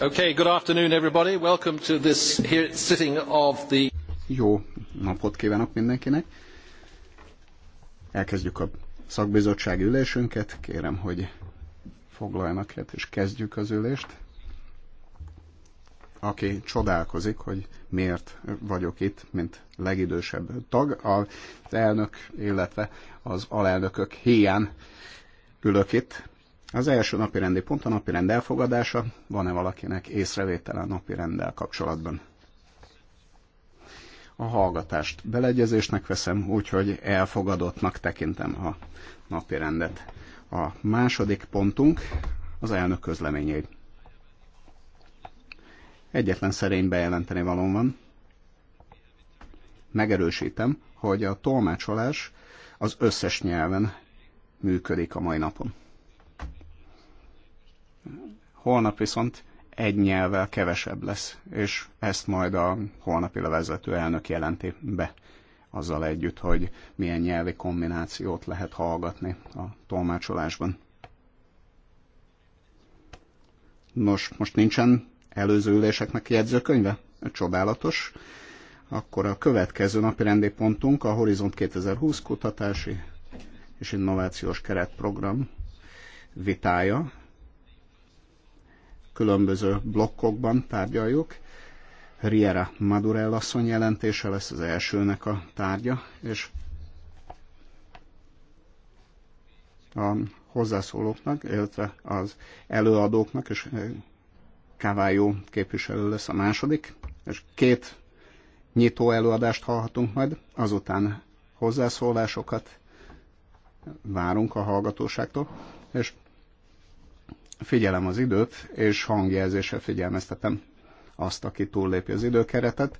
Okay, good afternoon everybody. Welcome to this here sitting of the... Jó napot kívánok mindenkinek. Elkezdjük a szakbizottság ülésünket. Kérem, hogy foglaljanak helyet, és kezdjük az ülést. Aki csodálkozik, hogy miért vagyok itt, mint legidősebb tag, az elnök, illetve az alelnökök hiány ülök itt, az első napi rendi pont a napi rend elfogadása. Van-e valakinek észrevétele a napi kapcsolatban? A hallgatást beleegyezésnek veszem, úgyhogy elfogadottnak tekintem a napi rendet. A második pontunk az elnök közleményei. Egyetlen szerény bejelenteni valón van. Megerősítem, hogy a tolmácsolás az összes nyelven működik a mai napon. Holnap viszont egy nyelvvel kevesebb lesz, és ezt majd a holnapi levezető elnök jelenti be azzal együtt, hogy milyen nyelvi kombinációt lehet hallgatni a tolmácsolásban. Nos, most nincsen előző üléseknek jegyzőkönyve? Csodálatos. Akkor a következő napi rendi pontunk a Horizont 2020 kutatási és innovációs keretprogram vitája, különböző blokkokban tárgyaljuk. Riera Madurell asszony jelentése lesz az elsőnek a tárgya, és a hozzászólóknak, illetve az előadóknak, és eh, Kávájó képviselő lesz a második, és két nyitó előadást hallhatunk majd, azután hozzászólásokat várunk a hallgatóságtól, és Figyelem az időt, és hangjelzésre figyelmeztetem azt, aki túllépi az időkeretet.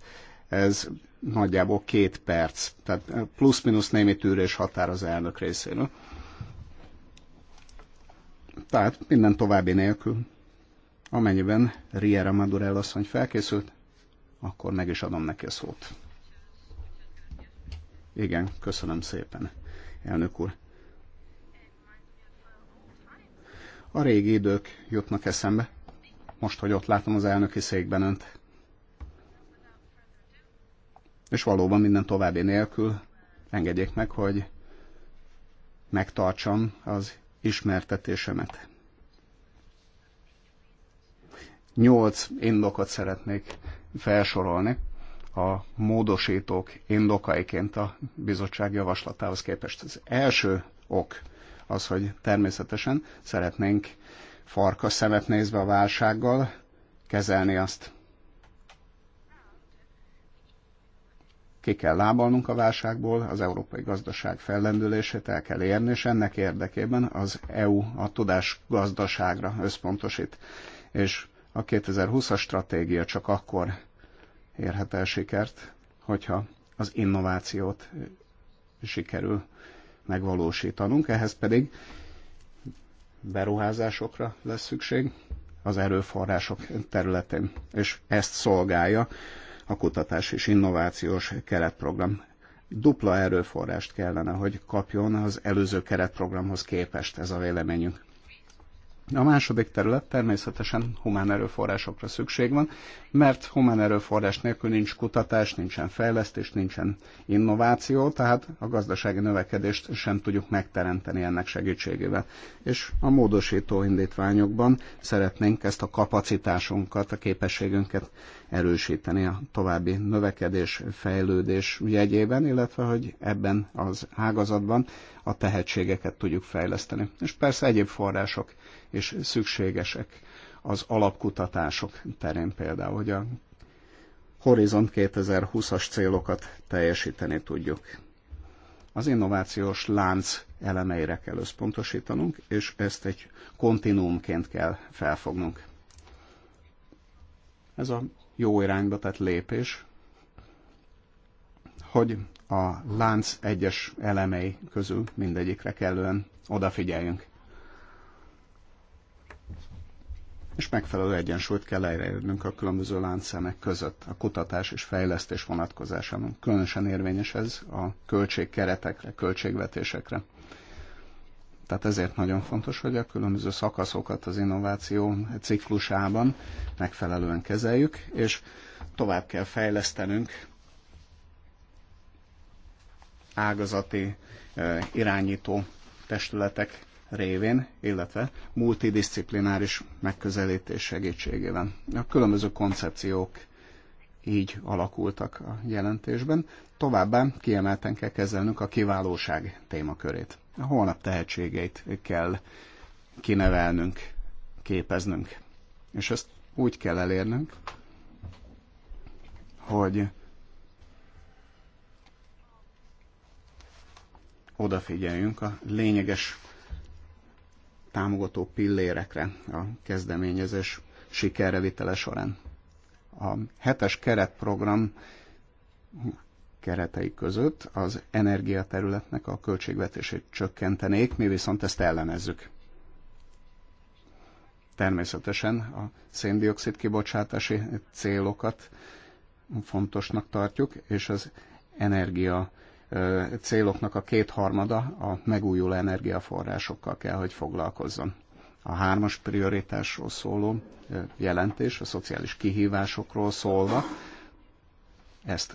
Ez nagyjából két perc, tehát plusz-minusz némi tűrés határ az elnök részéről. Tehát minden további nélkül. Amennyiben Riera Madurell asszony felkészült, akkor meg is adom neki a szót. Igen, köszönöm szépen, elnök úr. A régi idők jutnak eszembe, most, hogy ott látom az elnöki székben önt. És valóban minden további nélkül engedjék meg, hogy megtartsam az ismertetésemet. Nyolc indokot szeretnék felsorolni a módosítók indokaiként a bizottság javaslatához képest. Az első ok az, hogy természetesen szeretnénk farka szemet nézve a válsággal kezelni azt. Ki kell lábalnunk a válságból, az európai gazdaság fellendülését el kell érni, és ennek érdekében az EU a tudás gazdaságra összpontosít. És a 2020-as stratégia csak akkor érhet el sikert, hogyha az innovációt sikerül megvalósítanunk, ehhez pedig beruházásokra lesz szükség az erőforrások területén, és ezt szolgálja a kutatás és innovációs keretprogram. Dupla erőforrást kellene, hogy kapjon az előző keretprogramhoz képest ez a véleményünk. A második terület természetesen humán erőforrásokra szükség van, mert humán erőforrás nélkül nincs kutatás, nincsen fejlesztés, nincsen innováció, tehát a gazdasági növekedést sem tudjuk megteremteni ennek segítségével. És a módosító indítványokban szeretnénk ezt a kapacitásunkat, a képességünket erősíteni a további növekedés, fejlődés jegyében, illetve hogy ebben az ágazatban a tehetségeket tudjuk fejleszteni. És persze egyéb források és szükségesek az alapkutatások terén például, hogy a Horizont 2020-as célokat teljesíteni tudjuk. Az innovációs lánc elemeire kell összpontosítanunk, és ezt egy kontinuumként kell felfognunk. Ez a jó irányba tett lépés, hogy a lánc egyes elemei közül mindegyikre kellően odafigyeljünk. és megfelelő egyensúlyt kell elérnünk a különböző láncszemek között. A kutatás és fejlesztés vonatkozásában különösen érvényes ez a költségkeretekre, költségvetésekre. Tehát ezért nagyon fontos, hogy a különböző szakaszokat az innováció ciklusában megfelelően kezeljük, és tovább kell fejlesztenünk ágazati eh, irányító testületek révén, illetve multidisciplináris megközelítés segítségével. A különböző koncepciók így alakultak a jelentésben. Továbbá kiemelten kell kezelnünk a kiválóság témakörét. A holnap tehetségeit kell kinevelnünk, képeznünk. És ezt úgy kell elérnünk, hogy odafigyeljünk a lényeges támogató pillérekre a kezdeményezés sikerre vitele során. A hetes keretprogram keretei között az energiaterületnek a költségvetését csökkentenék, mi viszont ezt ellenezzük. Természetesen a széndiokszid kibocsátási célokat fontosnak tartjuk, és az energia céloknak a kétharmada a megújuló energiaforrásokkal kell, hogy foglalkozzon. A hármas prioritásról szóló jelentés, a szociális kihívásokról szólva, ezt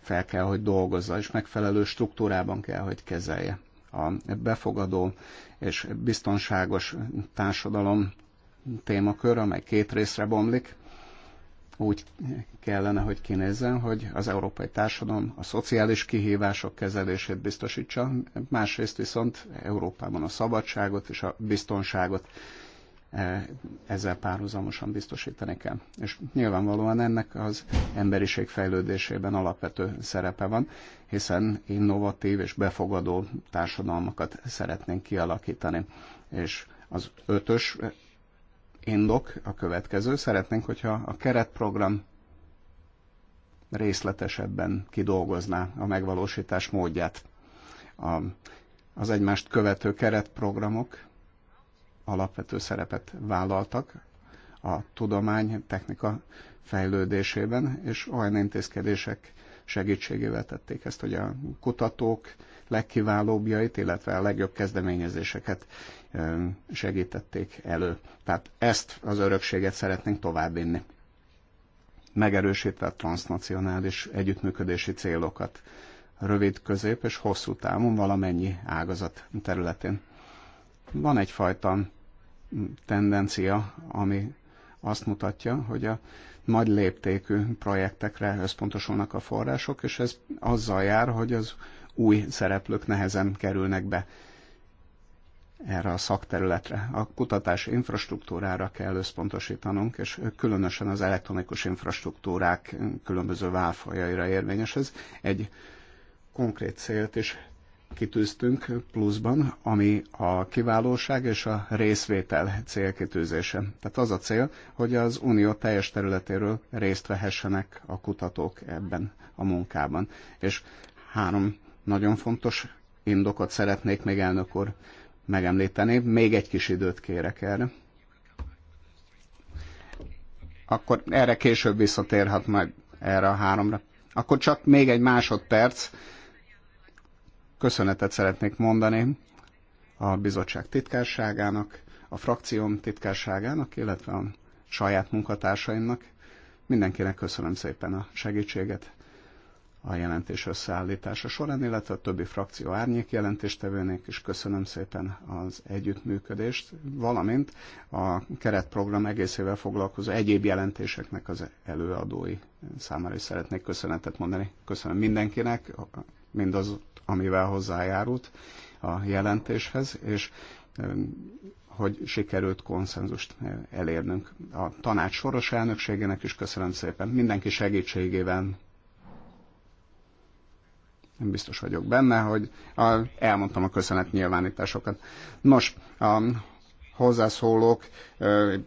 fel kell, hogy dolgozza, és megfelelő struktúrában kell, hogy kezelje. A befogadó és biztonságos társadalom témakör, amely két részre bomlik, úgy kellene, hogy kinézzen, hogy az európai társadalom a szociális kihívások kezelését biztosítsa, másrészt viszont Európában a szabadságot és a biztonságot eh, ezzel párhuzamosan biztosítani kell. És nyilvánvalóan ennek az emberiség fejlődésében alapvető szerepe van, hiszen innovatív és befogadó társadalmakat szeretnénk kialakítani. És az ötös indok a következő. Szeretnénk, hogyha a keretprogram részletesebben kidolgozná a megvalósítás módját. A, az egymást követő keretprogramok alapvető szerepet vállaltak a tudomány, technika fejlődésében, és olyan intézkedések segítségével tették ezt, hogy a kutatók, legkiválóbbjait, illetve a legjobb kezdeményezéseket segítették elő. Tehát ezt az örökséget szeretnénk továbbvinni. Megerősítve a transnacionális együttműködési célokat rövid, közép és hosszú távon valamennyi ágazat területén. Van egyfajta tendencia, ami azt mutatja, hogy a nagy léptékű projektekre összpontosulnak a források, és ez azzal jár, hogy az új szereplők nehezen kerülnek be erre a szakterületre. A kutatás infrastruktúrára kell összpontosítanunk, és különösen az elektronikus infrastruktúrák különböző válfajaira érvényes. Ez egy konkrét célt is kitűztünk pluszban, ami a kiválóság és a részvétel célkitűzése. Tehát az a cél, hogy az unió teljes területéről részt vehessenek a kutatók ebben a munkában. És három nagyon fontos indokot szeretnék még elnök úr megemlíteni. Még egy kis időt kérek erre. Akkor erre később visszatérhet majd erre a háromra. Akkor csak még egy másodperc. Köszönetet szeretnék mondani a bizottság titkárságának, a frakcióm titkárságának, illetve a saját munkatársaimnak. Mindenkinek köszönöm szépen a segítséget a jelentés összeállítása során, illetve a többi frakció árnyék jelentéstevőnek is köszönöm szépen az együttműködést, valamint a keretprogram egészével foglalkozó egyéb jelentéseknek az előadói számára is szeretnék köszönetet mondani. Köszönöm mindenkinek, mindaz, amivel hozzájárult a jelentéshez, és hogy sikerült konszenzust elérnünk. A tanács soros elnökségének is köszönöm szépen. Mindenki segítségével nem biztos vagyok benne, hogy a, elmondtam a köszönet nyilvánításokat. Nos, a hozzászólók,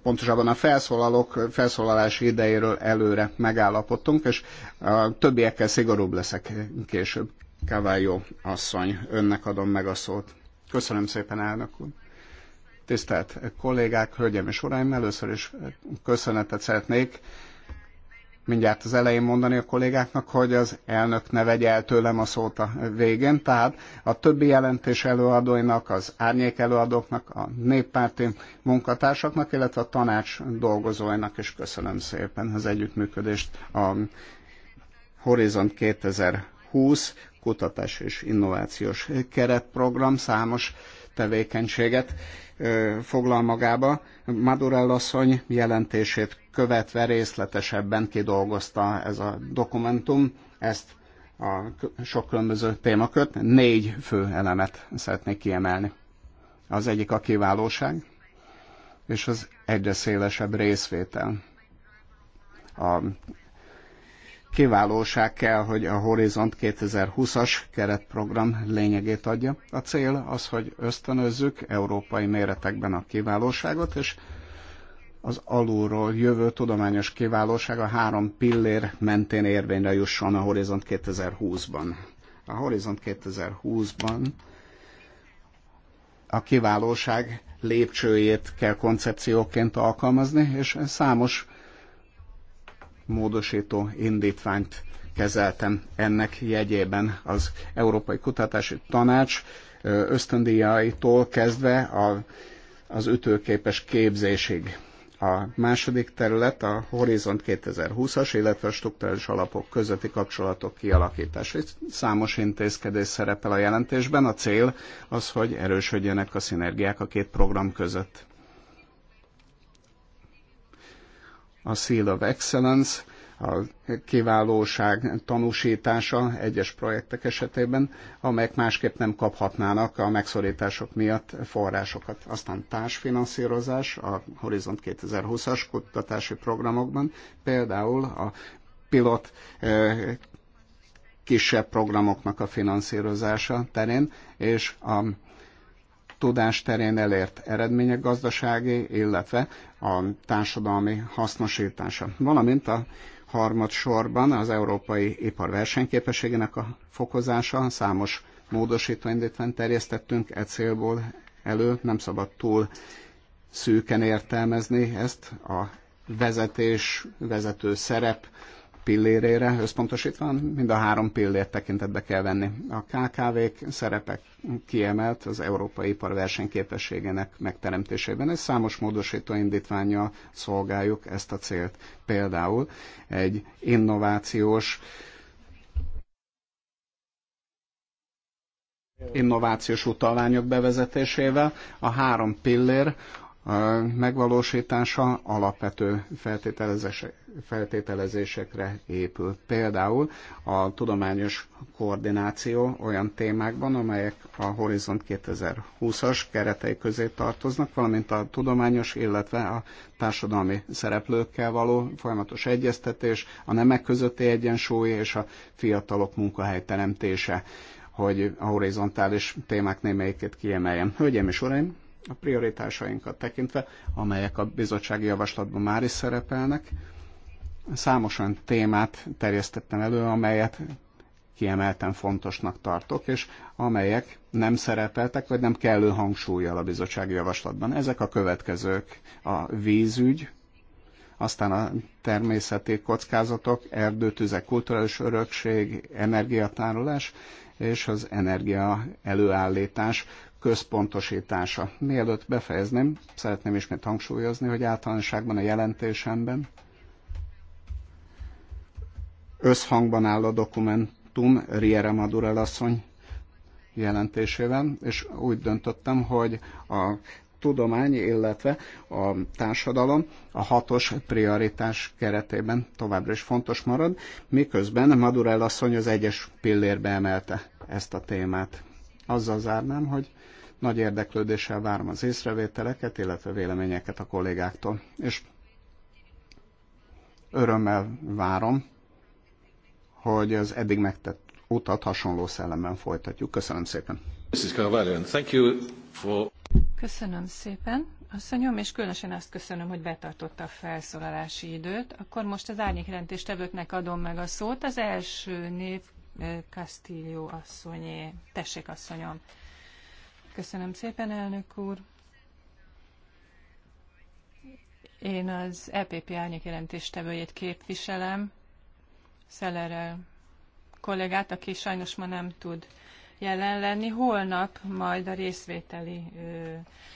pontosabban a felszólalók felszólalási idejéről előre megállapodtunk, és a többiekkel szigorúbb leszek később. Kavályó asszony, önnek adom meg a szót. Köszönöm szépen, elnök úr. Tisztelt kollégák, hölgyeim és uraim, először is köszönetet szeretnék mindjárt az elején mondani a kollégáknak, hogy az elnök ne vegye el tőlem a szót a végén. Tehát a többi jelentés előadóinak, az árnyék előadóknak, a néppárti munkatársaknak, illetve a tanács dolgozóinak is köszönöm szépen az együttműködést a Horizont 2020 kutatás és innovációs keretprogram számos tevékenységet foglal magába. Madurell asszony jelentését követve részletesebben kidolgozta ez a dokumentum, ezt a sok különböző témakört, négy fő elemet szeretnék kiemelni. Az egyik a kiválóság, és az egyre szélesebb részvétel a kiválóság kell, hogy a Horizont 2020-as keretprogram lényegét adja. A cél az, hogy ösztönözzük európai méretekben a kiválóságot, és az alulról jövő tudományos kiválóság a három pillér mentén érvényre jusson a Horizont 2020-ban. A Horizont 2020-ban a kiválóság lépcsőjét kell koncepcióként alkalmazni, és számos módosító indítványt kezeltem ennek jegyében az Európai Kutatási Tanács ösztöndíjaitól kezdve a, az ütőképes képzésig. A második terület a Horizont 2020-as, illetve a struktúrális alapok közötti kapcsolatok kialakítása. számos intézkedés szerepel a jelentésben. A cél az, hogy erősödjenek a szinergiák a két program között. a Seal of Excellence, a kiválóság tanúsítása egyes projektek esetében, amelyek másképp nem kaphatnának a megszorítások miatt forrásokat. Aztán társfinanszírozás a Horizont 2020-as kutatási programokban, például a pilot eh, kisebb programoknak a finanszírozása terén, és a tudás terén elért eredmények gazdasági, illetve a társadalmi hasznosítása, valamint a harmad sorban az európai ipar versenyképességének a fokozása, számos módosítóindítványt terjesztettünk e célból elő, nem szabad túl szűken értelmezni ezt a vezetés, vezető szerep pillérére összpontosítva, mind a három pillért tekintetbe kell venni. A KKV-k szerepek kiemelt az európai ipar versenyképességének megteremtésében, és számos módosító indítványa szolgáljuk ezt a célt. Például egy innovációs innovációs utalványok bevezetésével a három pillér megvalósítása alapvető feltételezésekre épül. Például a tudományos koordináció olyan témákban, amelyek a Horizont 2020-as keretei közé tartoznak, valamint a tudományos, illetve a társadalmi szereplőkkel való folyamatos egyeztetés, a nemek közötti egyensúly és a fiatalok munkahely teremtése, hogy a horizontális témák némelyikét kiemeljem. Hölgyeim és uraim, a prioritásainkat tekintve, amelyek a bizottsági javaslatban már is szerepelnek, számos olyan témát terjesztettem elő, amelyet kiemelten fontosnak tartok, és amelyek nem szerepeltek, vagy nem kellő hangsúlyjal a bizottsági javaslatban. Ezek a következők a vízügy, aztán a természeti kockázatok, erdőtüzek, kulturális örökség, energiatárolás és az energia előállítás központosítása. Mielőtt befejezném, szeretném ismét hangsúlyozni, hogy általánosságban a jelentésemben összhangban áll a dokumentum Riera Madurel asszony jelentésével, és úgy döntöttem, hogy a tudomány, illetve a társadalom a hatos prioritás keretében továbbra is fontos marad, miközben Madurell asszony az egyes pillérbe emelte ezt a témát. Azzal zárnám, hogy nagy érdeklődéssel várom az észrevételeket, illetve véleményeket a kollégáktól. És örömmel várom, hogy az eddig megtett utat hasonló szellemben folytatjuk. Köszönöm szépen. Köszönöm szépen, asszonyom, és különösen azt köszönöm, hogy betartotta a felszólalási időt. Akkor most az árnyékrendéstevőknek adom meg a szót. Az első név eh, Castillo asszonyé. Tessék, asszonyom. Köszönöm szépen, elnök úr. Én az EPP árnyék jelentéstevőjét képviselem, Szeller kollégát, aki sajnos ma nem tud jelen lenni. Holnap majd a részvételi,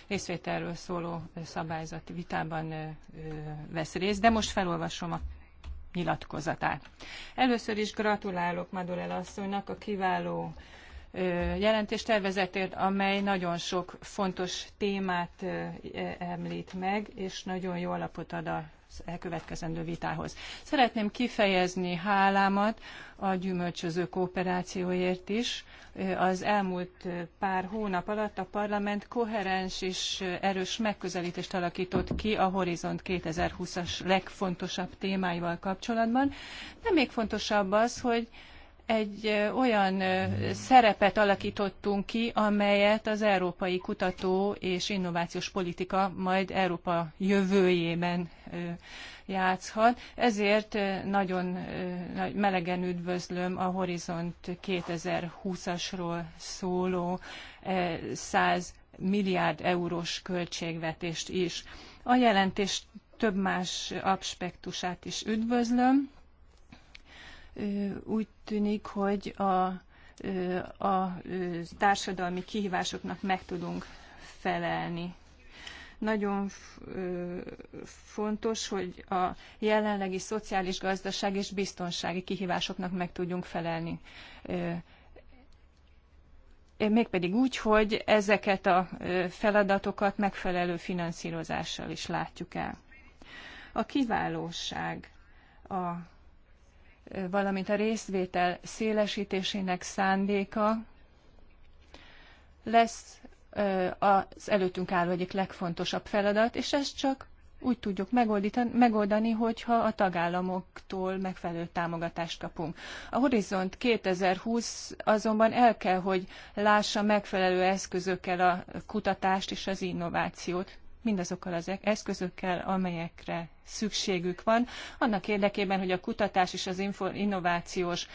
részvételről szóló szabályzati vitában vesz részt, de most felolvasom a nyilatkozatát. Először is gratulálok Madurell asszonynak a kiváló jelentéstervezetért, amely nagyon sok fontos témát e, említ meg, és nagyon jó alapot ad a elkövetkezendő vitához. Szeretném kifejezni hálámat a gyümölcsöző kooperációért is. Az elmúlt pár hónap alatt a parlament koherens és erős megközelítést alakított ki a Horizont 2020-as legfontosabb témáival kapcsolatban, de még fontosabb az, hogy egy olyan szerepet alakítottunk ki, amelyet az európai kutató és innovációs politika majd Európa jövőjében játszhat. Ezért nagyon melegen üdvözlöm a Horizont 2020-asról szóló 100 milliárd eurós költségvetést is. A jelentés több más aspektusát is üdvözlöm úgy tűnik, hogy a, a társadalmi kihívásoknak meg tudunk felelni. Nagyon fontos, hogy a jelenlegi szociális, gazdaság és biztonsági kihívásoknak meg tudjunk felelni mégpedig úgy, hogy ezeket a feladatokat megfelelő finanszírozással is látjuk el. A kiválóság, a valamint a részvétel szélesítésének szándéka lesz az előttünk álló egyik legfontosabb feladat, és ezt csak úgy tudjuk megoldani, hogyha a tagállamoktól megfelelő támogatást kapunk. A Horizont 2020 azonban el kell, hogy lássa megfelelő eszközökkel a kutatást és az innovációt mindazokkal az e- eszközökkel, amelyekre szükségük van, annak érdekében, hogy a kutatás és az innovációs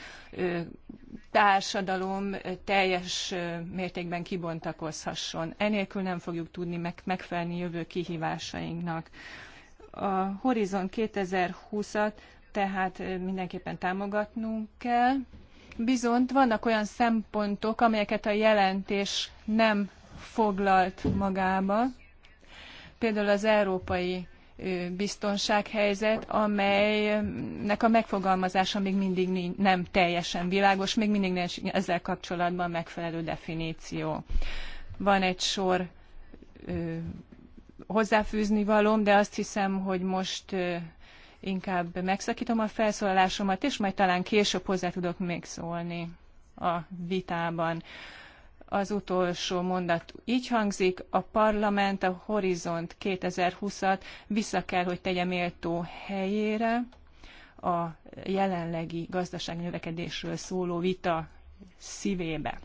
társadalom teljes mértékben kibontakozhasson. Enélkül nem fogjuk tudni megfelelni jövő kihívásainknak. A Horizon 2020-at tehát mindenképpen támogatnunk kell. Bizont vannak olyan szempontok, amelyeket a jelentés nem foglalt magába, például az európai biztonsághelyzet, amelynek a megfogalmazása még mindig nem teljesen világos, még mindig nincs ezzel kapcsolatban megfelelő definíció. Van egy sor ö, hozzáfűzni valóm, de azt hiszem, hogy most ö, inkább megszakítom a felszólalásomat, és majd talán később hozzá tudok még szólni a vitában. Az utolsó mondat így hangzik, a parlament a Horizont 2020-at vissza kell, hogy tegye méltó helyére a jelenlegi gazdasági növekedésről szóló vita szívébe.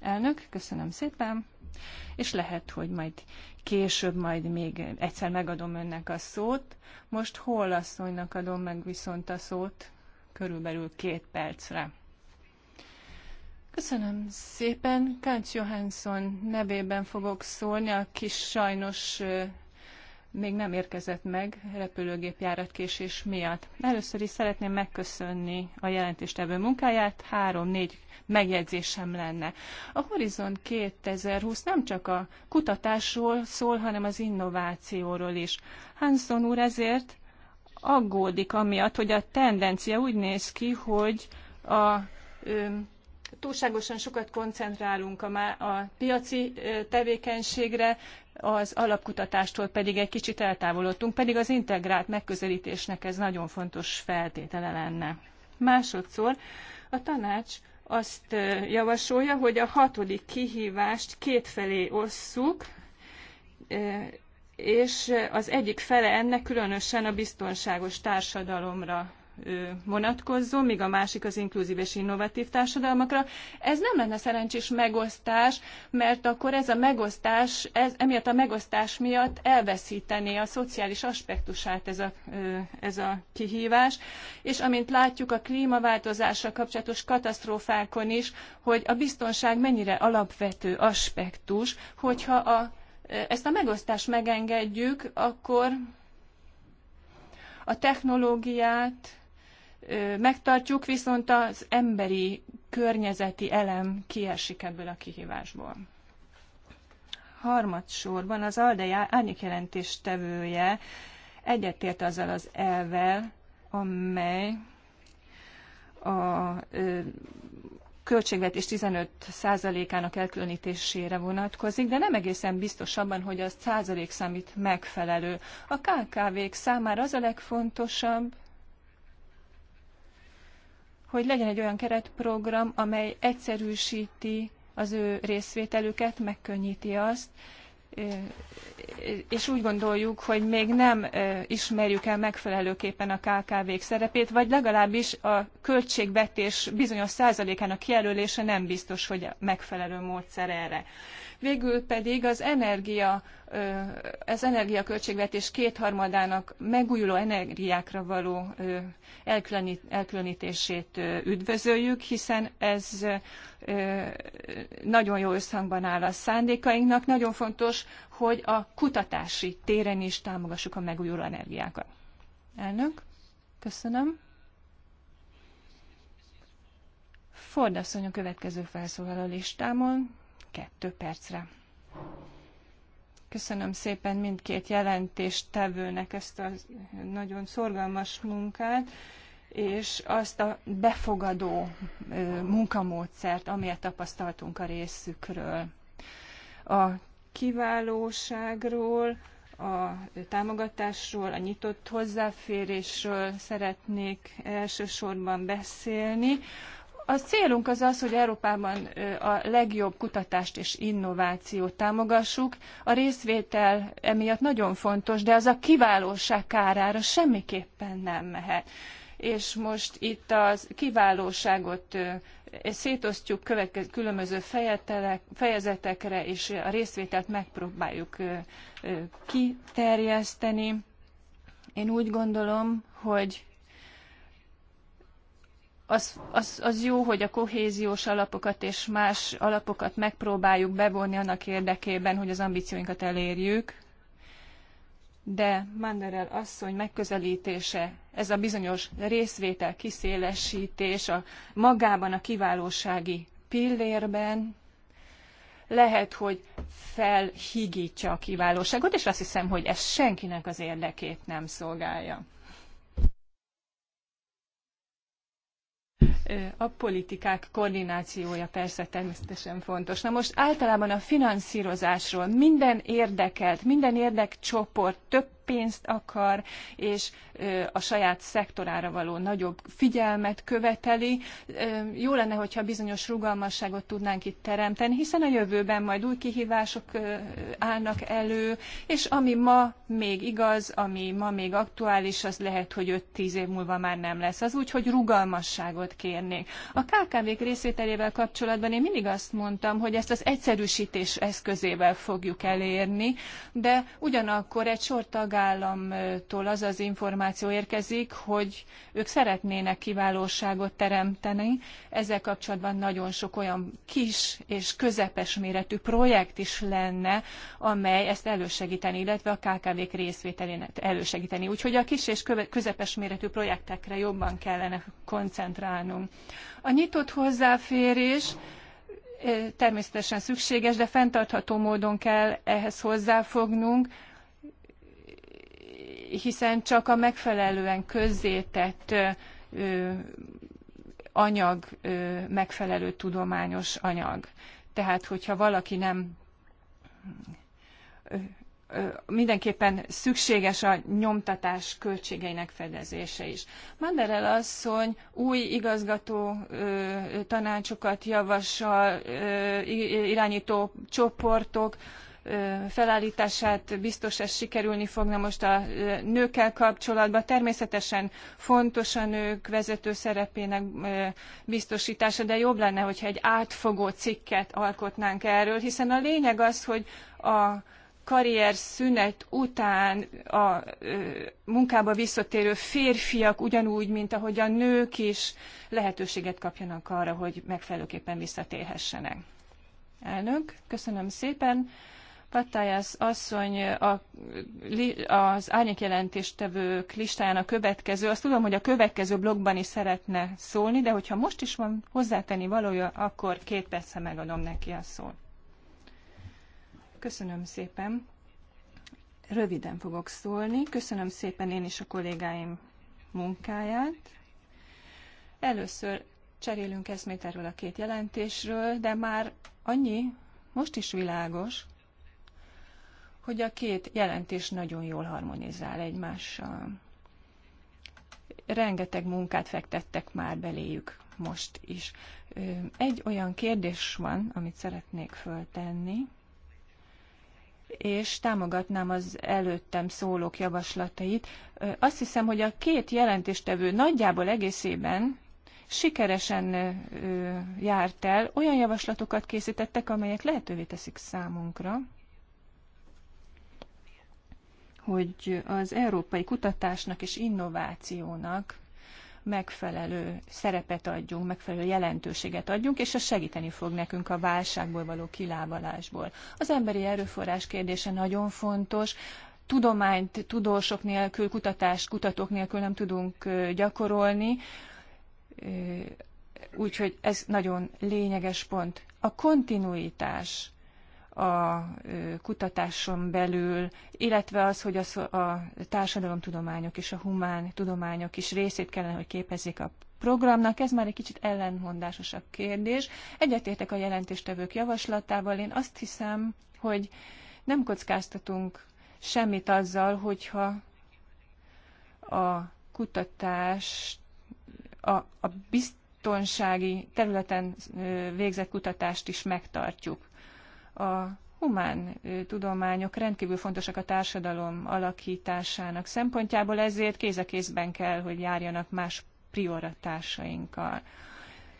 Elnök, köszönöm szépen, és lehet, hogy majd később majd még egyszer megadom önnek a szót. Most hol asszonynak adom meg viszont a szót? Körülbelül két percre. Köszönöm szépen. Káncs Johansson nevében fogok szólni, aki sajnos még nem érkezett meg repülőgép járatkésés miatt. Először is szeretném megköszönni a jelentéstevő munkáját, három-négy megjegyzésem lenne. A Horizon 2020 nem csak a kutatásról szól, hanem az innovációról is. Hanson úr ezért aggódik amiatt, hogy a tendencia úgy néz ki, hogy a ö, túlságosan sokat koncentrálunk a, a piaci tevékenységre, az alapkutatástól pedig egy kicsit eltávolodtunk, pedig az integrált megközelítésnek ez nagyon fontos feltétele lenne. Másodszor a tanács azt javasolja, hogy a hatodik kihívást kétfelé osszuk, és az egyik fele ennek különösen a biztonságos társadalomra vonatkozzon, míg a másik az inkluzív és innovatív társadalmakra. Ez nem lenne szerencsés megosztás, mert akkor ez a megosztás, ez, emiatt a megosztás miatt elveszítené a szociális aspektusát ez a, ez a kihívás, és amint látjuk a klímaváltozással kapcsolatos katasztrófákon is, hogy a biztonság mennyire alapvető aspektus, hogyha a, ezt a megosztást megengedjük, akkor a technológiát, megtartjuk, viszont az emberi környezeti elem kiesik ebből a kihívásból. Harmadsorban az ALDE árnyékjelentés tevője egyetért azzal az elvel, amely a költségvetés 15%-ának elkülönítésére vonatkozik, de nem egészen biztos abban, hogy az százalék számít megfelelő. A KKV-k számára az a legfontosabb, hogy legyen egy olyan keretprogram, amely egyszerűsíti az ő részvételüket, megkönnyíti azt, és úgy gondoljuk, hogy még nem ismerjük el megfelelőképpen a KKV-k szerepét, vagy legalábbis a költségvetés bizonyos százalékának kijelölése nem biztos, hogy megfelelő módszer erre végül pedig az energia, az energiaköltségvetés kétharmadának megújuló energiákra való elkülönítését üdvözöljük, hiszen ez nagyon jó összhangban áll a szándékainknak. Nagyon fontos, hogy a kutatási téren is támogassuk a megújuló energiákat. Elnök, köszönöm. Ford asszony a következő felszólaló listámon kettő percre. Köszönöm szépen mindkét jelentéstevőnek ezt a nagyon szorgalmas munkát, és azt a befogadó munkamódszert, amelyet tapasztaltunk a részükről. A kiválóságról, a támogatásról, a nyitott hozzáférésről szeretnék elsősorban beszélni. A célunk az az, hogy Európában a legjobb kutatást és innovációt támogassuk. A részvétel emiatt nagyon fontos, de az a kiválóság kárára semmiképpen nem mehet. És most itt a kiválóságot szétosztjuk különböző fejezetekre, és a részvételt megpróbáljuk kiterjeszteni. Én úgy gondolom, hogy az, az, az jó, hogy a kohéziós alapokat és más alapokat megpróbáljuk bevonni annak érdekében, hogy az ambícióinkat elérjük, de Manderel asszony megközelítése, ez a bizonyos részvétel kiszélesítés a magában a kiválósági pillérben lehet, hogy felhigítja a kiválóságot, és azt hiszem, hogy ez senkinek az érdekét nem szolgálja. A politikák koordinációja persze természetesen fontos. Na most általában a finanszírozásról minden érdekelt, minden érdekcsoport több pénzt akar, és a saját szektorára való nagyobb figyelmet követeli. Jó lenne, hogyha bizonyos rugalmasságot tudnánk itt teremteni, hiszen a jövőben majd új kihívások állnak elő, és ami ma még igaz, ami ma még aktuális, az lehet, hogy 5-10 év múlva már nem lesz. Az úgy, hogy rugalmasságot kérnék. A KKV-k részvételével kapcsolatban én mindig azt mondtam, hogy ezt az egyszerűsítés eszközével fogjuk elérni, de ugyanakkor egy sor tagállam tagállamtól az az információ érkezik, hogy ők szeretnének kiválóságot teremteni. Ezzel kapcsolatban nagyon sok olyan kis és közepes méretű projekt is lenne, amely ezt elősegíteni, illetve a KKV-k részvételének elősegíteni. Úgyhogy a kis és közepes méretű projektekre jobban kellene koncentrálnunk. A nyitott hozzáférés eh, természetesen szükséges, de fenntartható módon kell ehhez hozzáfognunk, hiszen csak a megfelelően közzétett anyag megfelelő tudományos anyag. Tehát, hogyha valaki nem mindenképpen szükséges a nyomtatás költségeinek fedezése is. Manderel asszony új igazgató tanácsokat javasol, irányító csoportok, felállítását biztos ez sikerülni fog. Na most a nőkkel kapcsolatban természetesen fontos a nők vezető szerepének biztosítása, de jobb lenne, hogyha egy átfogó cikket alkotnánk erről, hiszen a lényeg az, hogy a karrier szünet után a munkába visszatérő férfiak ugyanúgy, mint ahogy a nők is lehetőséget kapjanak arra, hogy megfelelőképpen visszatérhessenek. Elnök, köszönöm szépen. Patályász asszony a, az árnyékjelentéstevők listáján a következő. Azt tudom, hogy a következő blogban is szeretne szólni, de hogyha most is van hozzátenni valója, akkor két persze megadom neki a szót. Köszönöm szépen. Röviden fogok szólni. Köszönöm szépen én is a kollégáim munkáját. Először cserélünk eszmét erről a két jelentésről, de már annyi most is világos, hogy a két jelentés nagyon jól harmonizál egymással. Rengeteg munkát fektettek már beléjük most is. Egy olyan kérdés van, amit szeretnék föltenni, és támogatnám az előttem szólók javaslatait. Azt hiszem, hogy a két jelentéstevő nagyjából egészében sikeresen járt el, olyan javaslatokat készítettek, amelyek lehetővé teszik számunkra, hogy az európai kutatásnak és innovációnak megfelelő szerepet adjunk, megfelelő jelentőséget adjunk, és ez segíteni fog nekünk a válságból való kilábalásból. Az emberi erőforrás kérdése nagyon fontos. Tudományt tudósok nélkül, kutatást kutatók nélkül nem tudunk gyakorolni, úgyhogy ez nagyon lényeges pont. A kontinuitás a kutatáson belül, illetve az, hogy az a társadalomtudományok és a humán tudományok is részét kellene, hogy képezzék a programnak. Ez már egy kicsit ellenmondásosabb kérdés. Egyetértek a jelentéstevők javaslatával. Én azt hiszem, hogy nem kockáztatunk semmit azzal, hogyha a kutatás a, a biztonsági területen végzett kutatást is megtartjuk a humán tudományok rendkívül fontosak a társadalom alakításának szempontjából, ezért kéz a kézben kell, hogy járjanak más prioritásainkkal.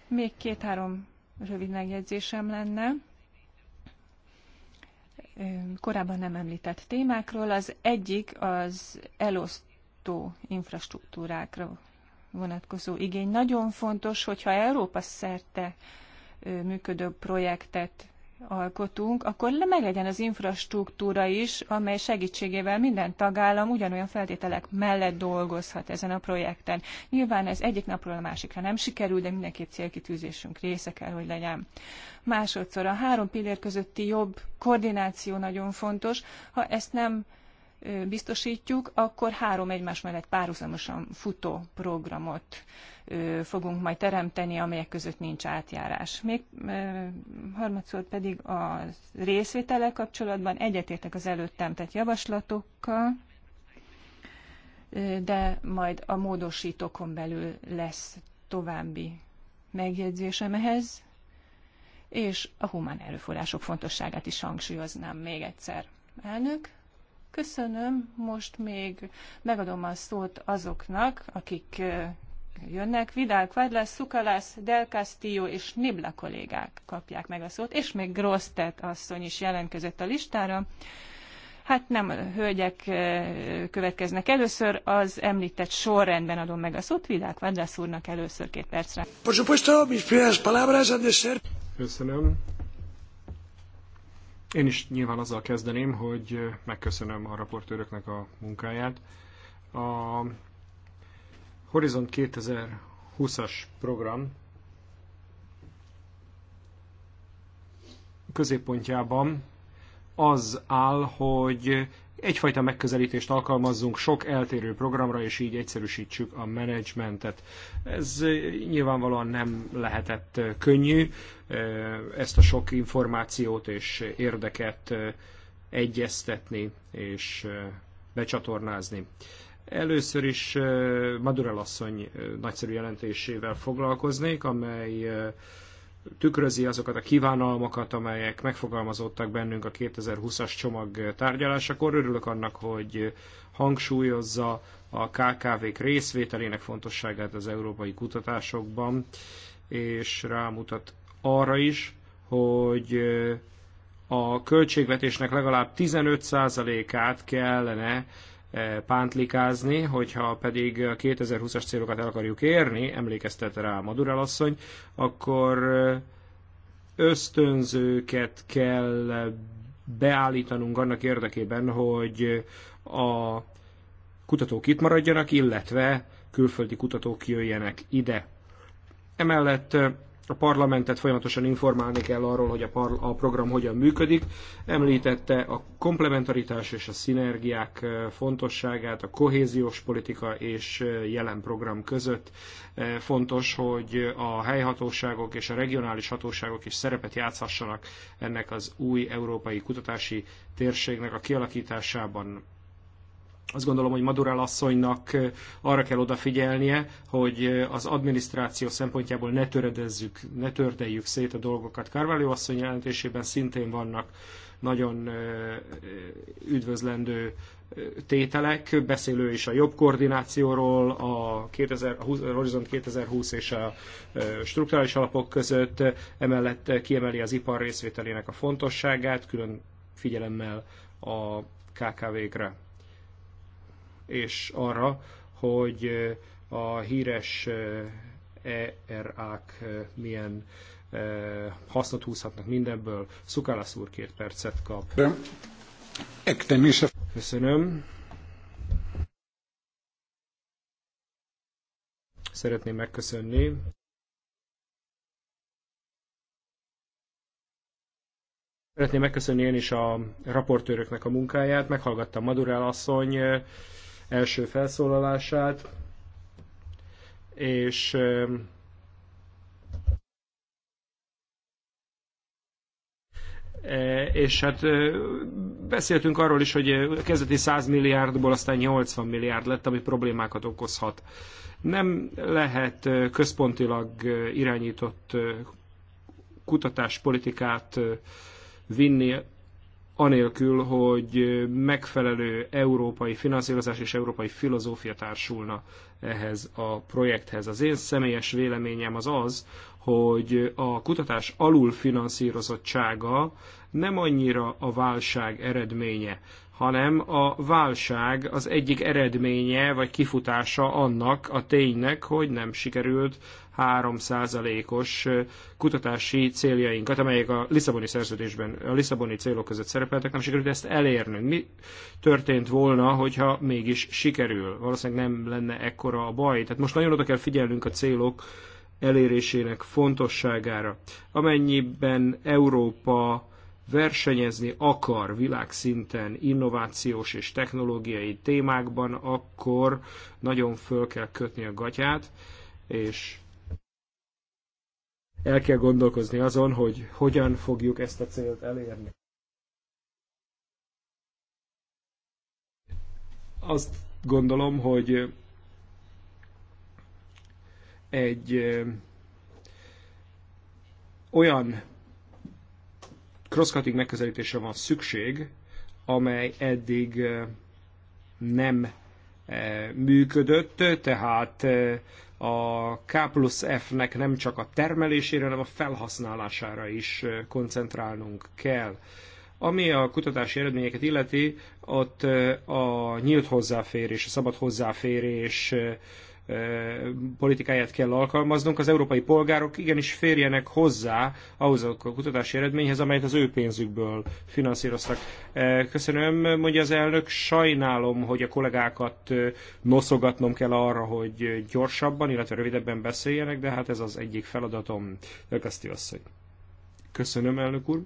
Még két-három rövid megjegyzésem lenne. Korábban nem említett témákról. Az egyik az elosztó infrastruktúrákra vonatkozó igény. Nagyon fontos, hogyha Európa szerte működő projektet alkotunk, akkor meglegyen az infrastruktúra is, amely segítségével minden tagállam ugyanolyan feltételek mellett dolgozhat ezen a projekten. Nyilván ez egyik napról a másikra nem sikerül, de mindenképp célkitűzésünk része kell, hogy legyen. Másodszor a három pillér közötti jobb koordináció nagyon fontos. Ha ezt nem biztosítjuk, akkor három egymás mellett párhuzamosan futó programot fogunk majd teremteni, amelyek között nincs átjárás. Még harmadszor pedig a részvétele kapcsolatban egyetértek az előttem tett javaslatokkal, de majd a módosítókon belül lesz további megjegyzésem ehhez, és a humán erőforrások fontosságát is hangsúlyoznám még egyszer. Elnök, Köszönöm, most még megadom a szót azoknak, akik jönnek. Vidal Quadras, Szukalász, Del Castillo és Nibla kollégák kapják meg a szót, és még Grosztet asszony is jelentkezett a listára. Hát nem, hölgyek következnek először, az említett sorrendben adom meg a szót, Vidal Quadras úrnak először két percre. Köszönöm. Én is nyilván azzal kezdeném, hogy megköszönöm a raportőröknek a munkáját. A Horizon 2020-as program középpontjában az áll, hogy egyfajta megközelítést alkalmazzunk sok eltérő programra, és így egyszerűsítsük a menedzsmentet. Ez eh, nyilvánvalóan nem lehetett eh, könnyű, eh, ezt a sok információt és érdeket egyeztetni és becsatornázni. Először is Madurell asszony nagyszerű jelentésével foglalkoznék, amely tükrözi azokat a kívánalmakat, amelyek megfogalmazódtak bennünk a 2020-as csomag tárgyalásakor. Örülök annak, hogy hangsúlyozza a KKV-k részvételének fontosságát az európai kutatásokban, és rámutat arra is, hogy a költségvetésnek legalább 15%-át kellene E, pántlikázni, hogyha pedig a 2020-as célokat el akarjuk érni, emlékeztet rá Madurell asszony, akkor e, ösztönzőket kell beállítanunk annak érdekében, hogy a kutatók itt maradjanak, illetve külföldi kutatók jöjjenek ide. Emellett a parlamentet folyamatosan informálni kell arról, hogy a, par- a program hogyan működik. Említette a komplementaritás és a szinergiák fontosságát, a kohéziós politika és jelen program között. Fontos, hogy a helyhatóságok és a regionális hatóságok is szerepet játszhassanak ennek az új európai kutatási térségnek a kialakításában azt gondolom, hogy Madurell asszonynak arra kell odafigyelnie, hogy az adminisztráció szempontjából ne töredezzük, ne tördeljük szét a dolgokat. Carvalho asszony jelentésében szintén vannak nagyon üdvözlendő tételek, beszélő is a jobb koordinációról, a, 2000, a Horizon 2020 és a strukturális alapok között, emellett kiemeli az ipar részvételének a fontosságát, külön figyelemmel a KKV-kre és arra, hogy eh, a híres ERA-k eh, e eh, milyen hasznot húzhatnak mindebből. Szukálasz úr két percet kap. Köszönöm. Szeretném megköszönni. Szeretném megköszönni én is a raportőröknek a munkáját. Meghallgattam Madurell asszony első felszólalását, és e, és hát beszéltünk arról is, hogy a kezdeti 100 milliárdból aztán 80 milliárd lett, ami problémákat okozhat. Nem lehet központilag irányított kutatáspolitikát vinni anélkül, hogy megfelelő európai finanszírozás és európai filozófia társulna ehhez a projekthez. Az én személyes véleményem az az, hogy a kutatás alulfinanszírozottsága nem annyira a válság eredménye, hanem a válság az egyik eredménye vagy kifutása annak a ténynek, hogy nem sikerült 3%-os kutatási céljainkat, amelyek a Lisszaboni szerződésben, a Lisszaboni célok között szerepeltek, nem sikerült ezt elérnünk. Mi történt volna, hogyha mégis sikerül? Valószínűleg nem lenne ekkora a baj. Tehát most nagyon oda kell figyelnünk a célok elérésének fontosságára. Amennyiben Európa versenyezni akar világszinten innovációs és technológiai témákban, akkor nagyon föl kell kötni a gatyát, és el kell gondolkozni azon, hogy hogyan fogjuk ezt a célt elérni. Azt gondolom, hogy egy olyan crosscutting megközelítésre van szükség, amely eddig nem működött, tehát a K plusz F-nek nem csak a termelésére, hanem a felhasználására is koncentrálnunk kell. Ami a kutatási eredményeket illeti, ott a nyílt hozzáférés, a szabad hozzáférés politikáját kell alkalmaznunk, az európai polgárok igenis férjenek hozzá ahhoz a kutatási eredményhez, amelyet az ő pénzükből finanszíroztak. Köszönöm, mondja az elnök, sajnálom, hogy a kollégákat noszogatnom kell arra, hogy gyorsabban, illetve rövidebben beszéljenek, de hát ez az egyik feladatom. Elkezdti asszony. Köszönöm, elnök úr.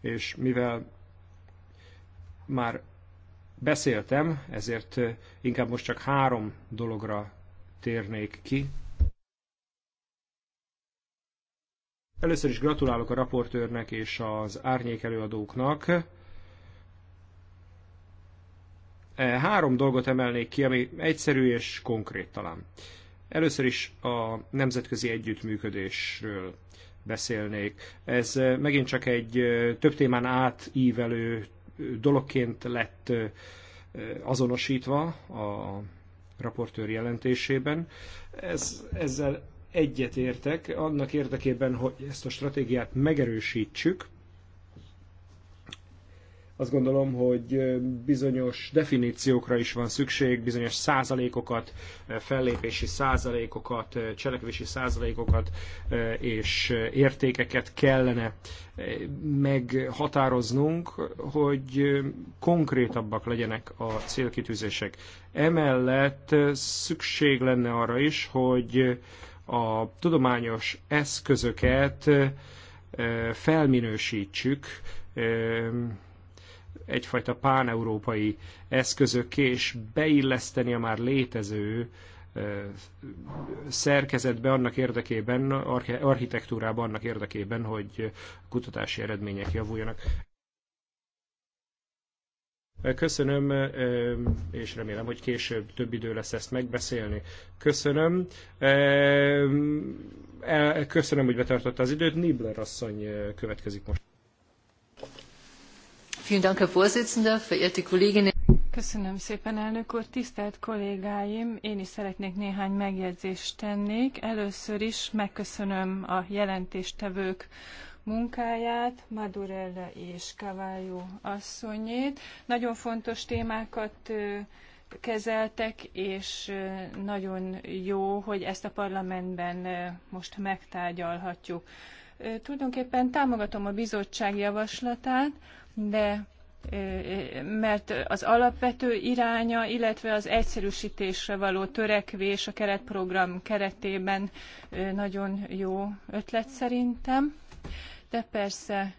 És mivel már beszéltem, ezért inkább most csak három dologra térnék ki. Először is gratulálok a raportőrnek és az árnyék előadóknak. E, három dolgot emelnék ki, ami egyszerű és konkrét talán. Először is a nemzetközi együttműködésről beszélnék. Ez megint csak egy több témán átívelő dologként lett azonosítva a raportőr jelentésében. Ez, ezzel egyetértek, annak érdekében, hogy ezt a stratégiát megerősítsük, azt gondolom, hogy bizonyos definíciókra is van szükség, bizonyos százalékokat, fellépési százalékokat, cselekvési százalékokat és értékeket kellene meghatároznunk, hogy konkrétabbak legyenek a célkitűzések. Emellett szükség lenne arra is, hogy a tudományos eszközöket felminősítsük, egyfajta páneurópai eszközökké, és beilleszteni a már létező szerkezetbe annak érdekében, architektúrában annak érdekében, hogy kutatási eredmények javuljanak. Köszönöm, és remélem, hogy később több idő lesz ezt megbeszélni. Köszönöm. Köszönöm, hogy betartotta az időt. Nibler asszony következik most. Köszönöm szépen, elnök úr. Tisztelt kollégáim, én is szeretnék néhány megjegyzést tennék. Először is megköszönöm a jelentéstevők munkáját, Madurella és Cavallo asszonyét. Nagyon fontos témákat kezeltek, és nagyon jó, hogy ezt a parlamentben most megtárgyalhatjuk. Tulajdonképpen támogatom a bizottság javaslatát, de mert az alapvető iránya, illetve az egyszerűsítésre való törekvés a keretprogram keretében nagyon jó ötlet szerintem, de persze,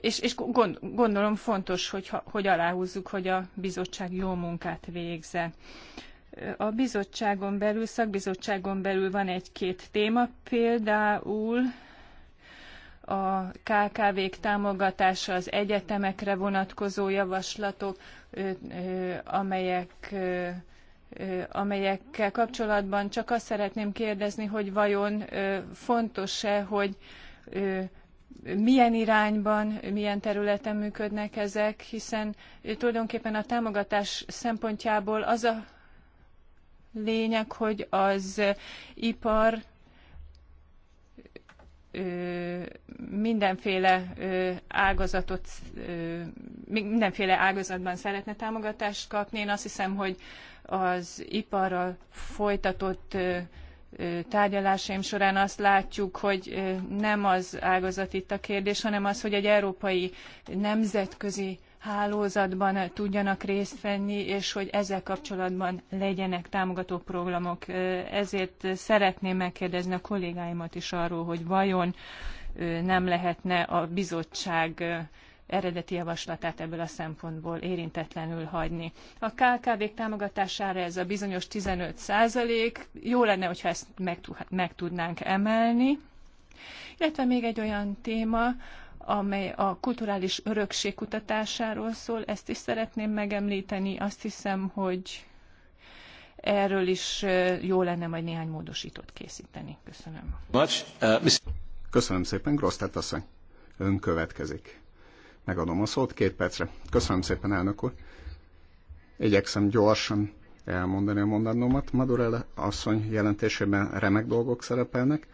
és, és gondolom fontos, hogy, hogy aláhúzzuk, hogy a bizottság jó munkát végze. A bizottságon belül, szakbizottságon belül van egy-két téma, például a KKV-k támogatása, az egyetemekre vonatkozó javaslatok, amelyek amelyekkel kapcsolatban csak azt szeretném kérdezni, hogy vajon fontos-e, hogy milyen irányban, milyen területen működnek ezek, hiszen tulajdonképpen a támogatás szempontjából az a lényeg, hogy az ipar mindenféle ágazatot, mindenféle ágazatban szeretne támogatást kapni. Én azt hiszem, hogy az iparral folytatott tárgyalásaim során azt látjuk, hogy nem az ágazat itt a kérdés, hanem az, hogy egy európai nemzetközi hálózatban tudjanak részt venni, és hogy ezzel kapcsolatban legyenek támogató programok. Ezért szeretném megkérdezni a kollégáimat is arról, hogy vajon nem lehetne a bizottság eredeti javaslatát ebből a szempontból érintetlenül hagyni. A kkv k támogatására ez a bizonyos 15 százalék, jó lenne, hogyha ezt meg, meg tudnánk emelni. Illetve még egy olyan téma, amely a kulturális örökség kutatásáról szól. Ezt is szeretném megemlíteni. Azt hiszem, hogy erről is jó lenne majd néhány módosítót készíteni. Köszönöm. Uh, Köszönöm szépen, Grosztát asszony. Ön következik. Megadom a szót két percre. Köszönöm szépen, elnök úr. Igyekszem gyorsan elmondani a mondanomat. Madurella asszony jelentésében remek dolgok szerepelnek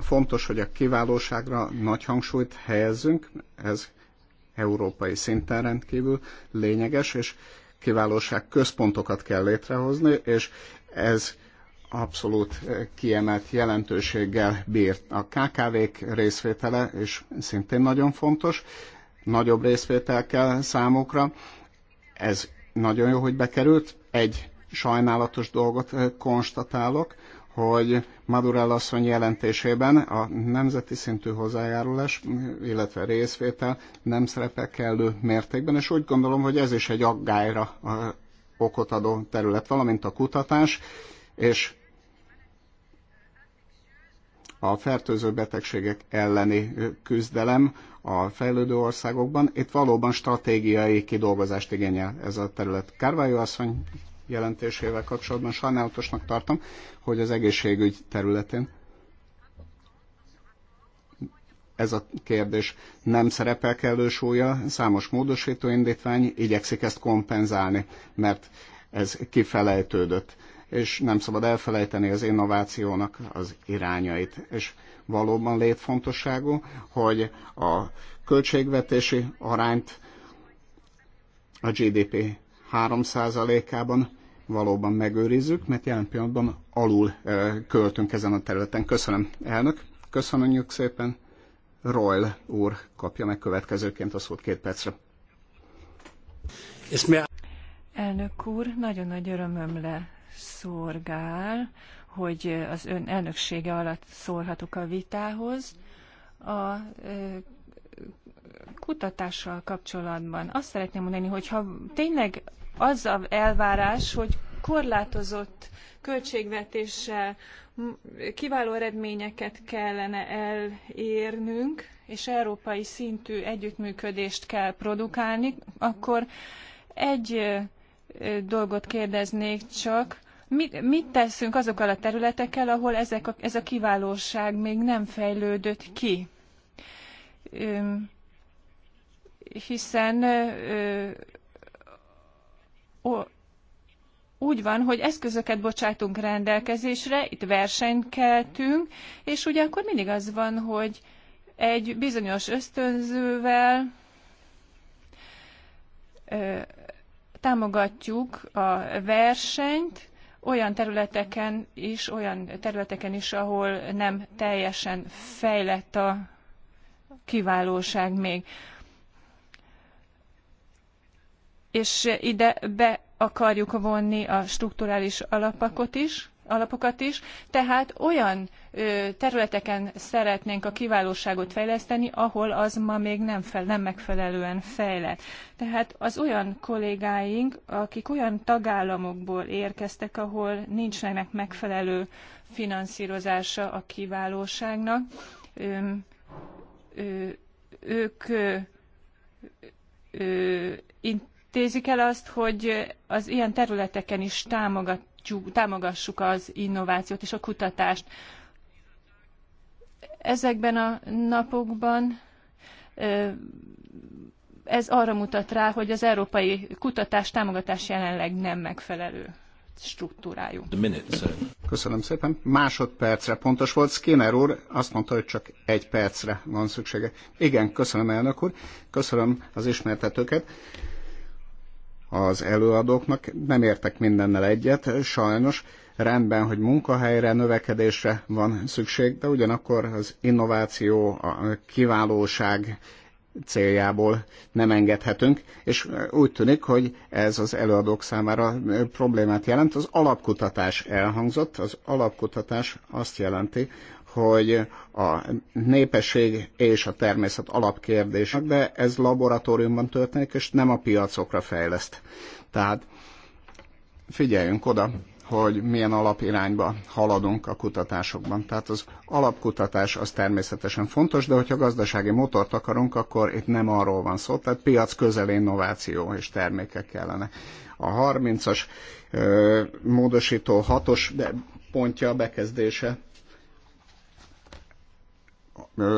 Fontos, hogy a kiválóságra nagy hangsúlyt helyezzünk, ez európai szinten rendkívül lényeges, és kiválóság központokat kell létrehozni, és ez abszolút kiemelt jelentőséggel bír. A KKV-k részvétele és szintén nagyon fontos, nagyobb részvétel kell számukra. Ez nagyon jó, hogy bekerült. Egy sajnálatos dolgot eh, konstatálok, hogy Madurell asszony jelentésében a nemzeti szintű hozzájárulás, illetve részvétel nem szerepel kellő mértékben, és úgy gondolom, hogy ez is egy aggályra okot adó terület, valamint a kutatás, és a fertőző betegségek elleni küzdelem a fejlődő országokban. Itt valóban stratégiai kidolgozást igényel ez a terület. Kárvályó asszony jelentésével kapcsolatban sajnálatosnak tartom, hogy az egészségügy területén ez a kérdés nem szerepel kellő súlya, számos módosító indítvány igyekszik ezt kompenzálni, mert ez kifelejtődött, és nem szabad elfelejteni az innovációnak az irányait. És valóban létfontosságú, hogy a költségvetési arányt a GDP 3%-ában valóban megőrizzük, mert jelen pillanatban alul költünk ezen a területen. Köszönöm, elnök. Köszönjük szépen. Royal úr kapja meg következőként a szót két percre. Elnök úr, nagyon nagy örömömre szorgál, hogy az ön elnöksége alatt szólhatok a vitához. A kutatással kapcsolatban azt szeretném mondani, hogy ha tényleg az az elvárás, hogy korlátozott költségvetéssel kiváló eredményeket kellene elérnünk, és európai szintű együttműködést kell produkálni, akkor egy dolgot kérdeznék csak, mit, mit teszünk azokkal a területekkel, ahol ezek a, ez a kiválóság még nem fejlődött ki? hiszen úgy van, hogy eszközöket bocsátunk rendelkezésre, itt versenykeltünk, és és akkor mindig az van, hogy egy bizonyos ösztönzővel támogatjuk a versenyt olyan területeken is, olyan területeken is, ahol nem teljesen fejlett a kiválóság még. És ide be akarjuk vonni a strukturális alapakot is, alapokat is, tehát olyan területeken szeretnénk a kiválóságot fejleszteni, ahol az ma még nem, fel, nem megfelelően fejlett. Tehát az olyan kollégáink, akik olyan tagállamokból érkeztek, ahol nincsenek megfelelő finanszírozása a kiválóságnak, ők intézik el azt, hogy az ilyen területeken is támogassuk az innovációt és a kutatást. Ezekben a napokban ez arra mutat rá, hogy az európai kutatás támogatás jelenleg nem megfelelő struktúrájú. Köszönöm szépen. Másodpercre pontos volt. Skinner úr azt mondta, hogy csak egy percre van szüksége. Igen, köszönöm elnök úr. Köszönöm az ismertetőket az előadóknak. Nem értek mindennel egyet, sajnos. Rendben, hogy munkahelyre, növekedésre van szükség, de ugyanakkor az innováció, a kiválóság céljából nem engedhetünk, és úgy tűnik, hogy ez az előadók számára problémát jelent. Az alapkutatás elhangzott, az alapkutatás azt jelenti, hogy a népesség és a természet alapkérdések, de ez laboratóriumban történik, és nem a piacokra fejleszt. Tehát figyeljünk oda hogy milyen alapirányba haladunk a kutatásokban. Tehát az alapkutatás az természetesen fontos, de hogyha gazdasági motort akarunk, akkor itt nem arról van szó, tehát piac közel innováció és termékek kellene. A 30-as módosító 6-os pontja a bekezdése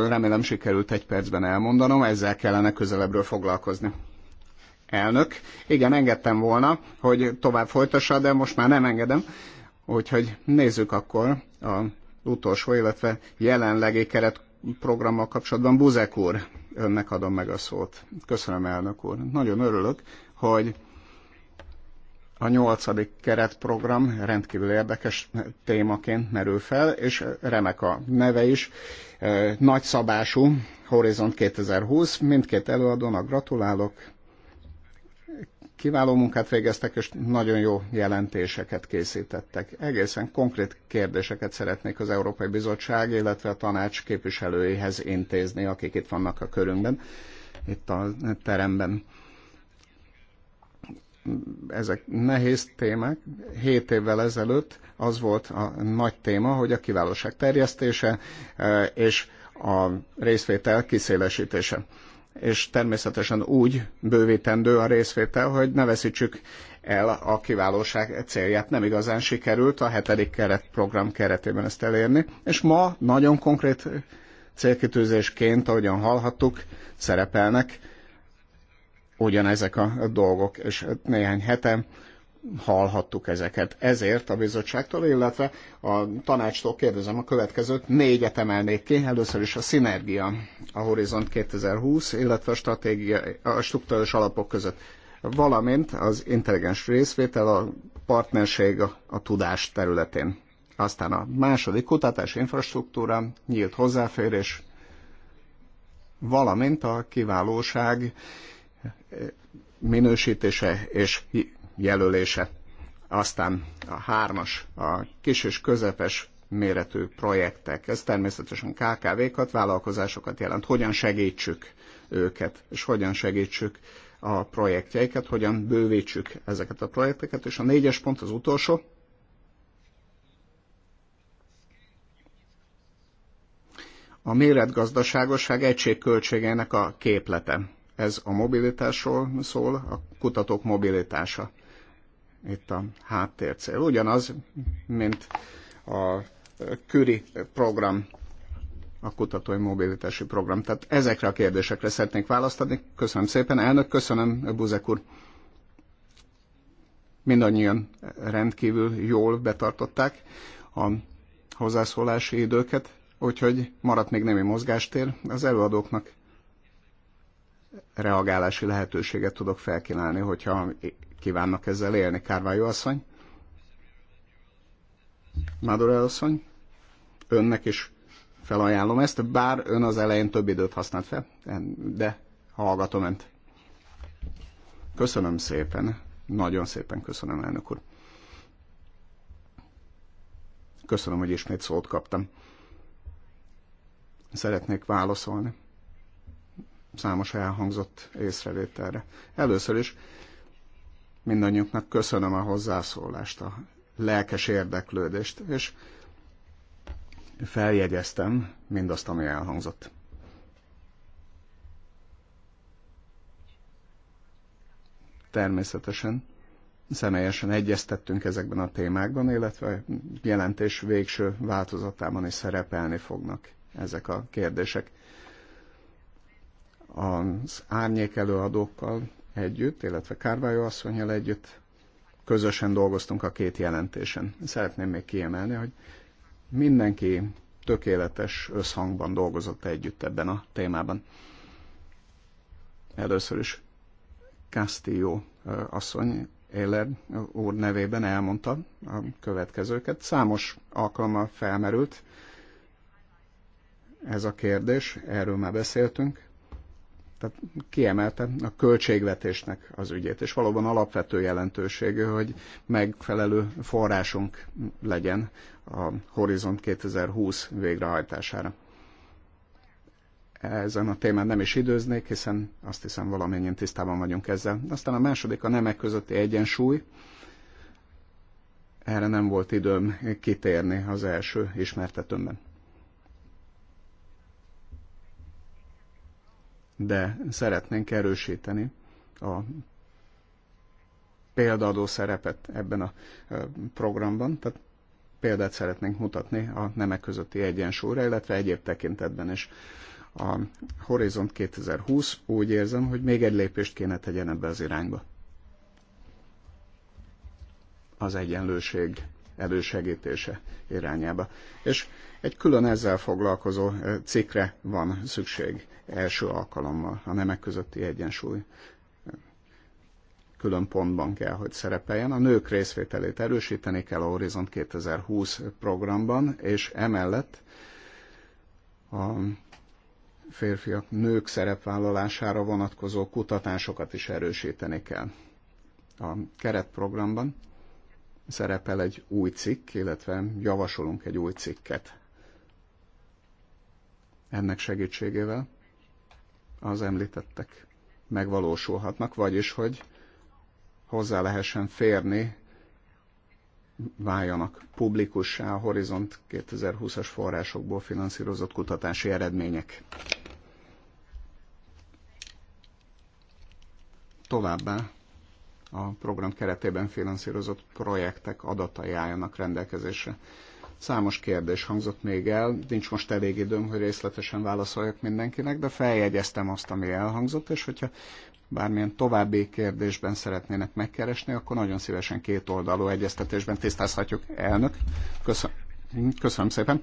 remélem sikerült egy percben elmondanom, ezzel kellene közelebbről foglalkozni. Elnök, igen, engedtem volna, hogy tovább folytassa, de most már nem engedem. Úgyhogy nézzük akkor a utolsó, illetve jelenlegi programmal kapcsolatban. Buzek úr, önnek adom meg a szót. Köszönöm, elnök úr. Nagyon örülök, hogy a nyolcadik keretprogram rendkívül érdekes témaként merül fel, és remek a neve is. Nagyszabású Horizont 2020. Mindkét előadónak gratulálok, kiváló munkát végeztek, és nagyon jó jelentéseket készítettek. Egészen konkrét kérdéseket szeretnék az Európai Bizottság, illetve a tanács képviselőihez intézni, akik itt vannak a körünkben, itt a teremben. Ezek nehéz témák. Hét évvel ezelőtt az volt a nagy téma, hogy a kiválóság terjesztése eh, és a részvétel kiszélesítése és természetesen úgy bővítendő a részvétel, hogy ne veszítsük el a kiválóság célját. Nem igazán sikerült a hetedik keret program keretében ezt elérni, és ma nagyon konkrét célkitűzésként, ahogyan hallhattuk, szerepelnek ugyanezek a dolgok, és néhány hete hallhattuk ezeket. Ezért a bizottságtól, illetve a tanácstól kérdezem a következőt, négyet emelnék ki. Először is a szinergia a Horizont 2020, illetve a, stratégia, a struktúrális alapok között valamint az intelligens részvétel a partnerség a, a tudás területén. Aztán a második kutatás infrastruktúra, nyílt hozzáférés, valamint a kiválóság minősítése és jelölése. Aztán a hármas, a kis és közepes méretű projektek. Ez természetesen KKV-kat, vállalkozásokat jelent. Hogyan segítsük őket, és hogyan segítsük a projektjeiket, hogyan bővítsük ezeket a projekteket. És a négyes pont az utolsó. A méretgazdaságosság egységköltségeinek a képlete. Ez a mobilitásról szól, a kutatók mobilitása itt a háttércél. Ugyanaz, mint a Curie program, a kutatói mobilitási program. Tehát ezekre a kérdésekre szeretnék választ adni. Köszönöm szépen, elnök, köszönöm, Buzek úr. Mindannyian rendkívül jól betartották a hozzászólási időket, úgyhogy maradt még némi mozgástér az előadóknak reagálási lehetőséget tudok felkínálni, hogyha Kívánnak ezzel élni, Kárvályó asszony? Maduro asszony? Önnek is felajánlom ezt, bár ön az elején több időt használt fel, de hallgatom önt. Köszönöm szépen, nagyon szépen köszönöm, elnök úr. Köszönöm, hogy ismét szót kaptam. Szeretnék válaszolni számos elhangzott észrevételre. Először is mindannyiunknak köszönöm a hozzászólást, a lelkes érdeklődést, és feljegyeztem mindazt, ami elhangzott. Természetesen személyesen egyeztettünk ezekben a témákban, illetve a jelentés végső változatában is szerepelni fognak ezek a kérdések. Az árnyék előadókkal együtt, illetve Kárvályó asszonyjal együtt közösen dolgoztunk a két jelentésen. Szeretném még kiemelni, hogy mindenki tökéletes összhangban dolgozott együtt ebben a témában. Először is Castillo asszony Éler úr nevében elmondta a következőket. Számos alkalommal felmerült ez a kérdés, erről már beszéltünk. Tehát kiemelte a költségvetésnek az ügyét, és valóban alapvető jelentőségű, hogy megfelelő forrásunk legyen a Horizont 2020 végrehajtására. Ezen a témán nem is időznék, hiszen azt hiszem valamennyien tisztában vagyunk ezzel. Aztán a második a nemek közötti egyensúly. Erre nem volt időm kitérni az első ismertetőmben. de szeretnénk erősíteni a példaadó szerepet ebben a programban, tehát példát szeretnénk mutatni a nemek közötti egyensúlyra, illetve egyéb tekintetben is. A Horizont 2020 úgy érzem, hogy még egy lépést kéne tegyen ebbe az irányba. Az egyenlőség elősegítése irányába. És egy külön ezzel foglalkozó cikkre van szükség első alkalommal a nemek közötti egyensúly külön pontban kell, hogy szerepeljen. A nők részvételét erősíteni kell a Horizon 2020 programban, és emellett a férfiak, nők szerepvállalására vonatkozó kutatásokat is erősíteni kell. A keretprogramban szerepel egy új cikk, illetve javasolunk egy új cikket. Ennek segítségével az említettek megvalósulhatnak, vagyis hogy hozzá lehessen férni, váljanak publikussá a Horizont 2020-as forrásokból finanszírozott kutatási eredmények. Továbbá a program keretében finanszírozott projektek adatai álljanak rendelkezésre Számos kérdés hangzott még el, nincs most elég időm, hogy részletesen válaszoljak mindenkinek, de feljegyeztem azt, ami elhangzott, és hogyha bármilyen további kérdésben szeretnének megkeresni, akkor nagyon szívesen két oldalú egyeztetésben tisztázhatjuk. Elnök, köszönöm, köszönöm szépen.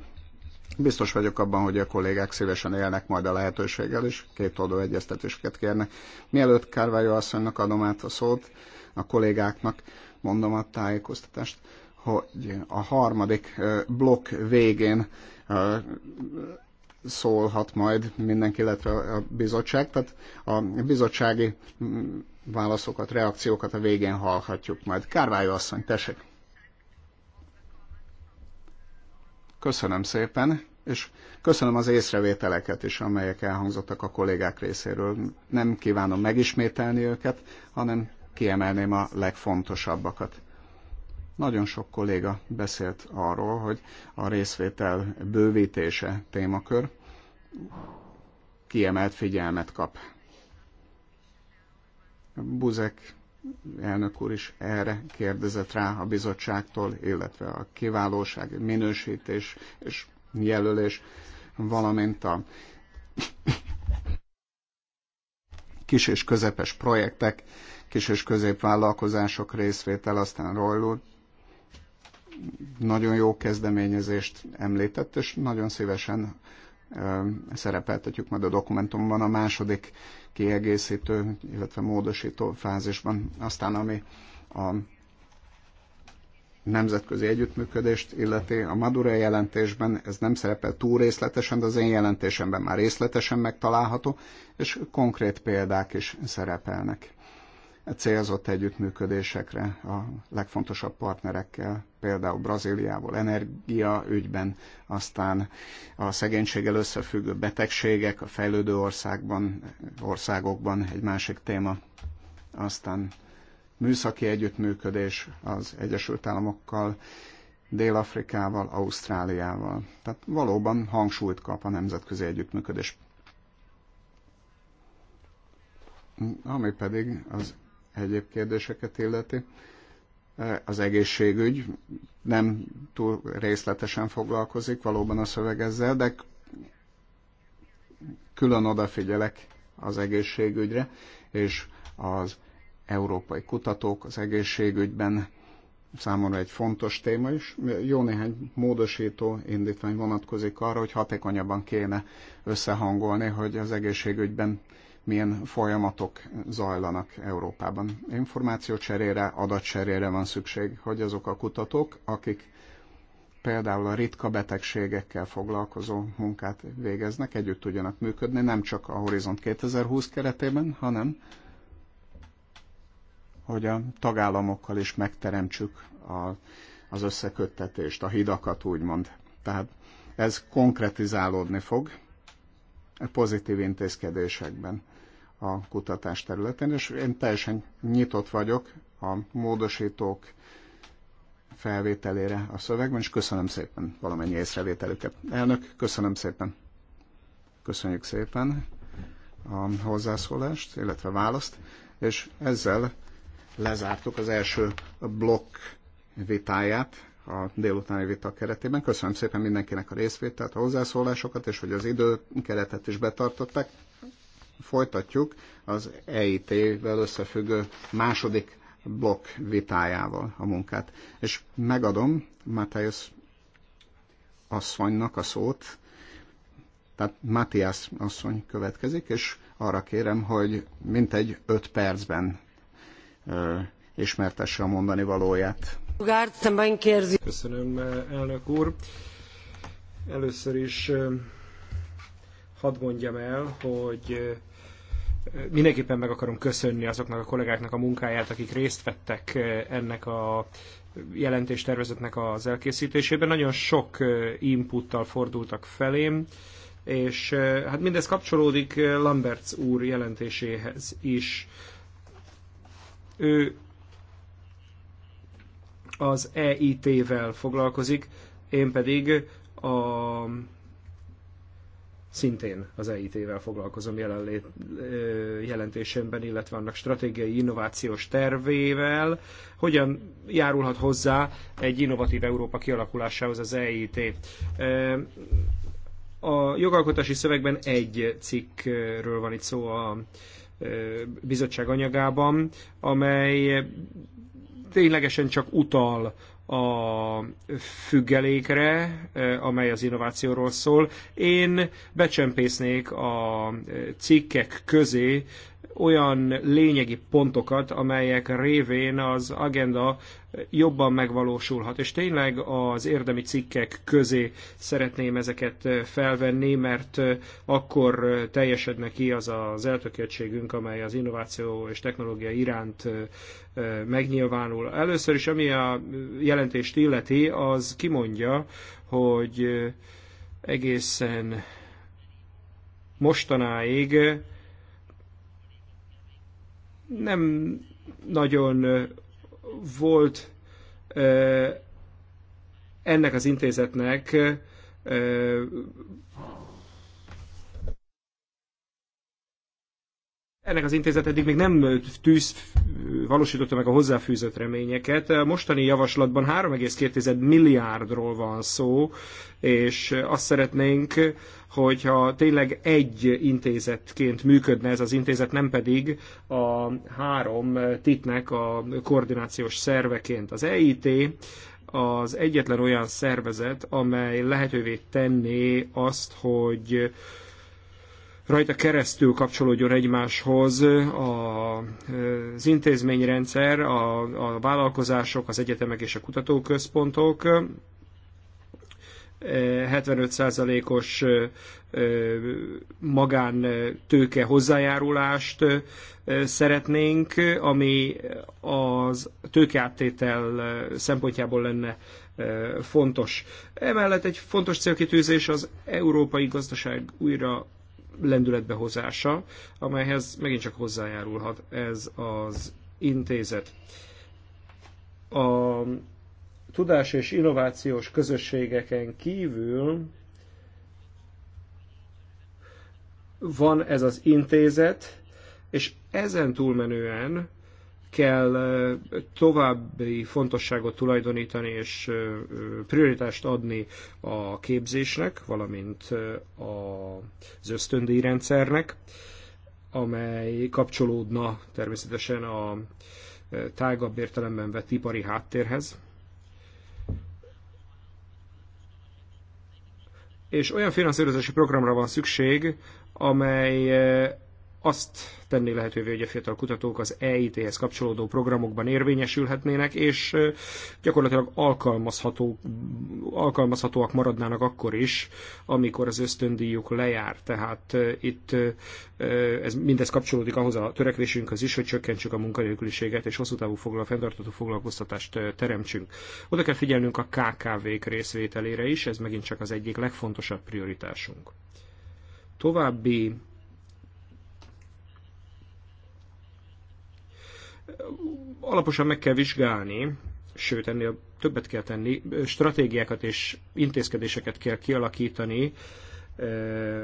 Biztos vagyok abban, hogy a kollégák szívesen élnek majd a lehetőséggel, és két oldalú egyeztetéseket kérnek. Mielőtt Kárvályó asszonynak adom át a szót, a kollégáknak mondom a tájékoztatást hogy a harmadik blokk végén szólhat majd mindenki, illetve a bizottság. Tehát a bizottsági mm, válaszokat, reakciókat a végén hallhatjuk majd. Kárvályó asszony, tessék! Köszönöm szépen, és köszönöm az észrevételeket is, amelyek elhangzottak a kollégák részéről. Nem kívánom megismételni őket, hanem kiemelném a legfontosabbakat. Nagyon sok kolléga beszélt arról, hogy a részvétel bővítése témakör kiemelt figyelmet kap. Buzek elnök úr is erre kérdezett rá a bizottságtól, illetve a kiválóság, minősítés és jelölés, valamint a kis és közepes projektek, kis és középvállalkozások részvétel, aztán Royl nagyon jó kezdeményezést említett, és nagyon szívesen szerepeltetjük majd a dokumentumban a második kiegészítő, illetve módosító fázisban. Aztán ami a nemzetközi együttműködést illeti. A Madura jelentésben ez nem szerepel túl részletesen, de az én jelentésemben már részletesen megtalálható, és konkrét példák is szerepelnek célzott együttműködésekre a legfontosabb partnerekkel, például Brazíliából energia ügyben, aztán a szegénységgel összefüggő betegségek a fejlődő országban, országokban egy másik téma, aztán műszaki együttműködés az Egyesült Államokkal, Dél-Afrikával, Ausztráliával. Tehát valóban hangsúlyt kap a nemzetközi együttműködés. Ami pedig az egyéb kérdéseket illeti. E, az egészségügy nem túl részletesen foglalkozik valóban a szöveg ezzel, de külön odafigyelek az egészségügyre, és az európai kutatók az egészségügyben számomra egy fontos téma is. Jó néhány módosító indítvány vonatkozik arra, hogy hatékonyabban kéne összehangolni, hogy az egészségügyben milyen folyamatok zajlanak Európában. Információcserére, adatcserére van szükség, hogy azok a kutatók, akik például a ritka betegségekkel foglalkozó munkát végeznek, együtt tudjanak működni, nem csak a Horizont 2020 keretében, hanem hogy a tagállamokkal is megteremtsük a, az összeköttetést, a hidakat úgymond. Tehát ez konkretizálódni fog pozitív intézkedésekben a kutatás területén, és én teljesen nyitott vagyok a módosítók felvételére a szövegben, és köszönöm szépen valamennyi észrevételüket. Elnök, köszönöm szépen. Köszönjük szépen a hozzászólást, illetve választ, és ezzel lezártuk az első blokk vitáját a délutáni vita keretében. Köszönöm szépen mindenkinek a részvételt, a hozzászólásokat, és hogy az időkeretet is betartották folytatjuk az EIT-vel összefüggő második blokk vitájával a munkát. És megadom Matthias asszonynak a szót, tehát Matthias asszony következik, és arra kérem, hogy mintegy öt percben ö, ismertesse a mondani valóját. Köszönöm, elnök úr. Először is hadd mondjam el, hogy mindenképpen meg akarom köszönni azoknak a kollégáknak a munkáját, akik részt vettek ennek a jelentéstervezetnek az elkészítésében. Nagyon sok inputtal fordultak felém, és hát mindez kapcsolódik Lamberts úr jelentéséhez is. Ő az EIT-vel foglalkozik, én pedig a szintén az EIT-vel foglalkozom jelenlét, jelentésemben, illetve annak stratégiai innovációs tervével. Hogyan járulhat hozzá egy innovatív Európa kialakulásához az EIT? A jogalkotási szövegben egy cikkről van itt szó a bizottság anyagában, amely ténylegesen csak utal a függelékre, e, amely az innovációról szól. Én becsempésznék a cikkek közé olyan lényegi pontokat, amelyek révén az agenda jobban megvalósulhat. És tényleg az érdemi cikkek közé szeretném ezeket felvenni, mert akkor teljesedne ki az az eltökéltségünk, amely az innováció és technológia iránt megnyilvánul. Először is, ami a jelentést illeti, az kimondja, hogy egészen mostanáig nem nagyon volt ennek az intézetnek ennek az intézet eddig még nem tűz, valósította meg a hozzáfűzött reményeket. A mostani javaslatban 3,2 milliárdról van szó, és azt szeretnénk, hogyha tényleg egy intézetként működne ez az intézet, nem pedig a három titnek a koordinációs szerveként. Az EIT az egyetlen olyan szervezet, amely lehetővé tenné azt, hogy rajta keresztül kapcsolódjon egymáshoz az intézményrendszer, a, a vállalkozások, az egyetemek és a kutatóközpontok. 75%-os magántőke hozzájárulást szeretnénk, ami az tőkeáttétel szempontjából lenne fontos. Emellett egy fontos célkitűzés az európai gazdaság újra lendületbehozása, amelyhez megint csak hozzájárulhat ez az intézet. A tudás és innovációs közösségeken kívül van ez az intézet, és ezen túlmenően kell további fontosságot tulajdonítani és prioritást adni a képzésnek, valamint az rendszernek, amely kapcsolódna természetesen a tágabb értelemben vett ipari háttérhez. És olyan finanszírozási programra van szükség, amely azt tenni lehetővé, hogy a fiatal kutatók az EIT-hez kapcsolódó programokban érvényesülhetnének, és gyakorlatilag alkalmazható, alkalmazhatóak maradnának akkor is, amikor az ösztöndíjuk lejár. Tehát itt ez mindez kapcsolódik ahhoz a törekvésünkhöz is, hogy csökkentsük a munkanélküliséget, és hosszú távú foglal, fenntartató foglalkoztatást teremtsünk. Oda kell figyelnünk a KKV-k részvételére is, ez megint csak az egyik legfontosabb prioritásunk. További alaposan meg kell vizsgálni, sőt ennél többet kell tenni, stratégiákat és intézkedéseket kell kialakítani eh,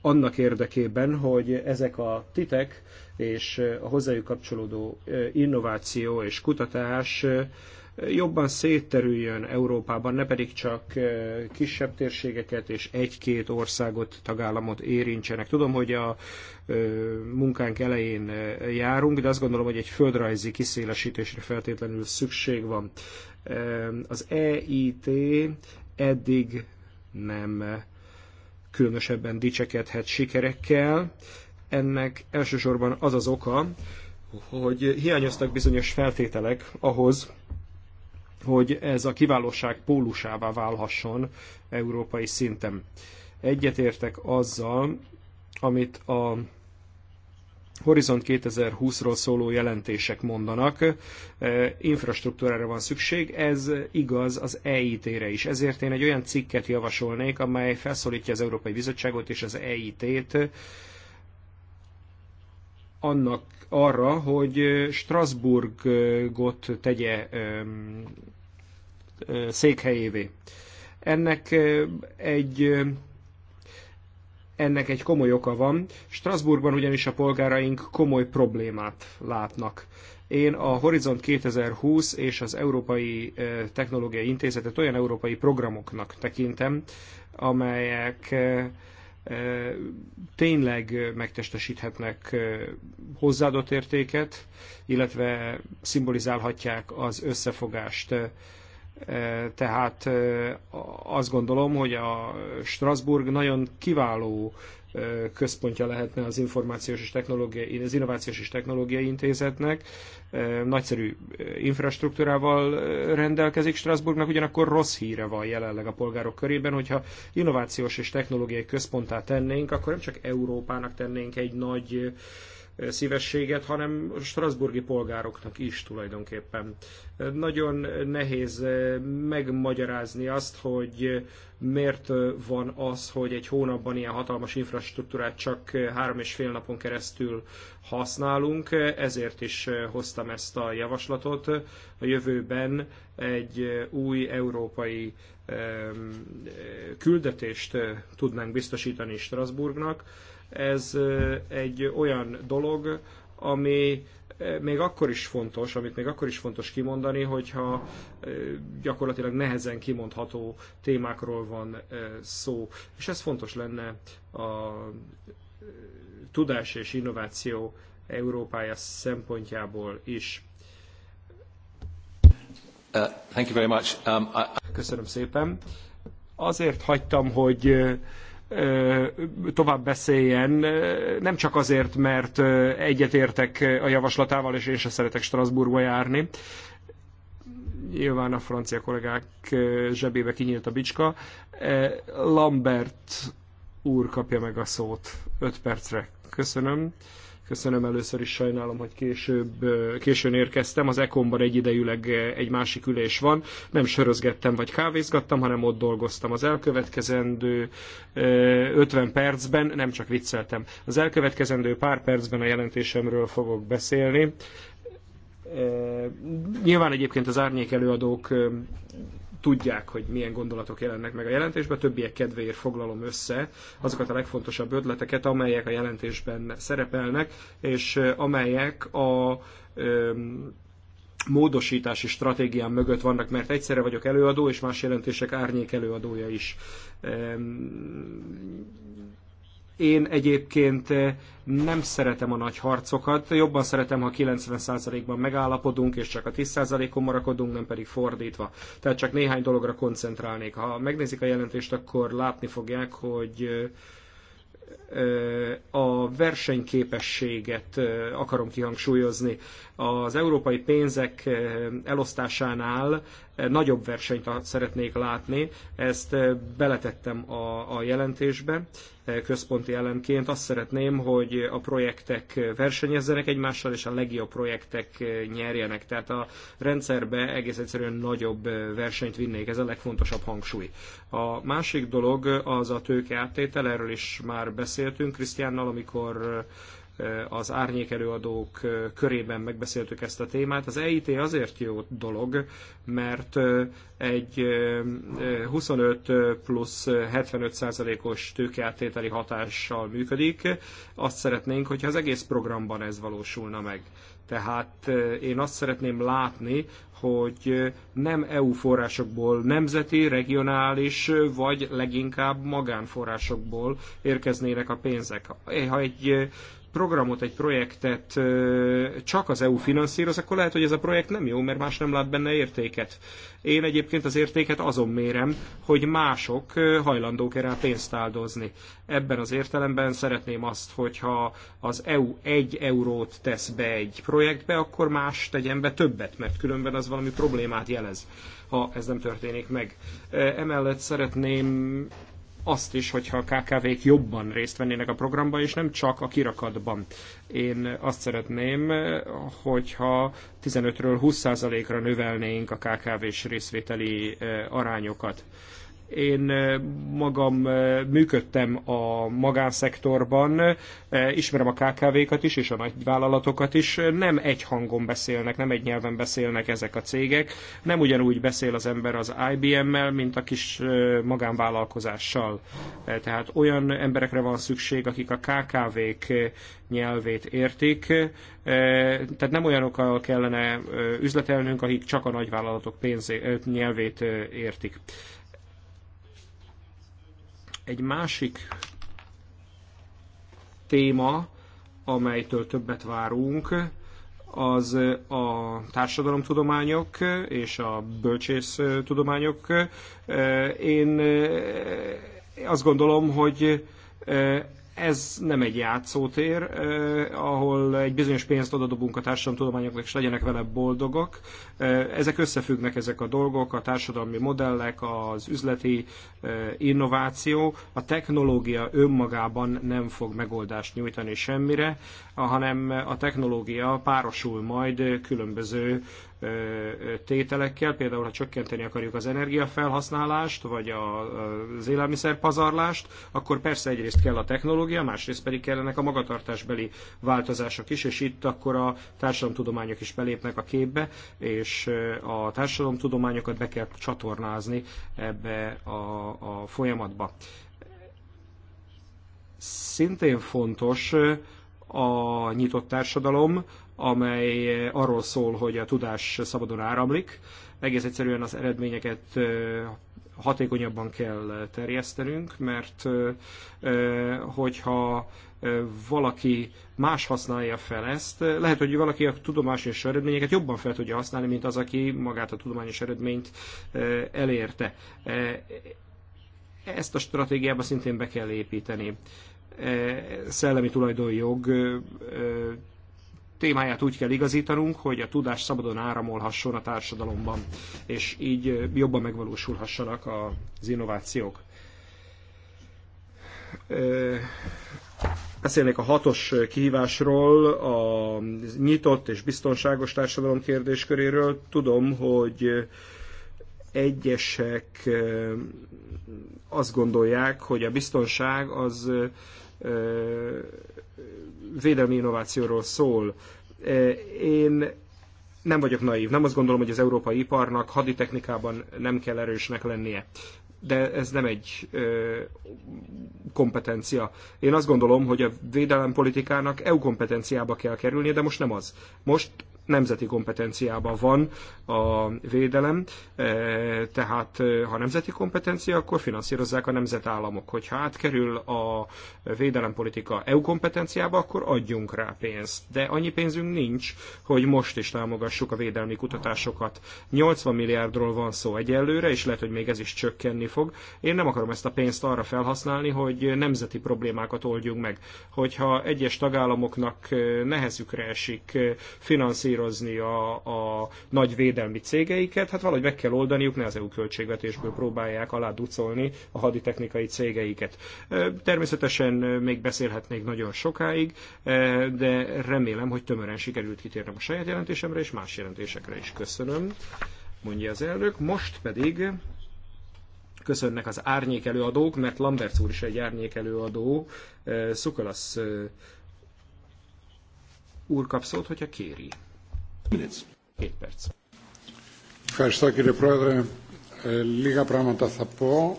annak érdekében, hogy ezek a titek és a hozzájuk kapcsolódó eh, innováció és kutatás eh, jobban szétterüljön Európában, ne pedig csak eh, kisebb térségeket és egy-két országot, tagállamot érintsenek. Tudom, hogy a eh, munkánk elején eh, járunk, de azt gondolom, hogy egy földrajzi kiszélesítésre feltétlenül szükség van. Az EIT eddig nem különösebben dicsekedhet sikerekkel. Ennek elsősorban az az oka, hogy hiányoztak bizonyos feltételek ahhoz, hogy ez a kiválóság pólusává válhasson európai szinten. Egyetértek azzal, amit a Horizont 2020-ról szóló jelentések mondanak, e, infrastruktúrára van szükség, ez igaz az EIT-re is. Ezért én egy olyan cikket javasolnék, amely felszólítja az Európai Bizottságot és az EIT-t annak arra, hogy Strasbourgot tegye székhelyévé. Ennek egy ennek egy komoly oka van. Strasbourgban ugyanis a polgáraink komoly problémát látnak. Én a Horizont 2020 és az Európai Technológiai Intézetet olyan európai programoknak tekintem, amelyek tényleg megtestesíthetnek hozzáadott értéket, illetve szimbolizálhatják az összefogást. Tehát azt gondolom, hogy a Strasbourg nagyon kiváló központja lehetne az információs és technológiai, az innovációs és technológiai intézetnek. Nagyszerű infrastruktúrával rendelkezik Strasbourgnak, ugyanakkor rossz híre van jelenleg a polgárok körében, hogyha innovációs és technológiai központtá tennénk, akkor nem csak Európának tennénk egy nagy szívességet, hanem a strasburgi polgároknak is tulajdonképpen. Nagyon nehéz eh, megmagyarázni azt, hogy eh, miért eh, van az, hogy egy hónapban ilyen hatalmas infrastruktúrát csak három és fél napon keresztül használunk, ezért is hoztam ezt a javaslatot. A jövőben egy új európai küldetést tudnánk biztosítani Strasbourgnak, ez egy olyan dolog, ami még akkor is fontos, amit még akkor is fontos kimondani, hogyha gyakorlatilag nehezen kimondható témákról van szó. És ez fontos lenne a tudás és innováció Európája szempontjából is. Uh, um, Köszönöm szépen. Azért hagytam, hogy tovább beszéljen, nem csak azért, mert egyetértek a javaslatával, és én sem szeretek Strasbourgba járni. Nyilván a francia kollégák zsebébe kinyílt a bicska. Lambert úr kapja meg a szót 5 percre. Köszönöm. Köszönöm először is, sajnálom, hogy később, későn érkeztem. Az Ekonban egyidejűleg egy másik ülés van. Nem sörözgettem vagy kávézgattam, hanem ott dolgoztam. Az elkövetkezendő 50 percben, nem csak vicceltem, az elkövetkezendő pár percben a jelentésemről fogok beszélni. Nyilván egyébként az árnyék előadók tudják, hogy milyen gondolatok jelennek meg a jelentésben, többiek kedvéért foglalom össze azokat a legfontosabb ötleteket, amelyek a jelentésben szerepelnek, és amelyek a módosítási stratégiám mögött vannak, mert egyszerre vagyok előadó, és más jelentések árnyék előadója is. Én egyébként eh, nem szeretem a nagy harcokat, jobban szeretem, ha 90%-ban megállapodunk, és csak a 10%-on marakodunk, nem pedig fordítva. Tehát csak néhány dologra koncentrálnék. Ha megnézik a jelentést, akkor látni fogják, hogy eh, eh, a versenyképességet akarom kihangsúlyozni az európai pénzek eh, elosztásánál eh, nagyobb versenyt szeretnék látni. Ezt eh, beletettem a, a jelentésbe központi elemként. Azt szeretném, hogy a projektek versenyezzenek egymással, és a legjobb projektek nyerjenek. Tehát a rendszerbe egész egyszerűen nagyobb versenyt vinnék. Ez a legfontosabb hangsúly. A másik dolog az a tőke áttétel, erről is már beszéltünk Krisztiánnal, amikor Eh, az árnyékelőadók eh, körében megbeszéltük ezt a témát. Az EIT azért jó dolog, mert eh, egy 25 plusz 75 százalékos tőkeáttételi hatással működik. Azt szeretnénk, hogyha az egész programban ez valósulna meg. Tehát én azt szeretném látni, hogy nem EU forrásokból, nemzeti, regionális, vagy leginkább magánforrásokból érkeznének a pénzek. Ha egy programot, egy projektet csak az EU finanszíroz, akkor lehet, hogy ez a projekt nem jó, mert más nem lát benne értéket. Én egyébként az értéket azon mérem, hogy mások hajlandók erre pénzt áldozni. Ebben az értelemben szeretném azt, hogyha az EU egy eurót tesz be egy projektbe, akkor más tegyen be többet, mert különben az valami problémát jelez, ha ez nem történik meg. Emellett szeretném azt is, hogyha a KKV-k jobban részt vennének a programban és nem csak a kirakatban. Én azt szeretném, hogyha 15-ről 20%-ra növelnénk a KKV-s részvételi eh, arányokat. Én magam működtem a magánszektorban, ismerem a KKV-kat is, és a nagyvállalatokat is. Nem egy hangon beszélnek, nem egy nyelven beszélnek ezek a cégek. Nem ugyanúgy beszél az ember az IBM-mel, mint a kis magánvállalkozással. Tehát olyan emberekre van szükség, akik a KKV-k nyelvét értik. Tehát nem olyanokkal kellene üzletelnünk, akik csak a nagyvállalatok pénzé, nyelvét értik. Egy másik téma, amelytől többet várunk, az a társadalomtudományok és a tudományok. Én eh, azt gondolom, hogy eh, ez nem egy játszótér, eh, ahol egy bizonyos pénzt odadobunk a társadalomtudományoknak, és legyenek vele boldogok. Eh, ezek összefüggnek ezek a dolgok, a társadalmi modellek, az üzleti eh, innováció. A technológia önmagában nem fog megoldást nyújtani semmire, hanem a technológia párosul majd különböző tételekkel, például ha csökkenteni akarjuk az energiafelhasználást, vagy az élelmiszerpazarlást, akkor persze egyrészt kell a technológia, másrészt pedig kellenek a magatartásbeli változások is, és itt akkor a társadalomtudományok is belépnek a képbe, és a társadalomtudományokat be kell csatornázni ebbe a, a folyamatba. Szintén fontos a nyitott társadalom, amely eh, arról szól, hogy a tudás szabadon áramlik. Egész egyszerűen az eredményeket eh, hatékonyabban kell terjesztenünk, mert eh, hogyha valaki más használja fel ezt, lehet, hogy valaki a tudományos eredményeket jobban fel tudja használni, mint az, aki magát a tudományos eredményt elérte. Ezt a stratégiába szintén be kell építeni. Szellemi tulajdonjog témáját úgy kell igazítanunk, hogy a tudás szabadon áramolhasson a társadalomban, és így jobban megvalósulhassanak az innovációk. Beszélnék a hatos kihívásról, a nyitott és biztonságos társadalom kérdésköréről. Tudom, hogy egyesek azt gondolják, hogy a biztonság az védelmi innovációról szól. E, én nem vagyok naív, nem azt gondolom, hogy az európai iparnak haditechnikában nem kell erősnek lennie. De ez nem egy ö, kompetencia. Én azt gondolom, hogy a védelempolitikának EU kompetenciába kell kerülnie, de most nem az. Most nemzeti kompetenciában van a védelem, e, tehát e, ha nemzeti kompetencia, akkor finanszírozzák a nemzetállamok. Hogyha átkerül a védelempolitika EU kompetenciába, akkor adjunk rá pénzt. De annyi pénzünk nincs, hogy most is támogassuk a védelmi kutatásokat. 80 milliárdról van szó egyelőre, és lehet, hogy még ez is csökkenni fog. Én nem akarom ezt a pénzt arra felhasználni, hogy nemzeti problémákat oldjunk meg. Hogyha egyes tagállamoknak e, nehezükre esik finanszírozni, finanszírozni a, a nagy védelmi cégeiket, hát valahogy meg kell oldaniuk, ne az EU költségvetésből próbálják alá ducolni a haditechnikai cégeiket. Természetesen még beszélhetnék nagyon sokáig, de remélem, hogy tömören sikerült kitérnem a saját jelentésemre és más jelentésekre is. Köszönöm, mondja az elnök. Most pedig köszönnek az árnyék előadók, mert Lambert úr is egy árnyék előadó, Szukalasz úr kap szót, hogyha kéri. Két perc. Ευχαριστώ κύριε Πρόεδρε. Λίγα πράγματα θα πω.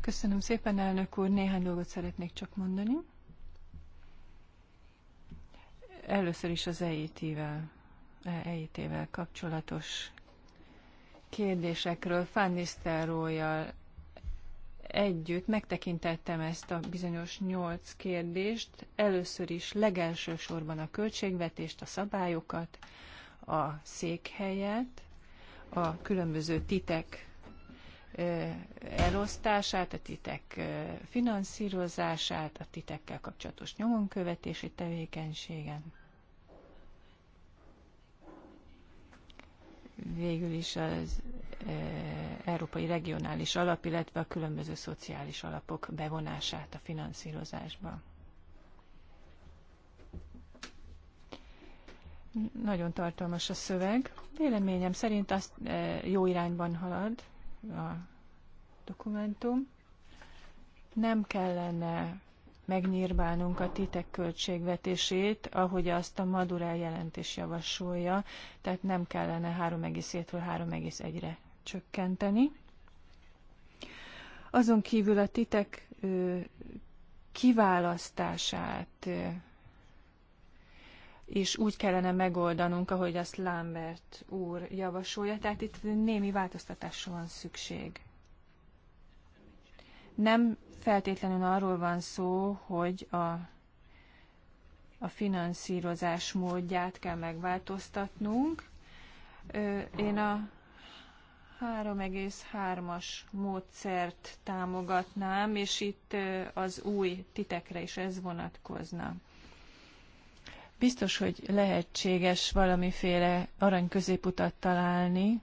Köszönöm szépen, elnök úr. Néhány dolgot szeretnék csak mondani. Először is az EIT-vel, EIT-vel kapcsolatos kérdésekről Fannisztárójal együtt megtekintettem ezt a bizonyos nyolc kérdést. Először is legelső sorban a költségvetést, a szabályokat, a székhelyet, a különböző titek elosztását, a titek finanszírozását, a titekkel kapcsolatos nyomonkövetési tevékenységen. Végül is az Európai Regionális Alap, illetve a különböző szociális alapok bevonását a finanszírozásba. Nagyon tartalmas a szöveg. Véleményem szerint azt e, jó irányban halad a dokumentum. Nem kellene megnyírbálnunk a titek költségvetését, ahogy azt a Madurell jelentés javasolja, tehát nem kellene 3,7-ről 3,1-re csökkenteni. Azon kívül a titek kiválasztását is úgy kellene megoldanunk, ahogy azt Lambert úr javasolja. Tehát itt némi változtatásra van szükség. Nem feltétlenül arról van szó, hogy a, a finanszírozás módját kell megváltoztatnunk. Én a 3,3-as módszert támogatnám, és itt az új titekre is ez vonatkozna. Biztos, hogy lehetséges valamiféle arany középutat találni,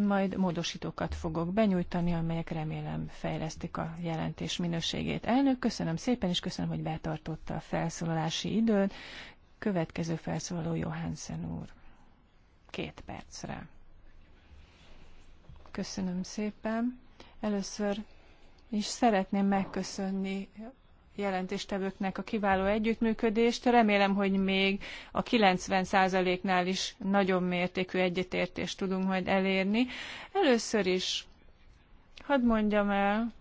majd módosítókat fogok benyújtani, amelyek remélem fejlesztik a jelentés minőségét. Elnök, köszönöm szépen, és köszönöm, hogy betartotta a felszólalási időt. Következő felszólaló Johansen úr. Két percre. Köszönöm szépen. Először is szeretném megköszönni jelentéstevőknek a kiváló együttműködést. Remélem, hogy még a 90%-nál is nagyobb mértékű egyetértést tudunk majd elérni. Először is hadd mondjam el,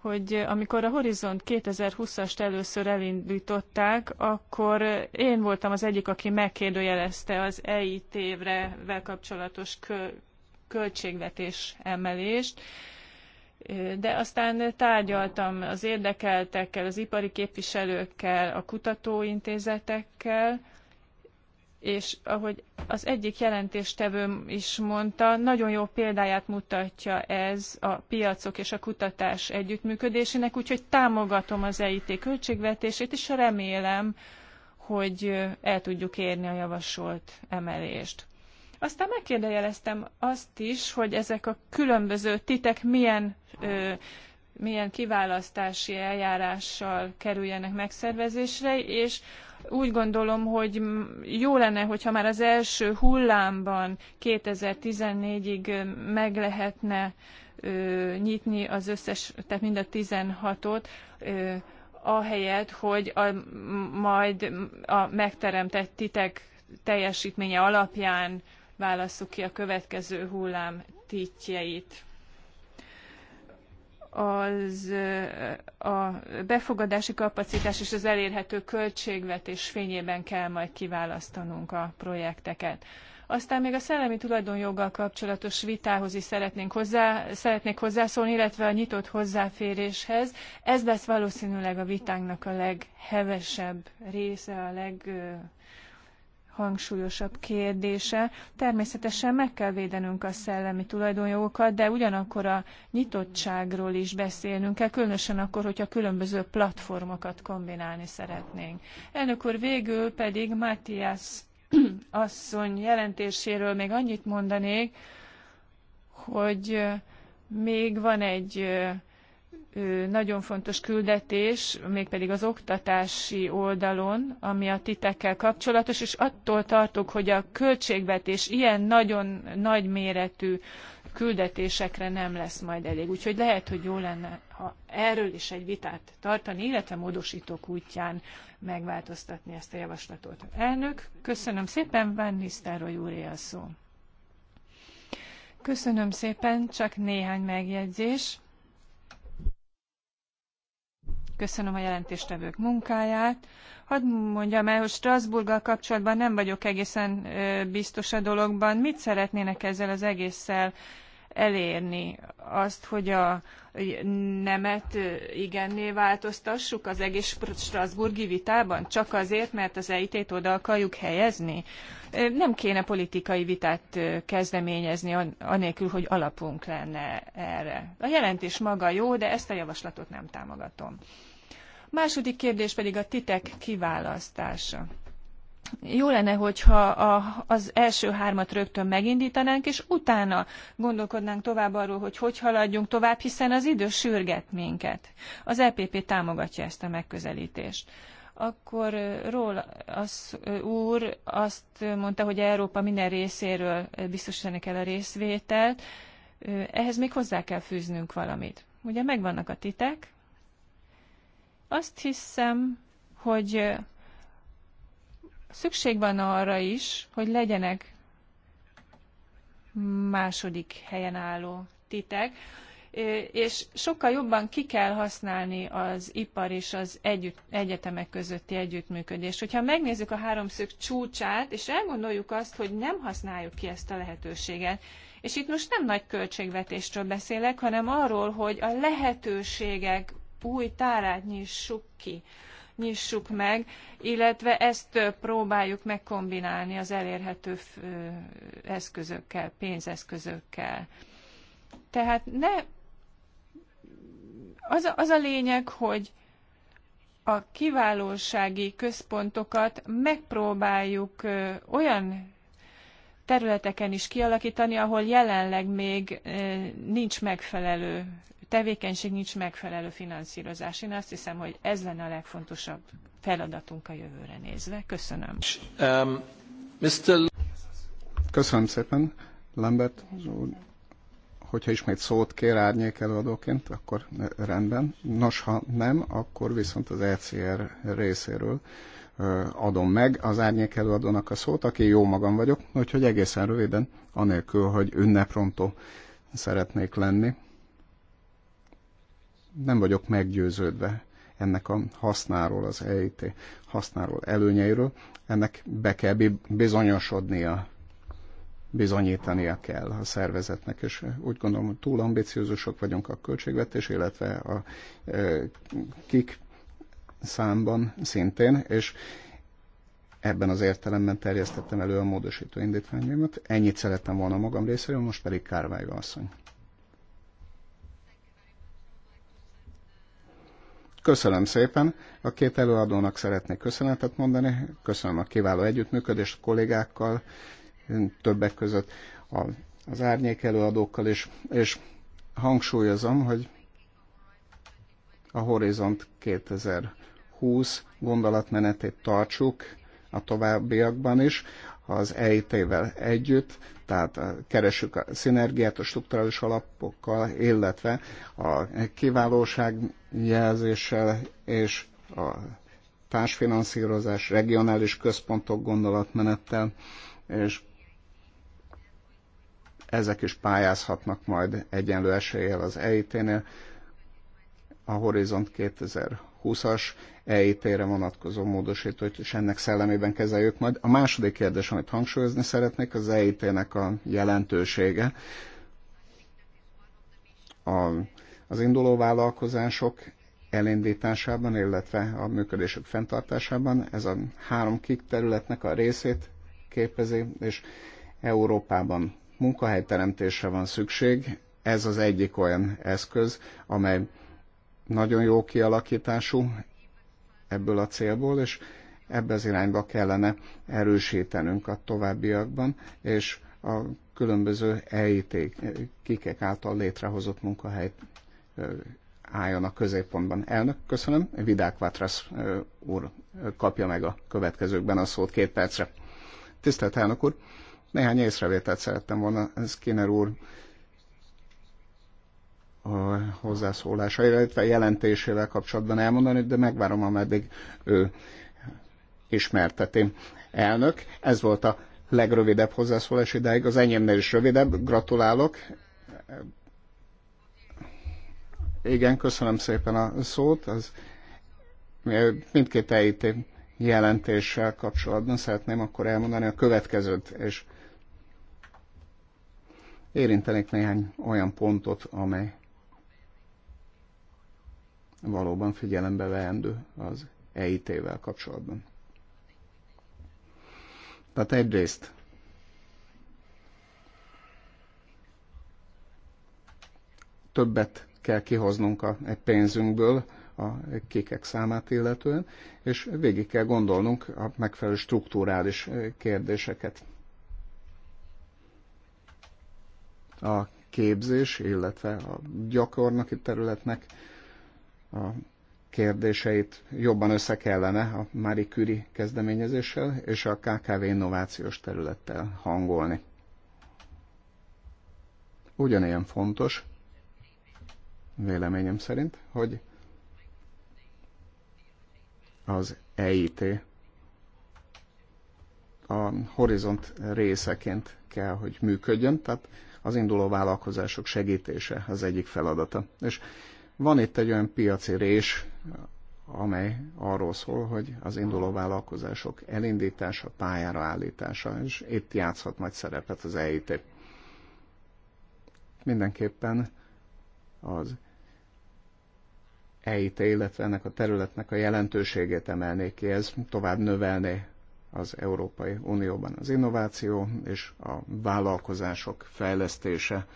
hogy amikor a Horizont 2020-ast először elindították, akkor én voltam az egyik, aki megkérdőjelezte az EIT-vel kapcsolatos költségvetés emelést, de aztán tárgyaltam az érdekeltekkel, az ipari képviselőkkel, a kutatóintézetekkel, és ahogy az egyik jelentéstevőm is mondta, nagyon jó példáját mutatja ez a piacok és a kutatás együttműködésének, úgyhogy támogatom az EIT költségvetését, és remélem, hogy el tudjuk érni a javasolt emelést. Aztán megkérdejeleztem azt is, hogy ezek a különböző titek milyen, ö, milyen kiválasztási eljárással kerüljenek megszervezésre, és úgy gondolom, hogy jó lenne, hogyha már az első hullámban 2014-ig meg lehetne ö, nyitni az összes, tehát mind a 16-ot, ahelyett, hogy a, majd a megteremtett titek teljesítménye alapján válasszuk ki a következő hullám tétjeit. az a befogadási kapacitás és az elérhető költségvetés fényében kell majd kiválasztanunk a projekteket. Aztán még a szellemi tulajdonjoggal kapcsolatos vitához is szeretnénk hozzá, szeretnék hozzászólni, illetve a nyitott hozzáféréshez. Ez lesz valószínűleg a vitánknak a leghevesebb része, a leg hangsúlyosabb kérdése. Természetesen meg kell védenünk a szellemi tulajdonjogokat, de ugyanakkor a nyitottságról is beszélnünk kell, különösen akkor, hogyha különböző platformokat kombinálni szeretnénk. Elnök úr, végül pedig Matthias asszony jelentéséről még annyit mondanék, hogy még van egy nagyon fontos küldetés, mégpedig az oktatási oldalon, ami a titekkel kapcsolatos, és attól tartok, hogy a költségvetés ilyen nagyon nagy méretű küldetésekre nem lesz majd elég. Úgyhogy lehet, hogy jó lenne, ha erről is egy vitát tartani, illetve módosítók útján megváltoztatni ezt a javaslatot. Elnök, köszönöm szépen, Van Nisztároly úré a szó. Köszönöm szépen, csak néhány megjegyzés Köszönöm a jelentéstevők munkáját. Hadd mondjam el, hogy Strasburggal kapcsolatban nem vagyok egészen biztos a dologban. Mit szeretnének ezzel az egésszel elérni azt, hogy a nemet igenné változtassuk az egész Strasburgi vitában, csak azért, mert az EIT-t oda akarjuk helyezni? Nem kéne politikai vitát kezdeményezni, anélkül, hogy alapunk lenne erre. A jelentés maga jó, de ezt a javaslatot nem támogatom. Második kérdés pedig a titek kiválasztása jó lenne, hogyha a, az első hármat rögtön megindítanánk, és utána gondolkodnánk tovább arról, hogy hogy haladjunk tovább, hiszen az idő sürget minket. Az EPP támogatja ezt a megközelítést akkor Ról az úr azt mondta, hogy Európa minden részéről biztosítani kell a részvételt. Ehhez még hozzá kell fűznünk valamit. Ugye megvannak a titek. Azt hiszem, hogy szükség van arra is, hogy legyenek második helyen álló titek, és sokkal jobban ki kell használni az ipar és az együtt, egyetemek közötti együttműködést. Hogyha megnézzük a háromszög csúcsát, és elgondoljuk azt, hogy nem használjuk ki ezt a lehetőséget, és itt most nem nagy költségvetésről beszélek, hanem arról, hogy a lehetőségek új tárát nyissuk ki nyissuk meg, illetve ezt próbáljuk megkombinálni az elérhető eszközökkel, pénzeszközökkel. Tehát ne, az a, az a lényeg, hogy a kiválósági központokat megpróbáljuk olyan területeken is kialakítani, ahol jelenleg még nincs megfelelő tevékenység nincs megfelelő finanszírozás. Én azt hiszem, hogy ez lenne a legfontosabb feladatunk a jövőre nézve. Köszönöm. Mr. Um, Köszönöm szépen, Lambert úr. Hogyha ismét szót kér árnyék előadóként, akkor rendben. Nos, ha nem, akkor viszont az ECR részéről adom meg az árnyék előadónak a szót, aki jó magam vagyok, úgyhogy egészen röviden, anélkül, hogy ünneprontó szeretnék lenni nem vagyok meggyőződve ennek a hasznáról, az EIT hasznáról, előnyeiről. Ennek be kell bizonyosodnia, bizonyítania kell a szervezetnek, és úgy gondolom, hogy túl ambiciózusok vagyunk a költségvetés, illetve a e, kik számban szintén, és ebben az értelemben terjesztettem elő a módosító indítványomat. Ennyit szerettem volna magam részéről, most pedig Kárvályva asszony. Köszönöm szépen. A két előadónak szeretnék köszönetet mondani. Köszönöm a kiváló együttműködést a kollégákkal, többek között a, az árnyék előadókkal is, és hangsúlyozom, hogy a Horizont 2020 gondolatmenetét tartsuk a továbbiakban is az EIT-vel együtt, tehát eh, keresünk a szinergiát a strukturális alapokkal, illetve a kiválóság jelzéssel és a társfinanszírozás, regionális központok gondolatmenettel, és ezek is pályázhatnak majd egyenlő eséllyel az EIT-nél a Horizont 2020 20-as EIP-re vonatkozó módosítót is ennek szellemében kezeljük majd. A második kérdés, amit hangsúlyozni szeretnék, az EIP-nek a jelentősége. A, az induló vállalkozások elindításában, illetve a működésük fenntartásában ez a három kik területnek a részét képezi, és Európában munkahelyteremtésre van szükség. Ez az egyik olyan eszköz, amely nagyon jó kialakítású ebből a célból, és ebbe az irányba kellene erősítenünk a továbbiakban, és a különböző EIT kikek által létrehozott munkahely álljon a középpontban. Elnök, köszönöm. Vidák Vátrasz úr kapja meg a következőkben a szót két percre. Tisztelt elnök úr, néhány észrevételt szerettem volna Skinner úr a hozzászólása, illetve jelentésével kapcsolatban elmondani, de megvárom, ameddig ő ismerteti. Elnök, ez volt a legrövidebb hozzászólás ideig, az enyémnél is rövidebb, gratulálok. Igen, köszönöm szépen a szót. Az, mindkét EIT jelentéssel kapcsolatban szeretném akkor elmondani a következőt, és érintenék néhány olyan pontot, amely valóban figyelembe veendő az EIT-vel kapcsolatban. Tehát egyrészt többet kell kihoznunk a pénzünkből a kékek számát illetően, és végig kell gondolnunk a megfelelő struktúrális kérdéseket. A képzés, illetve a gyakornoki területnek a kérdéseit jobban össze kellene a Marie Curie kezdeményezéssel és a KKV innovációs területtel hangolni. Ugyanilyen fontos, véleményem szerint, hogy az EIT a horizont részeként kell, hogy működjön, tehát az induló vállalkozások segítése az egyik feladata. És van itt egy olyan piaci rés, amely arról szól, hogy az induló vállalkozások elindítása, pályára állítása, és itt játszhat nagy szerepet az EIT. Mindenképpen az EIT, illetve ennek a területnek a jelentőségét emelnék ki, ez tovább növelné az Európai Unióban az innováció és a vállalkozások fejlesztése.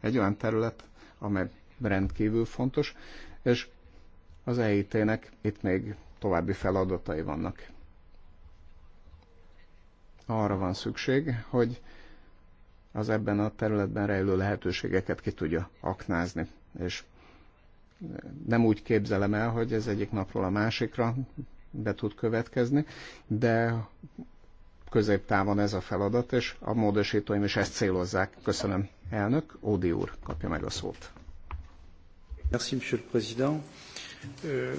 Egy olyan terület, amely rendkívül fontos, és az EIT-nek itt még további feladatai vannak. Arra van szükség, hogy az ebben a területben rejlő lehetőségeket ki tudja aknázni, és nem úgy képzelem el, hogy ez egyik napról a másikra be tud következni, de középtávon ez a feladat, és a módosítóim is ezt célozzák. Köszönöm, elnök. Ódi úr kapja meg a szót. Euh,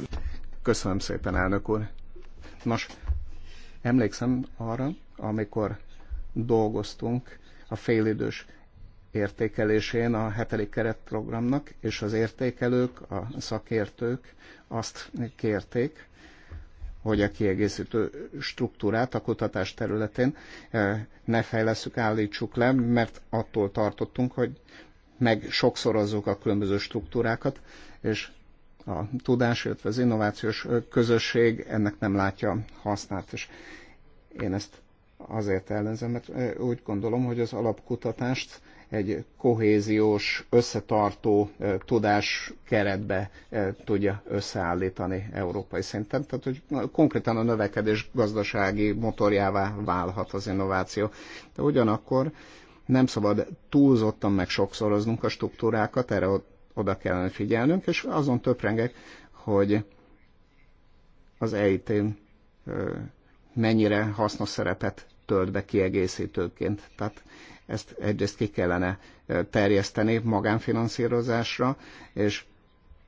Köszönöm szépen, elnök úr. Nos, emlékszem arra, amikor dolgoztunk a félidős értékelésén a hetedik keretprogramnak, és az értékelők, a szakértők azt kérték, hogy a kiegészítő struktúrát a kutatás területén eh, ne fejleszük, állítsuk le, mert attól tartottunk, hogy meg sokszorozzuk a különböző struktúrákat, és a tudás, illetve az innovációs közösség ennek nem látja hasznát. És én ezt azért ellenzem, mert úgy gondolom, hogy az alapkutatást egy kohéziós, összetartó tudás keretbe tudja összeállítani európai szinten. Tehát, hogy konkrétan a növekedés gazdasági motorjává válhat az innováció. De ugyanakkor nem szabad túlzottan meg sokszoroznunk a struktúrákat, erre oda kellene figyelnünk, és azon töprengek, hogy az eit mennyire hasznos szerepet tölt be kiegészítőként. Tehát ezt egyrészt ki kellene terjeszteni magánfinanszírozásra, és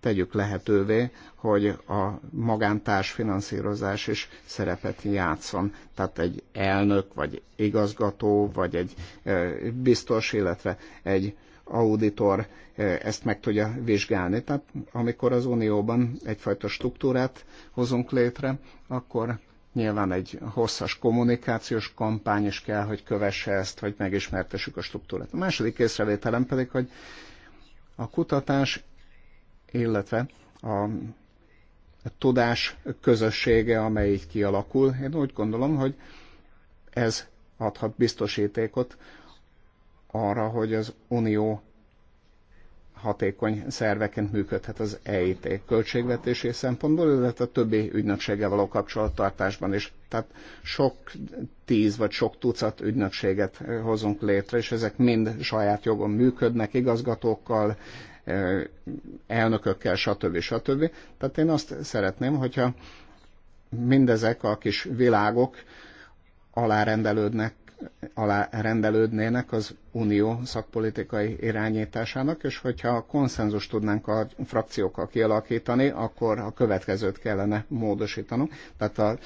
tegyük lehetővé, hogy a magántárs finanszírozás is szerepet játszon. Tehát egy elnök, vagy igazgató, vagy egy e, biztos, illetve egy auditor e, ezt meg tudja vizsgálni. Tehát amikor az Unióban egyfajta struktúrát hozunk létre, akkor nyilván egy hosszas kommunikációs kampány is kell, hogy kövesse ezt, hogy megismertessük a struktúrát. A második észrevételem pedig, hogy a kutatás illetve a tudás közössége, amely így kialakul. Én úgy gondolom, hogy ez adhat biztosítékot arra, hogy az Unió hatékony szerveként működhet az EIT költségvetési szempontból, illetve a többi ügynökséggel való kapcsolattartásban is. Tehát sok tíz vagy sok tucat ügynökséget hozunk létre, és ezek mind saját jogon működnek, igazgatókkal, elnökökkel, stb. stb. Tehát én azt szeretném, hogyha mindezek a kis világok alárendelődnek alárendelődnének az unió szakpolitikai irányításának, és hogyha a konszenzus tudnánk a frakciókkal kialakítani, akkor a következőt kellene módosítanunk. Tehát a,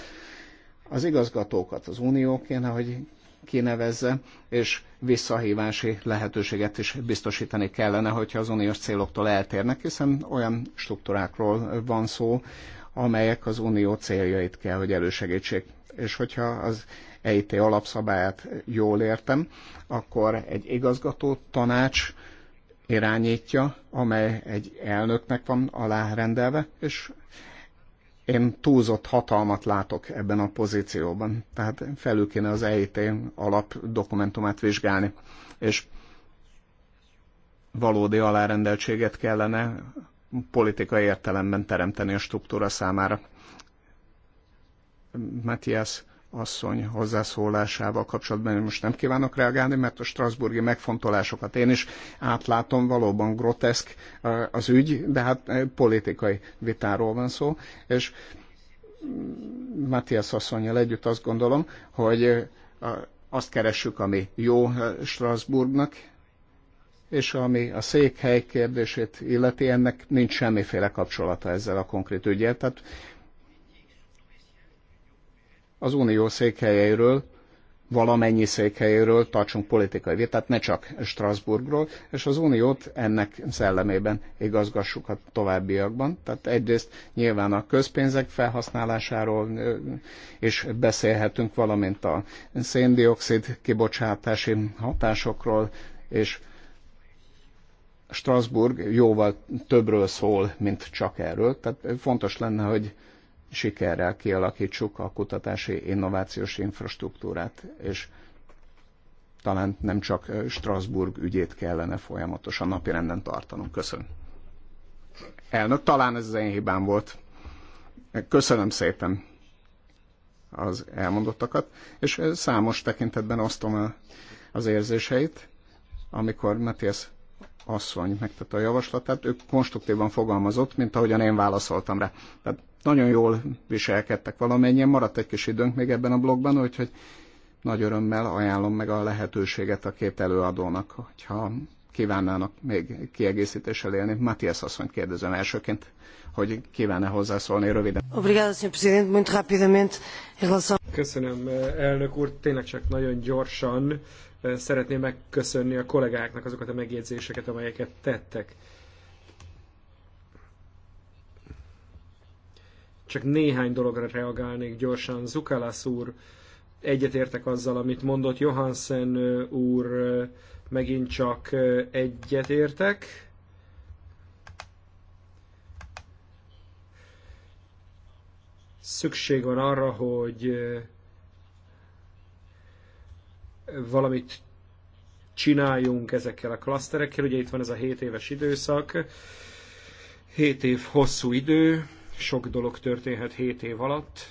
az igazgatókat az unió kéne, hogy kinevezze, és visszahívási lehetőséget is biztosítani kellene, hogyha az uniós céloktól eltérnek, hiszen olyan struktúrákról van szó, amelyek az unió céljait kell, hogy elősegítsék. És hogyha az EIT alapszabályát jól értem, akkor egy igazgató tanács irányítja, amely egy elnöknek van alárendelve, és én túlzott hatalmat látok ebben a pozícióban. Tehát felül kéne az EIT alap dokumentumát vizsgálni, és valódi alárendeltséget kellene politikai értelemben teremteni a struktúra számára. Matthias asszony hozzászólásával kapcsolatban én most nem kívánok reagálni, mert a strasburgi megfontolásokat én is átlátom, valóban groteszk az ügy, de hát politikai vitáról van szó, és Matthias asszonyjal együtt azt gondolom, hogy azt keressük, ami jó Strasbourgnak, és ami a székhely kérdését illeti, ennek nincs semmiféle kapcsolata ezzel a konkrét ügyel. Tehát az unió székhelyeiről, valamennyi székhelyéről tartsunk politikai vitát, ne csak Strasbourgról, és az uniót ennek szellemében igazgassuk a továbbiakban. Tehát egyrészt nyilván a közpénzek felhasználásáról is beszélhetünk, valamint a széndiokszid kibocsátási hatásokról, és Strasbourg jóval többről szól, mint csak erről. Tehát fontos lenne, hogy sikerrel kialakítsuk a kutatási innovációs infrastruktúrát, és talán nem csak Strasbourg ügyét kellene folyamatosan napirenden tartanunk. Köszönöm. Elnök, talán ez az én hibám volt. Köszönöm szépen az elmondottakat, és számos tekintetben osztom az érzéseit, amikor Matthias asszony megtette a javaslatát, ő konstruktívan fogalmazott, mint ahogyan én válaszoltam rá. Tehát nagyon jól viselkedtek valamennyien, maradt egy kis időnk még ebben a blogban, úgyhogy nagy örömmel ajánlom meg a lehetőséget a két előadónak, hogyha kívánnának még kiegészítéssel élni. Matthias asszony kérdezem elsőként, hogy kívánna -e hozzászólni röviden. Obrigado, Köszönöm, elnök úr, tényleg csak nagyon gyorsan eh, szeretném megköszönni a kollégáknak azokat a megjegyzéseket, amelyeket tettek. Csak néhány dologra reagálnék gyorsan. Zukalász úr, egyetértek azzal, amit mondott Johansen úr, megint csak egyetértek. Szükség van arra, hogy valamit csináljunk ezekkel a klaszterekkel. Ugye itt van ez a 7 éves időszak, 7 év hosszú idő, sok dolog történhet 7 év alatt,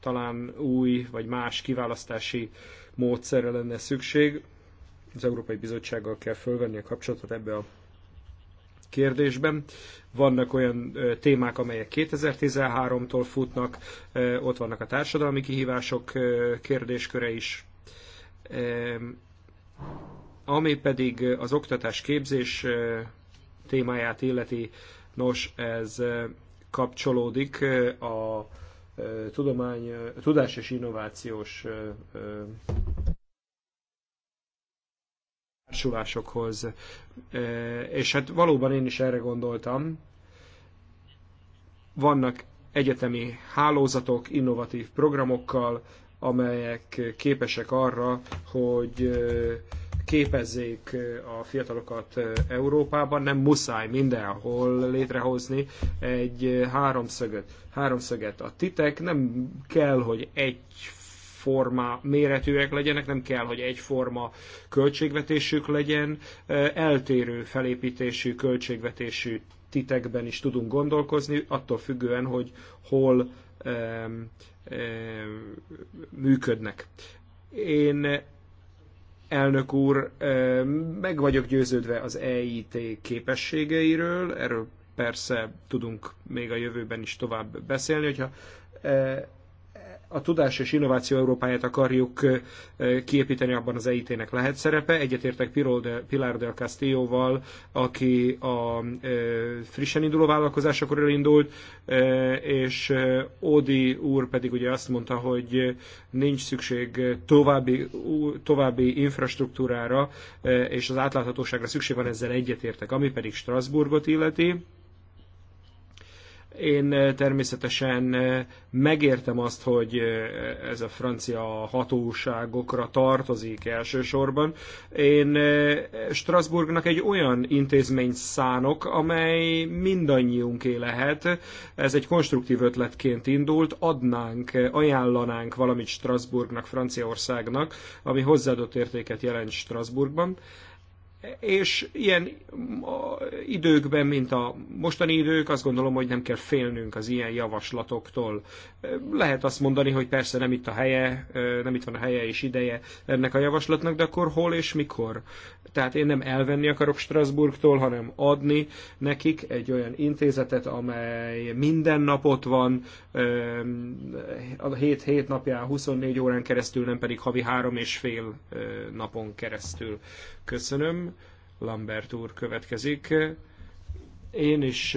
talán új vagy más kiválasztási módszerre lenne szükség. Az Európai Bizottsággal kell fölvenni a kapcsolatot ebbe a kérdésben. Vannak olyan témák, amelyek 2013-tól futnak, ott vannak a társadalmi kihívások kérdésköre is. Ami pedig az oktatás képzés témáját illeti, nos, ez kapcsolódik a tudomány, tudás és innovációs társulásokhoz. És hát valóban én is erre gondoltam. Vannak egyetemi hálózatok innovatív programokkal, amelyek képesek arra, hogy képezzék a fiatalokat Európában, nem muszáj mindenhol létrehozni egy háromszöget. háromszöget. A titek nem kell, hogy egy egyforma méretűek legyenek, nem kell, hogy egyforma költségvetésük legyen, eltérő felépítésű költségvetésű titekben is tudunk gondolkozni, attól függően, hogy hol e, e, működnek. Én elnök úr, meg vagyok győződve az EIT képességeiről, erről persze tudunk még a jövőben is tovább beszélni, hogyha eh, a tudás és innováció Európáját akarjuk kiépíteni, abban az EIT-nek lehet szerepe. Egyetértek Pilar del Castillo-val, aki a frissen induló vállalkozásokor indult, és Ódi úr pedig ugye azt mondta, hogy nincs szükség további, további infrastruktúrára, és az átláthatóságra szükség van, ezzel egyetértek. Ami pedig Strasbourgot illeti, én eh, természetesen eh, megértem azt, hogy eh, ez a francia hatóságokra tartozik elsősorban. Én Strasbourgnak egy olyan intézmény szánok, amely mindannyiunké lehet. Ez egy konstruktív ötletként indult, adnánk, ajánlanánk valamit Strasbourgnak, Franciaországnak, ami hozzáadott értéket jelent Strasbourgban és ilyen időkben, mint a mostani idők, azt gondolom, hogy nem kell félnünk az ilyen javaslatoktól. Lehet azt mondani, hogy persze nem itt a helye, nem itt van a helye és ideje ennek a javaslatnak, de akkor hol és mikor? Tehát én nem elvenni akarok Strasbourgtól, hanem adni nekik egy olyan intézetet, amely minden napot van, a 7-7 napján 24 órán keresztül, nem pedig havi három és fél napon keresztül. Köszönöm. Lambert úr következik. Én is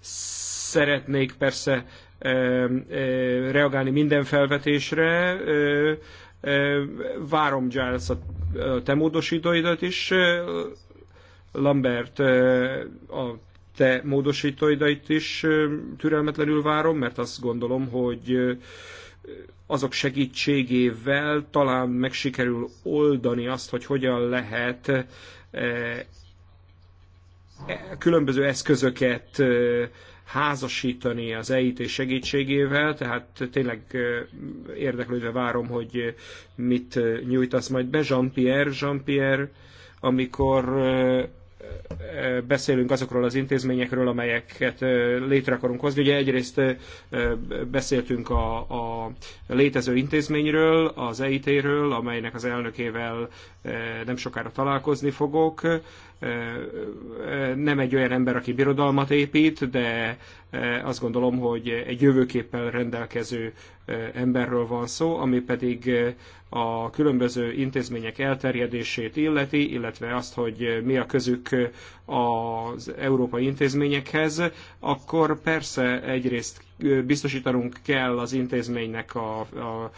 szeretnék persze reagálni minden felvetésre, Várom Giles a te módosítóidat is, Lambert a te módosítóidat is türelmetlenül várom, mert azt gondolom, hogy azok segítségével talán meg sikerül oldani azt, hogy hogyan lehet e, különböző eszközöket házasítani az EIT segítségével, tehát tényleg érdeklődve várom, hogy mit nyújtasz majd be. Jean-Pierre, Jean-Pierre, amikor beszélünk azokról az intézményekről, amelyeket létre akarunk hozni. Ugye egyrészt beszéltünk a, a létező intézményről, az EIT-ről, amelynek az elnökével nem sokára találkozni fogok nem egy olyan ember, aki birodalmat épít, de azt gondolom, hogy egy jövőképpel rendelkező emberről van szó, ami pedig a különböző intézmények elterjedését illeti, illetve azt, hogy mi a közük az európai intézményekhez, akkor persze egyrészt biztosítanunk kell az intézménynek a, a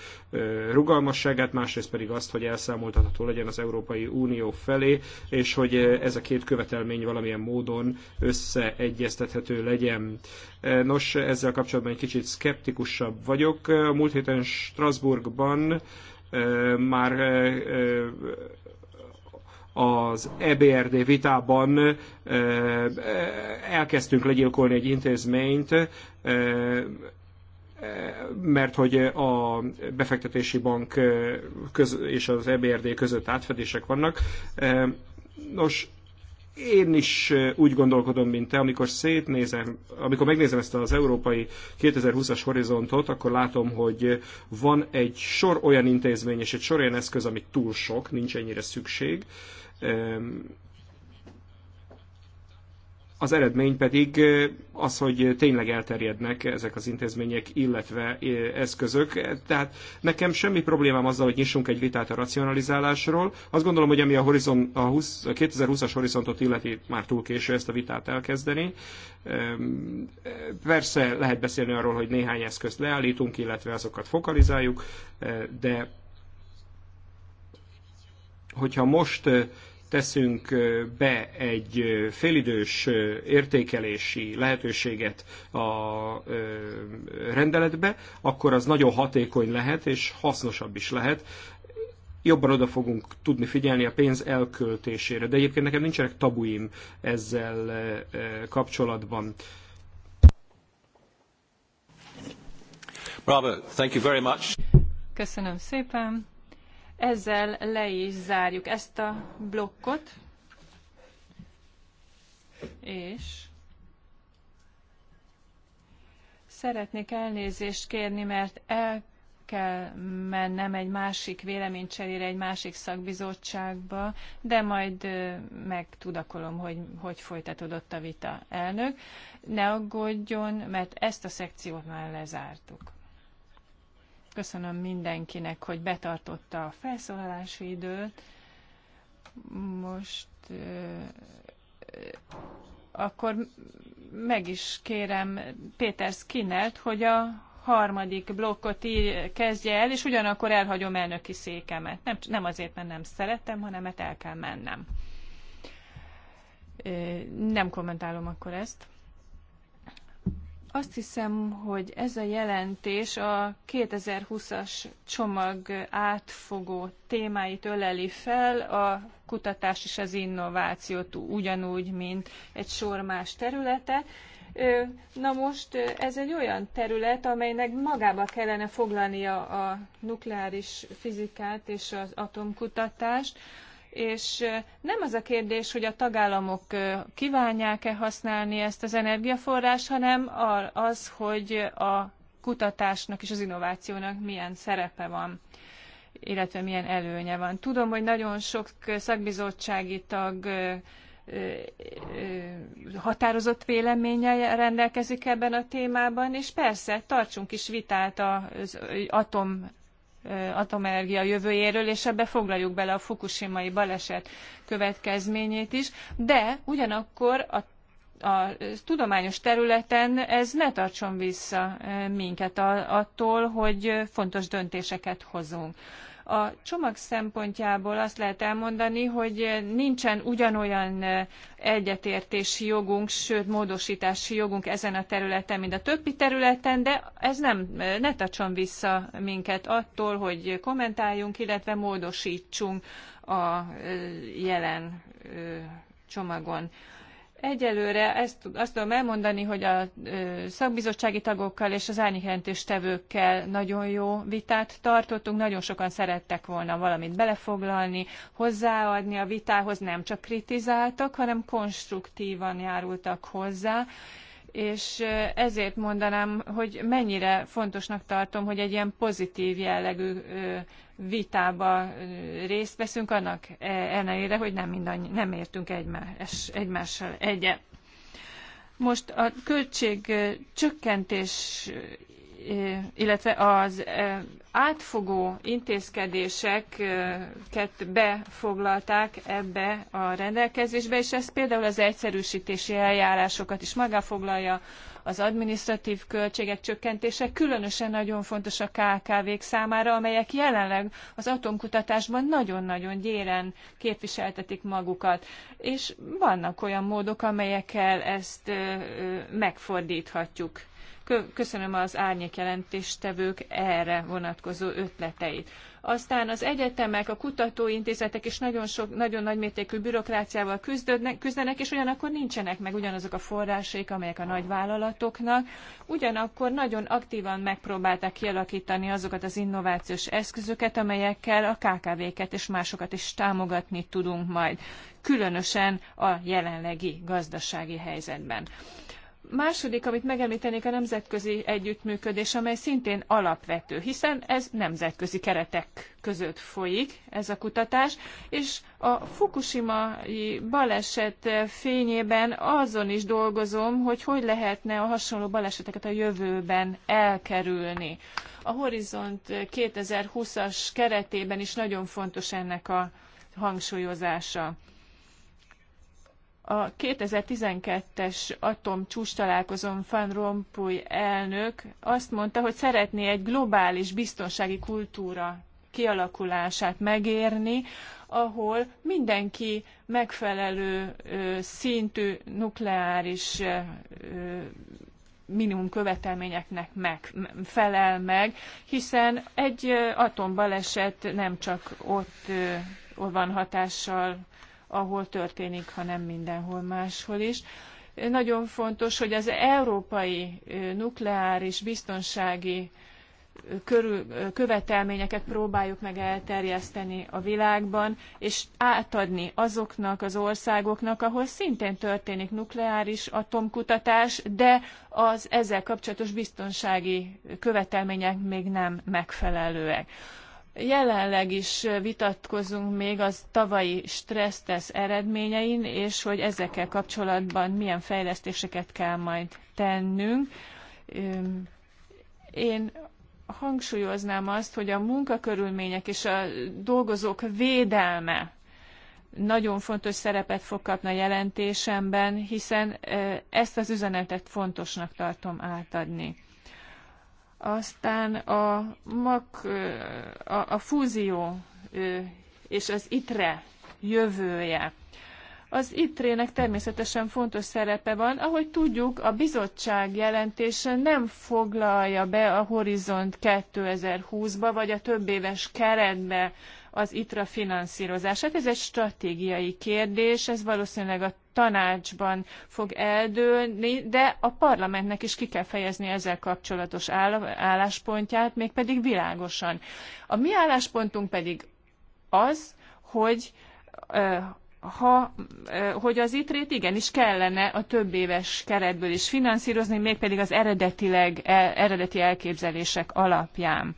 rugalmasságát, másrészt pedig azt, hogy elszámoltatható legyen az Európai Unió felé, és hogy eh, ez a két követelmény valamilyen módon összeegyeztethető legyen. Eh, nos, ezzel kapcsolatban egy kicsit szkeptikusabb vagyok. Múlt héten Strasbourgban eh, már az EBRD vitában elkezdtünk legyilkolni egy intézményt, mert hogy a befektetési bank köz, és az EBRD között átfedések vannak. Nos, én is úgy gondolkodom, mint te, amikor szétnézem, amikor megnézem ezt az európai 2020-as horizontot, akkor látom, hogy van egy sor olyan intézmény és egy sor olyan eszköz, amit túl sok, nincs ennyire szükség. Uh, az eredmény pedig az, hogy tényleg elterjednek ezek az intézmények, illetve eszközök. Tehát nekem semmi problémám azzal, hogy nyissunk egy vitát a racionalizálásról. Azt gondolom, hogy ami a, horizon, a, 20, a 2020-as horizontot illeti, már túl késő ezt a vitát elkezdeni. Persze lehet beszélni arról, hogy néhány eszközt leállítunk, illetve azokat fokalizáljuk, de hogyha most teszünk be egy félidős értékelési lehetőséget a rendeletbe, akkor az nagyon hatékony lehet, és hasznosabb is lehet. Jobban oda fogunk tudni figyelni a pénz elköltésére, de egyébként nekem nincsenek tabuim ezzel kapcsolatban. Bravo, thank you very much. Köszönöm szépen. Ezzel le is zárjuk ezt a blokkot, és szeretnék elnézést kérni, mert el kell mennem egy másik véleménycserére, egy másik szakbizottságba, de majd megtudakolom, hogy hogy folytatódott a vita elnök. Ne aggódjon, mert ezt a szekciót már lezártuk. Köszönöm mindenkinek, hogy betartotta a felszólalási időt. Most akkor meg is kérem Péter Skinnert, hogy a harmadik blokkot ír, kezdje el, és ugyanakkor elhagyom elnöki székemet. Nem, nem azért, mert nem szeretem, hanem mert el kell mennem. Nem kommentálom akkor ezt. Azt hiszem, hogy ez a jelentés a 2020-as csomag átfogó témáit öleli fel, a kutatás és az innovációt ugyanúgy, mint egy sor más területe. Na most ez egy olyan terület, amelynek magába kellene foglalnia a nukleáris fizikát és az atomkutatást, és nem az a kérdés, hogy a tagállamok kívánják-e használni ezt az energiaforrás, hanem az, hogy a kutatásnak és az innovációnak milyen szerepe van illetve milyen előnye van. Tudom, hogy nagyon sok szakbizottsági tag határozott véleménye rendelkezik ebben a témában, és persze tartsunk is vitát az atom atomenergia jövőjéről, és ebbe foglaljuk bele a fukushimai baleset következményét is, de ugyanakkor a a tudományos területen ez ne tartson vissza minket attól, hogy fontos döntéseket hozunk. A csomag szempontjából azt lehet elmondani, hogy nincsen ugyanolyan egyetértési jogunk, sőt módosítási jogunk ezen a területen, mint a többi területen, de ez nem, ne tartson vissza minket attól, hogy kommentáljunk, illetve módosítsunk a jelen csomagon. Egyelőre ezt, azt tudom elmondani, hogy a szakbizottsági tagokkal és az tevőkkel nagyon jó vitát tartottunk, nagyon sokan szerettek volna valamit belefoglalni, hozzáadni a vitához, nem csak kritizáltak, hanem konstruktívan járultak hozzá és ezért mondanám, hogy mennyire fontosnak tartom, hogy egy ilyen pozitív jellegű vitába részt veszünk, annak e, ellenére, hogy nem, mindannyi, nem értünk egymás, egymással egyet. Most a költség csökkentés illetve az átfogó intézkedéseket befoglalták ebbe a rendelkezésbe, és ez például az egyszerűsítési eljárásokat is magáfoglalja, az adminisztratív költségek csökkentése különösen nagyon fontos a KKV-k számára, amelyek jelenleg az atomkutatásban nagyon-nagyon gyéren képviseltetik magukat. És vannak olyan módok, amelyekkel ezt megfordíthatjuk Köszönöm az árnyék jelentéstevők erre vonatkozó ötleteit. Aztán az egyetemek, a kutatóintézetek is nagyon, sok, nagyon nagy mértékű bürokráciával küzdödnek, küzdenek, és ugyanakkor nincsenek meg ugyanazok a forrásaik, amelyek a nagyvállalatoknak. Ugyanakkor nagyon aktívan megpróbálták kialakítani azokat az innovációs eszközöket, amelyekkel a KKV-ket és másokat is támogatni tudunk majd, különösen a jelenlegi gazdasági helyzetben második, amit megemlítenék, a nemzetközi együttműködés, amely szintén alapvető, hiszen ez nemzetközi keretek között folyik, ez a kutatás, és a fukushima baleset fényében azon is dolgozom, hogy hogy lehetne a hasonló baleseteket a jövőben elkerülni. A Horizont 2020-as keretében is nagyon fontos ennek a hangsúlyozása. A 2012-es atomcsúcs találkozón Van Rompuy elnök azt mondta, hogy szeretné egy globális biztonsági kultúra kialakulását megérni, ahol mindenki megfelelő ö, szintű nukleáris ö, minimum követelményeknek meg, felel meg, hiszen egy atombaleset nem csak ott van hatással ahol történik, hanem mindenhol máshol is. Nagyon fontos, hogy az európai nukleáris biztonsági körül, követelményeket próbáljuk meg elterjeszteni a világban, és átadni azoknak az országoknak, ahol szintén történik nukleáris atomkutatás, de az ezzel kapcsolatos biztonsági követelmények még nem megfelelőek jelenleg is vitatkozunk még az tavalyi stressztesz eredményein, és hogy ezekkel kapcsolatban milyen fejlesztéseket kell majd tennünk. Én hangsúlyoznám azt, hogy a munkakörülmények és a dolgozók védelme nagyon fontos szerepet fog kapni a jelentésemben, hiszen ezt az üzenetet fontosnak tartom átadni. Aztán a, mak, a, a fúzió és az ITRE jövője. Az ITRE-nek természetesen fontos szerepe van. Ahogy tudjuk, a bizottság jelentése nem foglalja be a Horizont 2020-ba, vagy a több éves keretbe az ITRA finanszírozását. Ez egy stratégiai kérdés, ez valószínűleg a tanácsban fog eldőlni, de a parlamentnek is ki kell fejezni ezzel kapcsolatos álláspontját, mégpedig világosan. A mi álláspontunk pedig az, hogy ha, hogy az ITRÉT igenis kellene a több éves keretből is finanszírozni, mégpedig az eredetileg, eredeti elképzelések alapján.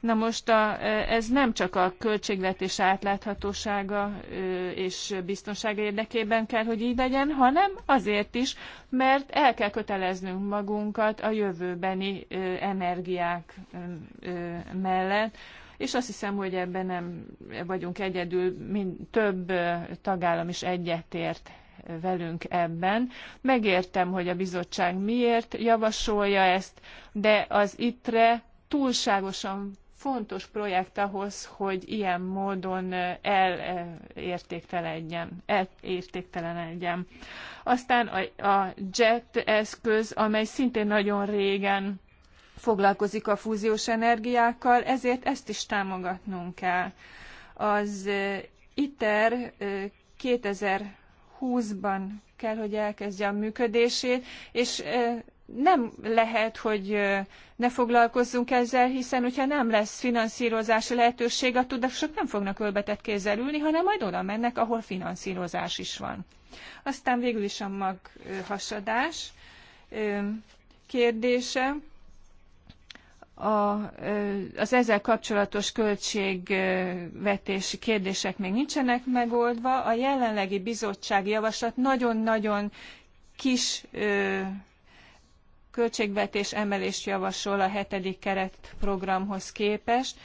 Na most a, e, ez nem csak a költségvetés átláthatósága e, és biztonsága érdekében kell, hogy így legyen, hanem azért is, mert el kell köteleznünk magunkat a jövőbeni e, energiák mellett, és azt hiszem, hogy ebben nem vagyunk egyedül, mint több tagállam is egyetért velünk ebben. Megértem, hogy a bizottság miért javasolja ezt, de az ittre túlságosan fontos projekt ahhoz, hogy ilyen módon elértéktelenedjen. Aztán a, a JET eszköz, amely szintén nagyon régen foglalkozik a fúziós energiákkal, ezért ezt is támogatnunk kell. Az ITER 2020-ban kell, hogy elkezdje a működését, és nem lehet, hogy ne foglalkozzunk ezzel, hiszen hogyha nem lesz finanszírozási lehetőség, a tudósok nem fognak ölbetett kézzel ülni, hanem majd oda mennek, ahol finanszírozás is van. Aztán végül is a maghasadás kérdése. A, az ezzel kapcsolatos költségvetési kérdések még nincsenek megoldva. A jelenlegi bizottsági javaslat nagyon-nagyon kis költségvetés emelést javasol a hetedik keretprogramhoz képest.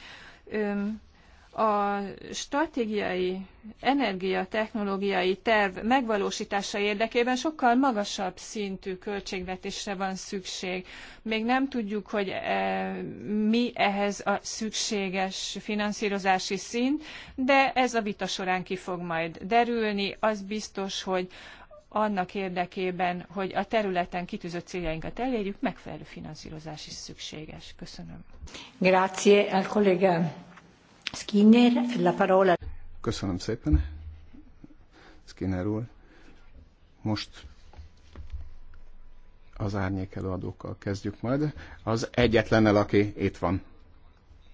A stratégiai energiatechnológiai terv megvalósítása érdekében sokkal magasabb szintű költségvetésre van szükség. Még nem tudjuk, hogy e, mi ehhez a szükséges finanszírozási szint, de ez a vita során ki fog majd derülni. Az biztos, hogy annak érdekében, hogy a területen kitűzött céljainkat elérjük, megfelelő finanszírozás is szükséges. Köszönöm. Grazie al collega Skinner. La parola. Köszönöm szépen, Skinner úr. Most az árnyék előadókkal kezdjük majd. Az egyetlennel, aki itt van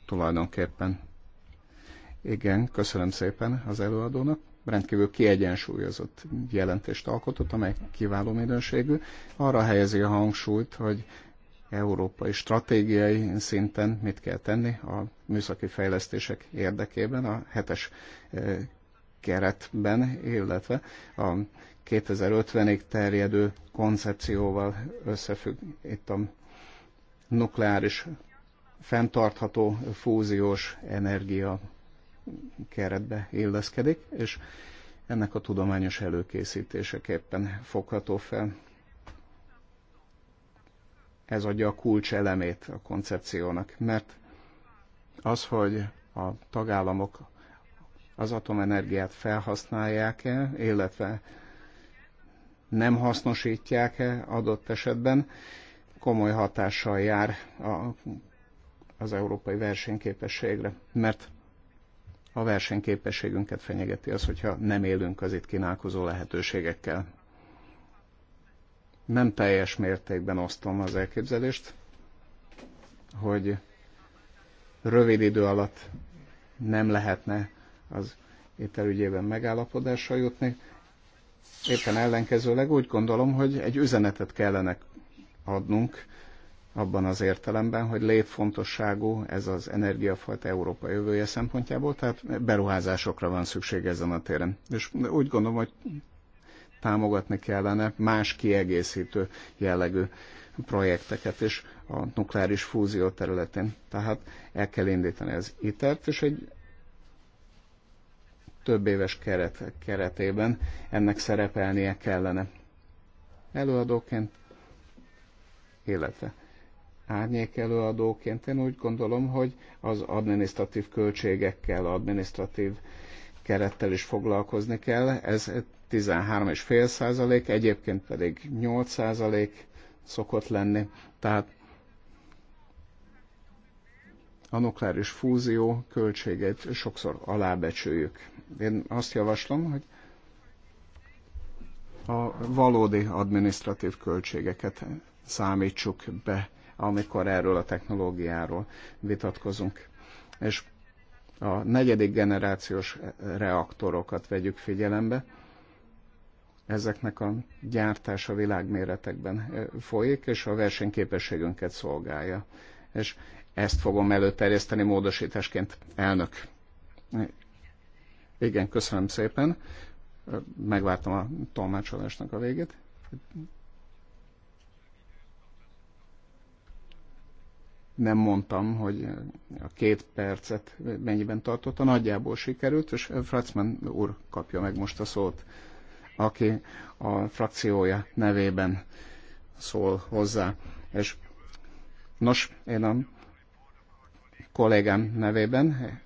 tulajdonképpen. Igen, köszönöm szépen az előadónak rendkívül kiegyensúlyozott jelentést alkotott, amely kiváló minőségű. Arra helyezi a hangsúlyt, hogy európai stratégiai szinten mit kell tenni a műszaki fejlesztések érdekében a hetes e, keretben, illetve a 2050-ig terjedő koncepcióval összefügg itt a nukleáris fenntartható fúziós energia keretbe illeszkedik, és ennek a tudományos előkészítéseképpen fogható fel. Ez adja a kulcs elemét a koncepciónak, mert az, hogy a tagállamok az atomenergiát felhasználják-e, illetve nem hasznosítják-e adott esetben, komoly hatással jár a, az európai versenyképességre. Mert a versenyképességünket fenyegeti az, hogyha nem élünk az itt kínálkozó lehetőségekkel. Nem teljes mértékben osztom az elképzelést, hogy rövid idő alatt nem lehetne az ételügyében megállapodásra jutni. Éppen ellenkezőleg úgy gondolom, hogy egy üzenetet kellene adnunk abban az értelemben, hogy létfontosságú ez az energiafajta Európa jövője szempontjából, tehát beruházásokra van szükség ezen a téren. És úgy gondolom, hogy támogatni kellene más kiegészítő jellegű projekteket is a nukleáris fúzió területén. Tehát el kell indítani az ITER-t, e és egy több éves keret, keretében ennek szerepelnie kellene. Előadóként, illetve árnyék előadóként én úgy gondolom, hogy az administratív költségekkel, administratív kerettel is foglalkozni kell. Ez 13,5 százalék, egyébként pedig 8 százalék szokott lenni. Tehát a nukleáris fúzió költségeit sokszor alábecsüljük. Én azt javaslom, hogy a valódi administratív költségeket számítsuk be amikor erről a technológiáról vitatkozunk. És a negyedik generációs reaktorokat vegyük figyelembe. Ezeknek a gyártása világméretekben folyik, és a versenyképességünket szolgálja. És ezt fogom előterjeszteni módosításként, elnök. Igen, köszönöm szépen. Megvártam a tolmácsolásnak a végét. nem mondtam, hogy a két percet mennyiben tartotta, nagyjából sikerült, és Fratzman úr kapja meg most a szót, aki a frakciója nevében szól hozzá. És nos, én a kollégám nevében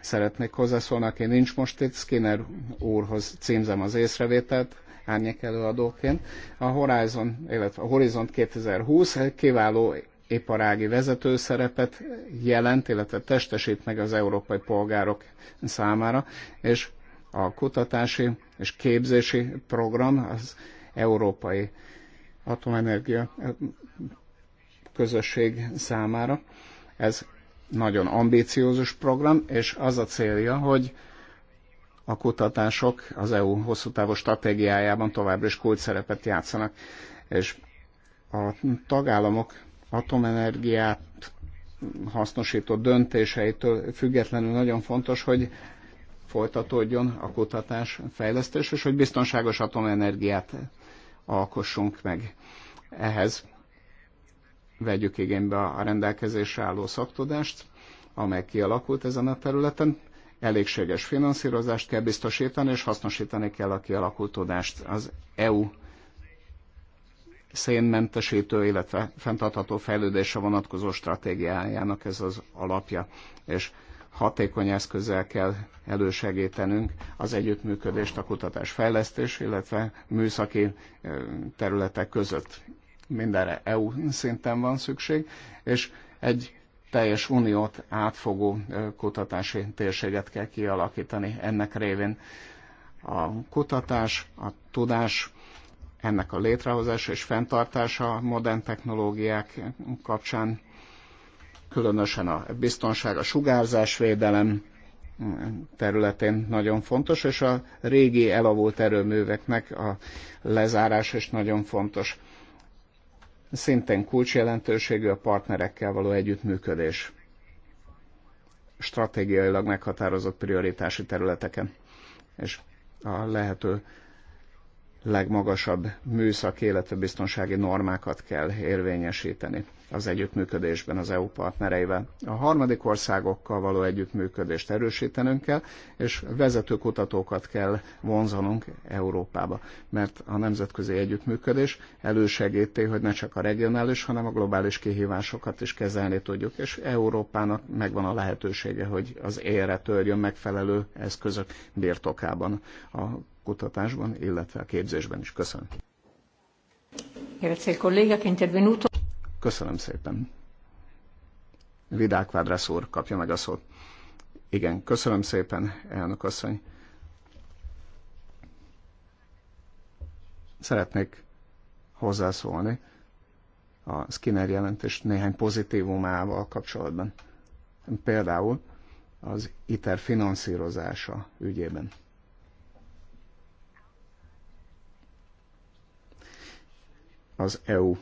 szeretnék hozzászólni, aki nincs most itt, Skinner úrhoz címzem az észrevételt, árnyék előadóként. A Horizon, illetve a Horizont 2020 kiváló iparági szerepet jelent, illetve testesít meg az európai polgárok számára, és a kutatási és képzési program az európai atomenergia közösség számára. Ez nagyon ambíciózus program, és az a célja, hogy a kutatások az EU hosszú távú stratégiájában továbbra is kulcs szerepet játszanak, és a tagállamok atomenergiát hasznosító döntéseitől függetlenül nagyon fontos, hogy folytatódjon a kutatás, fejlesztés, és hogy biztonságos atomenergiát alkossunk meg. Ehhez vegyük igénybe a rendelkezésre álló szaktudást, amely kialakult ezen a területen. Elégséges finanszírozást kell biztosítani, és hasznosítani kell a kialakult tudást. Az EU szénmentesítő, illetve fenntartható fejlődésre vonatkozó stratégiájának ez az alapja. És hatékony eszközzel kell elősegítenünk az együttműködést a kutatás fejlesztés, illetve műszaki területek között. Mindenre EU szinten van szükség, és egy teljes uniót átfogó kutatási térséget kell kialakítani ennek révén. A kutatás, a tudás ennek a létrehozása és fenntartása modern technológiák kapcsán, különösen a biztonság, a sugárzásvédelem területén nagyon fontos, és a régi elavult erőműveknek a lezárás is nagyon fontos. Szintén kulcsjelentőségű a partnerekkel való együttműködés stratégiailag meghatározott prioritási területeken. És a lehető legmagasabb műszaki, illetve biztonsági normákat kell érvényesíteni az együttműködésben az EU partnereivel. A harmadik országokkal való együttműködést erősítenünk kell, és vezető kutatókat kell vonzanunk Európába, mert a nemzetközi együttműködés elősegíti, hogy ne csak a regionális, hanem a globális kihívásokat is kezelni tudjuk, és Európának megvan a lehetősége, hogy az élre törjön megfelelő eszközök birtokában a kutatásban, illetve a képzésben is. Köszönöm. Köszönöm szépen. Vidák Vádrász úr kapja meg a szót. Igen, köszönöm szépen, elnök asszony. Szeretnék hozzászólni a Skinner jelentés néhány pozitívumával kapcsolatban. Például az ITER finanszírozása ügyében. az EU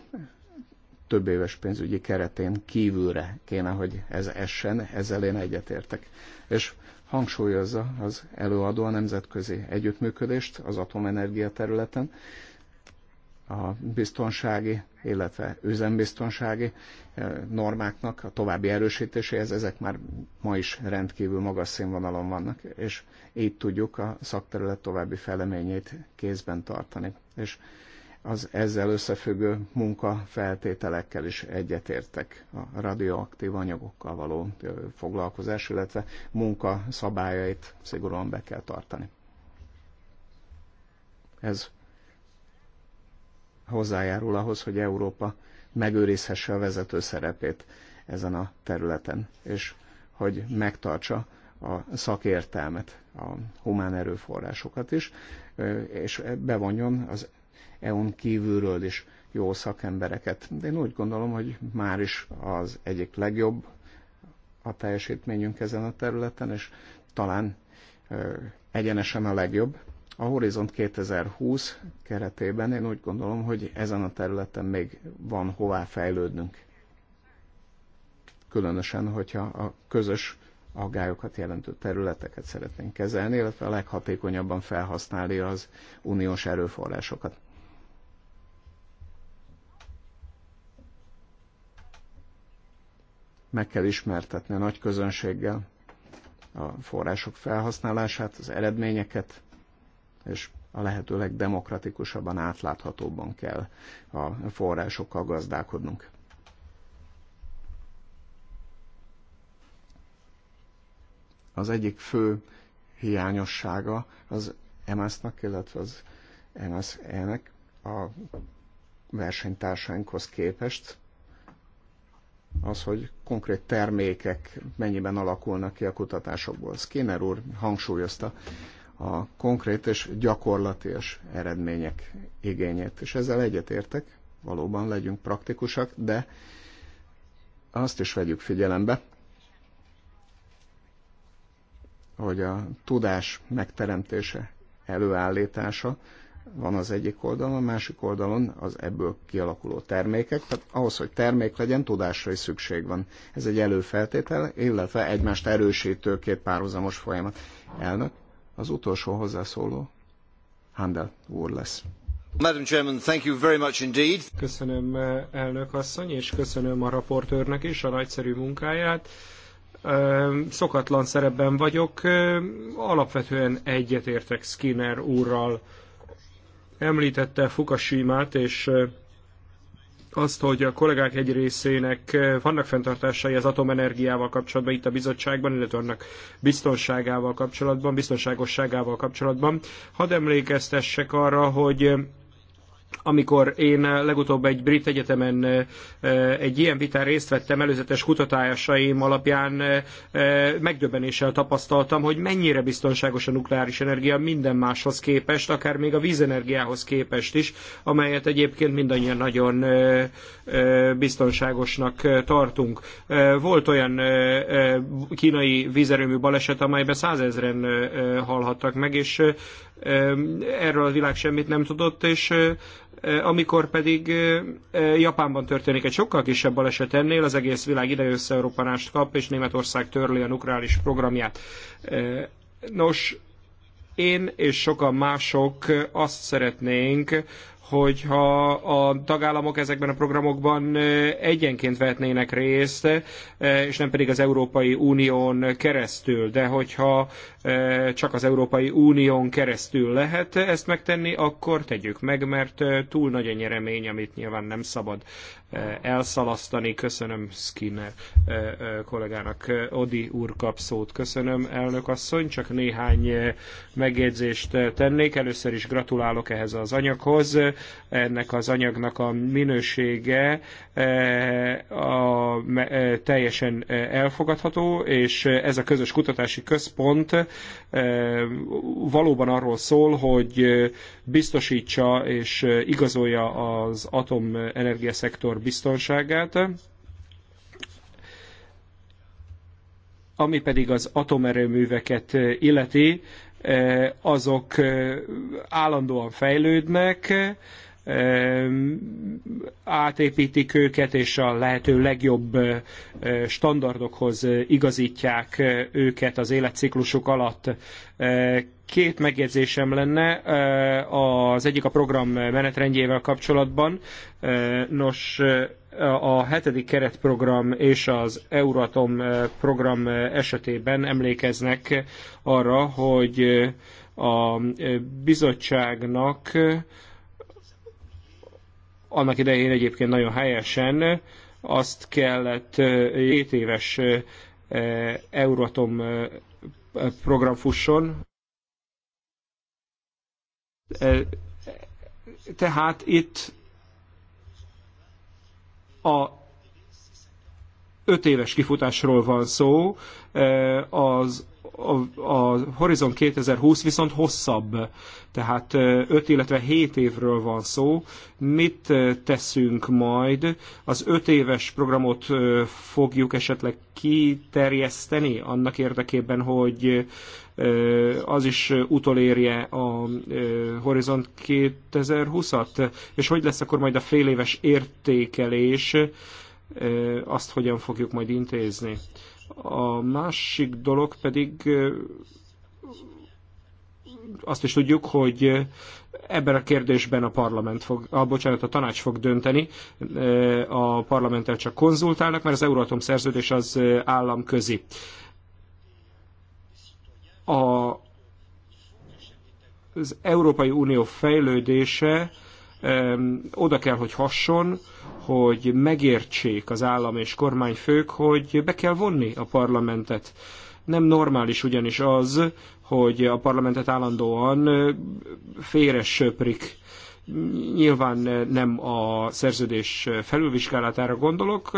több éves pénzügyi keretén kívülre kéne, hogy ez essen, ezzel én egyetértek. És hangsúlyozza az előadó a nemzetközi együttműködést az atomenergia területen, a biztonsági, illetve üzembiztonsági eh, normáknak a további erősítéséhez, ezek már ma is rendkívül magas színvonalon vannak, és így tudjuk a szakterület további feleményét kézben tartani. És az ezzel összefüggő munkafeltételekkel is egyetértek a radioaktív anyagokkal való foglalkozás, illetve munka szabályait szigorúan be kell tartani. Ez hozzájárul ahhoz, hogy Európa megőrizhesse a vezető szerepét ezen a területen, és hogy megtartsa a szakértelmet, a humán erőforrásokat is, és bevonjon az EU-n kívülről is jó szakembereket. De én úgy gondolom, hogy már is az egyik legjobb a teljesítményünk ezen a területen, és talán egyenesen a legjobb. A Horizont 2020 keretében én úgy gondolom, hogy ezen a területen még van hová fejlődnünk. Különösen, hogyha a közös aggályokat jelentő területeket szeretnénk kezelni, illetve a leghatékonyabban felhasználni az uniós erőforrásokat. meg kell ismertetni a nagy közönséggel a források felhasználását, az eredményeket, és a lehető legdemokratikusabban, átláthatóbban kell a forrásokkal gazdálkodnunk. Az egyik fő hiányossága az MS-nak, illetve az MSZ-nek a versenytársainkhoz képest az, hogy konkrét termékek mennyiben alakulnak ki a kutatásokból. Skinner úr hangsúlyozta a konkrét és gyakorlatias eredmények igényét, és ezzel egyetértek, valóban legyünk praktikusak, de azt is vegyük figyelembe, hogy a tudás megteremtése, előállítása van az egyik oldalon, a másik oldalon az ebből kialakuló termékek. Tehát ahhoz, hogy termék legyen, tudásra is szükség van. Ez egy előfeltétel, illetve egymást erősítő két párhuzamos folyamat. Elnök, az utolsó hozzászóló Handel úr lesz. Madam Chairman, thank you very much indeed. Köszönöm elnök asszony, és köszönöm a raportőrnek is a nagyszerű munkáját szokatlan szerepben vagyok. Alapvetően egyetértek Skinner úrral. Említette Fukushima-t, és azt, hogy a kollégák egy részének vannak fenntartásai az atomenergiával kapcsolatban itt a bizottságban, illetve annak biztonságával kapcsolatban, biztonságosságával kapcsolatban. Hadd emlékeztessek arra, hogy amikor én legutóbb egy brit egyetemen egy ilyen vitán részt vettem, előzetes kutatásaim alapján megdöbbenéssel tapasztaltam, hogy mennyire biztonságos a nukleáris energia minden máshoz képest, akár még a vízenergiához képest is, amelyet egyébként mindannyian nagyon biztonságosnak tartunk. Volt olyan kínai vízerőmű baleset, amelyben százezren halhattak meg, és Erről a világ semmit nem tudott, és amikor pedig Japánban történik egy sokkal kisebb baleset ennél, az egész világ ide össze kap, és Németország törli a nukleáris programját. Nos, én és sokan mások azt szeretnénk, hogyha a tagállamok ezekben a programokban egyenként vehetnének részt, és nem pedig az Európai Unión keresztül, de hogyha csak az Európai Unión keresztül lehet ezt megtenni, akkor tegyük meg, mert túl nagy a nyeremény, amit nyilván nem szabad Eh, elszalasztani. Köszönöm Skinner eh, eh, kollégának. Odi úr kap szót. Köszönöm, elnök asszony. Csak néhány megjegyzést tennék. Először is gratulálok ehhez az anyaghoz. Ennek az anyagnak a minősége a, teljesen elfogadható, és ez a közös kutatási központ valóban arról szól, hogy biztosítsa és igazolja az atomenergia szektor biztonságát. Ami pedig az atomerőműveket illeti, azok állandóan fejlődnek, átépítik őket, és a lehető legjobb standardokhoz igazítják őket az életciklusuk alatt. Két megjegyzésem lenne, az egyik a program menetrendjével kapcsolatban. Nos, a hetedik keretprogram és az Euratom program esetében emlékeznek arra, hogy a bizottságnak annak idején egyébként nagyon helyesen azt kellett 7 éves Euratom program fusson. Tehát itt a öt éves kifutásról van szó, az a, a Horizon 2020 viszont hosszabb, tehát 5, illetve 7 évről van szó. Mit teszünk majd? Az 5 éves programot fogjuk esetleg kiterjeszteni annak érdekében, hogy az is utolérje a Horizont 2020-at? És hogy lesz akkor majd a féléves értékelés? Azt hogyan fogjuk majd intézni? A másik dolog pedig azt is tudjuk, hogy ebben a kérdésben a parlament fog, a, bocsánat, a tanács fog dönteni, a parlamenttel csak konzultálnak, mert az Euratom szerződés az államközi. A, az Európai Unió fejlődése oda kell, hogy hasson, hogy megértsék az állam és kormányfők, hogy be kell vonni a parlamentet. Nem normális ugyanis az, hogy a parlamentet állandóan félre söprik. Nyilván nem a szerződés felülvizsgálatára gondolok,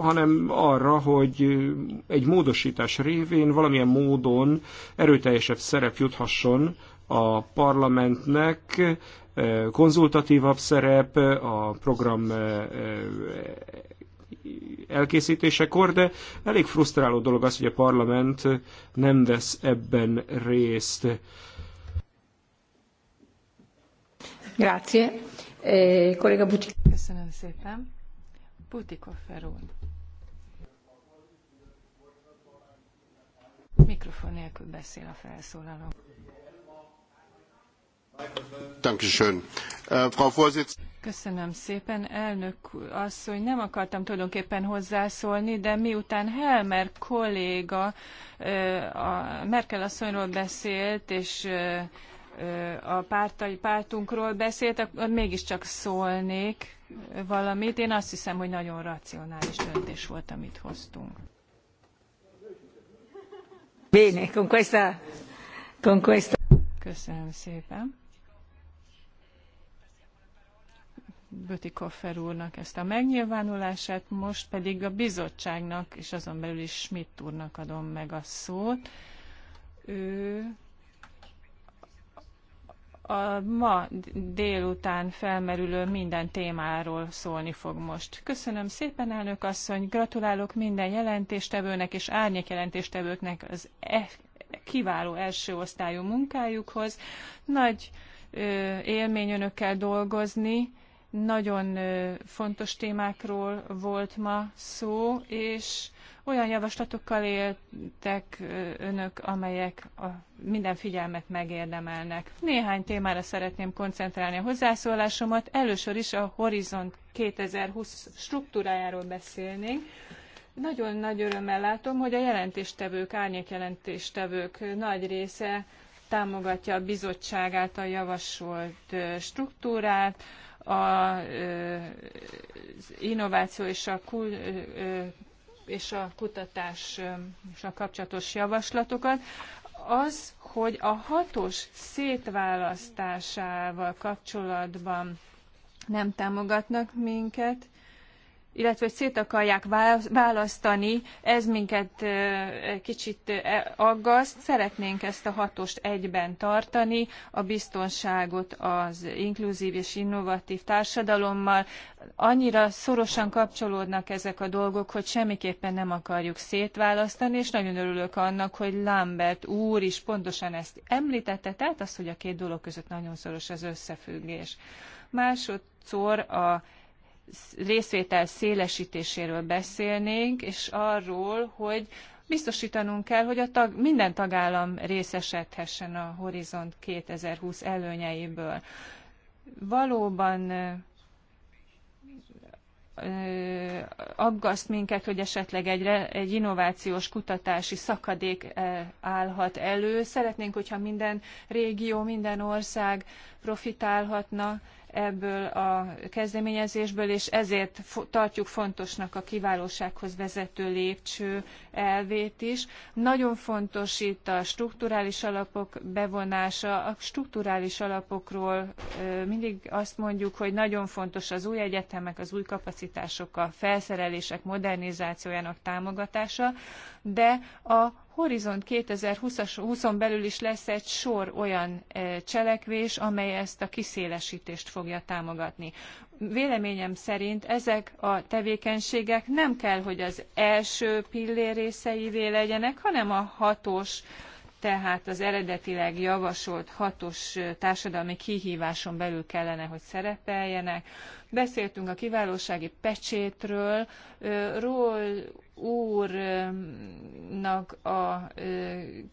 hanem arra, hogy egy módosítás révén valamilyen módon erőteljesebb szerep juthasson a parlamentnek eh, konzultatívabb szerep eh, a program eh, elkészítésekor, de elég frusztráló dolog az, hogy a parlament nem vesz ebben részt. Grazie. kollega Butik. Köszönöm szépen. Butikoffer úr. Mikrofon nélkül beszél a felszólaló. Äh, Köszönöm szépen, elnök asszony. Nem akartam tulajdonképpen hozzászólni, de miután Helmer kolléga a Merkel asszonyról beszélt, és a pártai, pártunkról beszélt, akkor mégiscsak szólnék valamit. Én azt hiszem, hogy nagyon racionális döntés volt, amit hoztunk. Bene, con questa, con questa. Köszönöm szépen. Bütikoffer úrnak ezt a megnyilvánulását, most pedig a bizottságnak, és azon belül is Schmidt úrnak adom meg a szót. Ő a ma délután felmerülő minden témáról szólni fog most. Köszönöm szépen, elnök asszony, gratulálok minden jelentéstevőnek és árnyék jelentéstevőknek az e kiváló első osztályú munkájukhoz. Nagy ö, élmény önökkel dolgozni nagyon fontos témákról volt ma szó, és olyan javaslatokkal éltek önök, amelyek a minden figyelmet megérdemelnek. Néhány témára szeretném koncentrálni a hozzászólásomat. Először is a Horizont 2020 struktúrájáról beszélnénk. Nagyon nagy örömmel látom, hogy a jelentéstevők, árnyékjelentéstevők nagy része támogatja a bizottság által javasolt struktúrát, az innováció és a, és a kutatás és a kapcsolatos javaslatokat, az, hogy a hatos szétválasztásával kapcsolatban nem támogatnak minket, illetve hogy szét akarják választani, ez minket kicsit e, aggaszt. Szeretnénk ezt a hatost egyben tartani, a biztonságot az inkluzív és innovatív társadalommal. Annyira szorosan kapcsolódnak ezek a dolgok, hogy semmiképpen nem akarjuk szétválasztani, és nagyon örülök annak, hogy Lambert úr is pontosan ezt említette, tehát az, hogy a két dolog között nagyon szoros az összefüggés. Másodszor a részvétel szélesítéséről beszélnénk, és arról, hogy biztosítanunk kell, hogy a tag, minden tagállam részesedhessen a Horizont 2020 előnyeiből. Valóban aggaszt minket, hogy esetleg egy, egy innovációs kutatási szakadék állhat elő. Szeretnénk, hogyha minden régió, minden ország profitálhatna ebből a kezdeményezésből, és ezért tartjuk fontosnak a kiválósághoz vezető lépcső elvét is. Nagyon fontos itt a strukturális alapok bevonása. A strukturális alapokról mindig azt mondjuk, hogy nagyon fontos az új egyetemek, az új kapacitások, a felszerelések modernizációjának támogatása, de a Horizont 2020-on belül is lesz egy sor olyan e, cselekvés, amely ezt a kiszélesítést fogja támogatni. Véleményem szerint ezek a tevékenységek nem kell, hogy az első pillér részeivé legyenek, hanem a hatos, tehát az eredetileg javasolt hatos e, társadalmi kihíváson belül kellene, hogy szerepeljenek. Beszéltünk a kiválósági pecsétről, e, ról úrnak a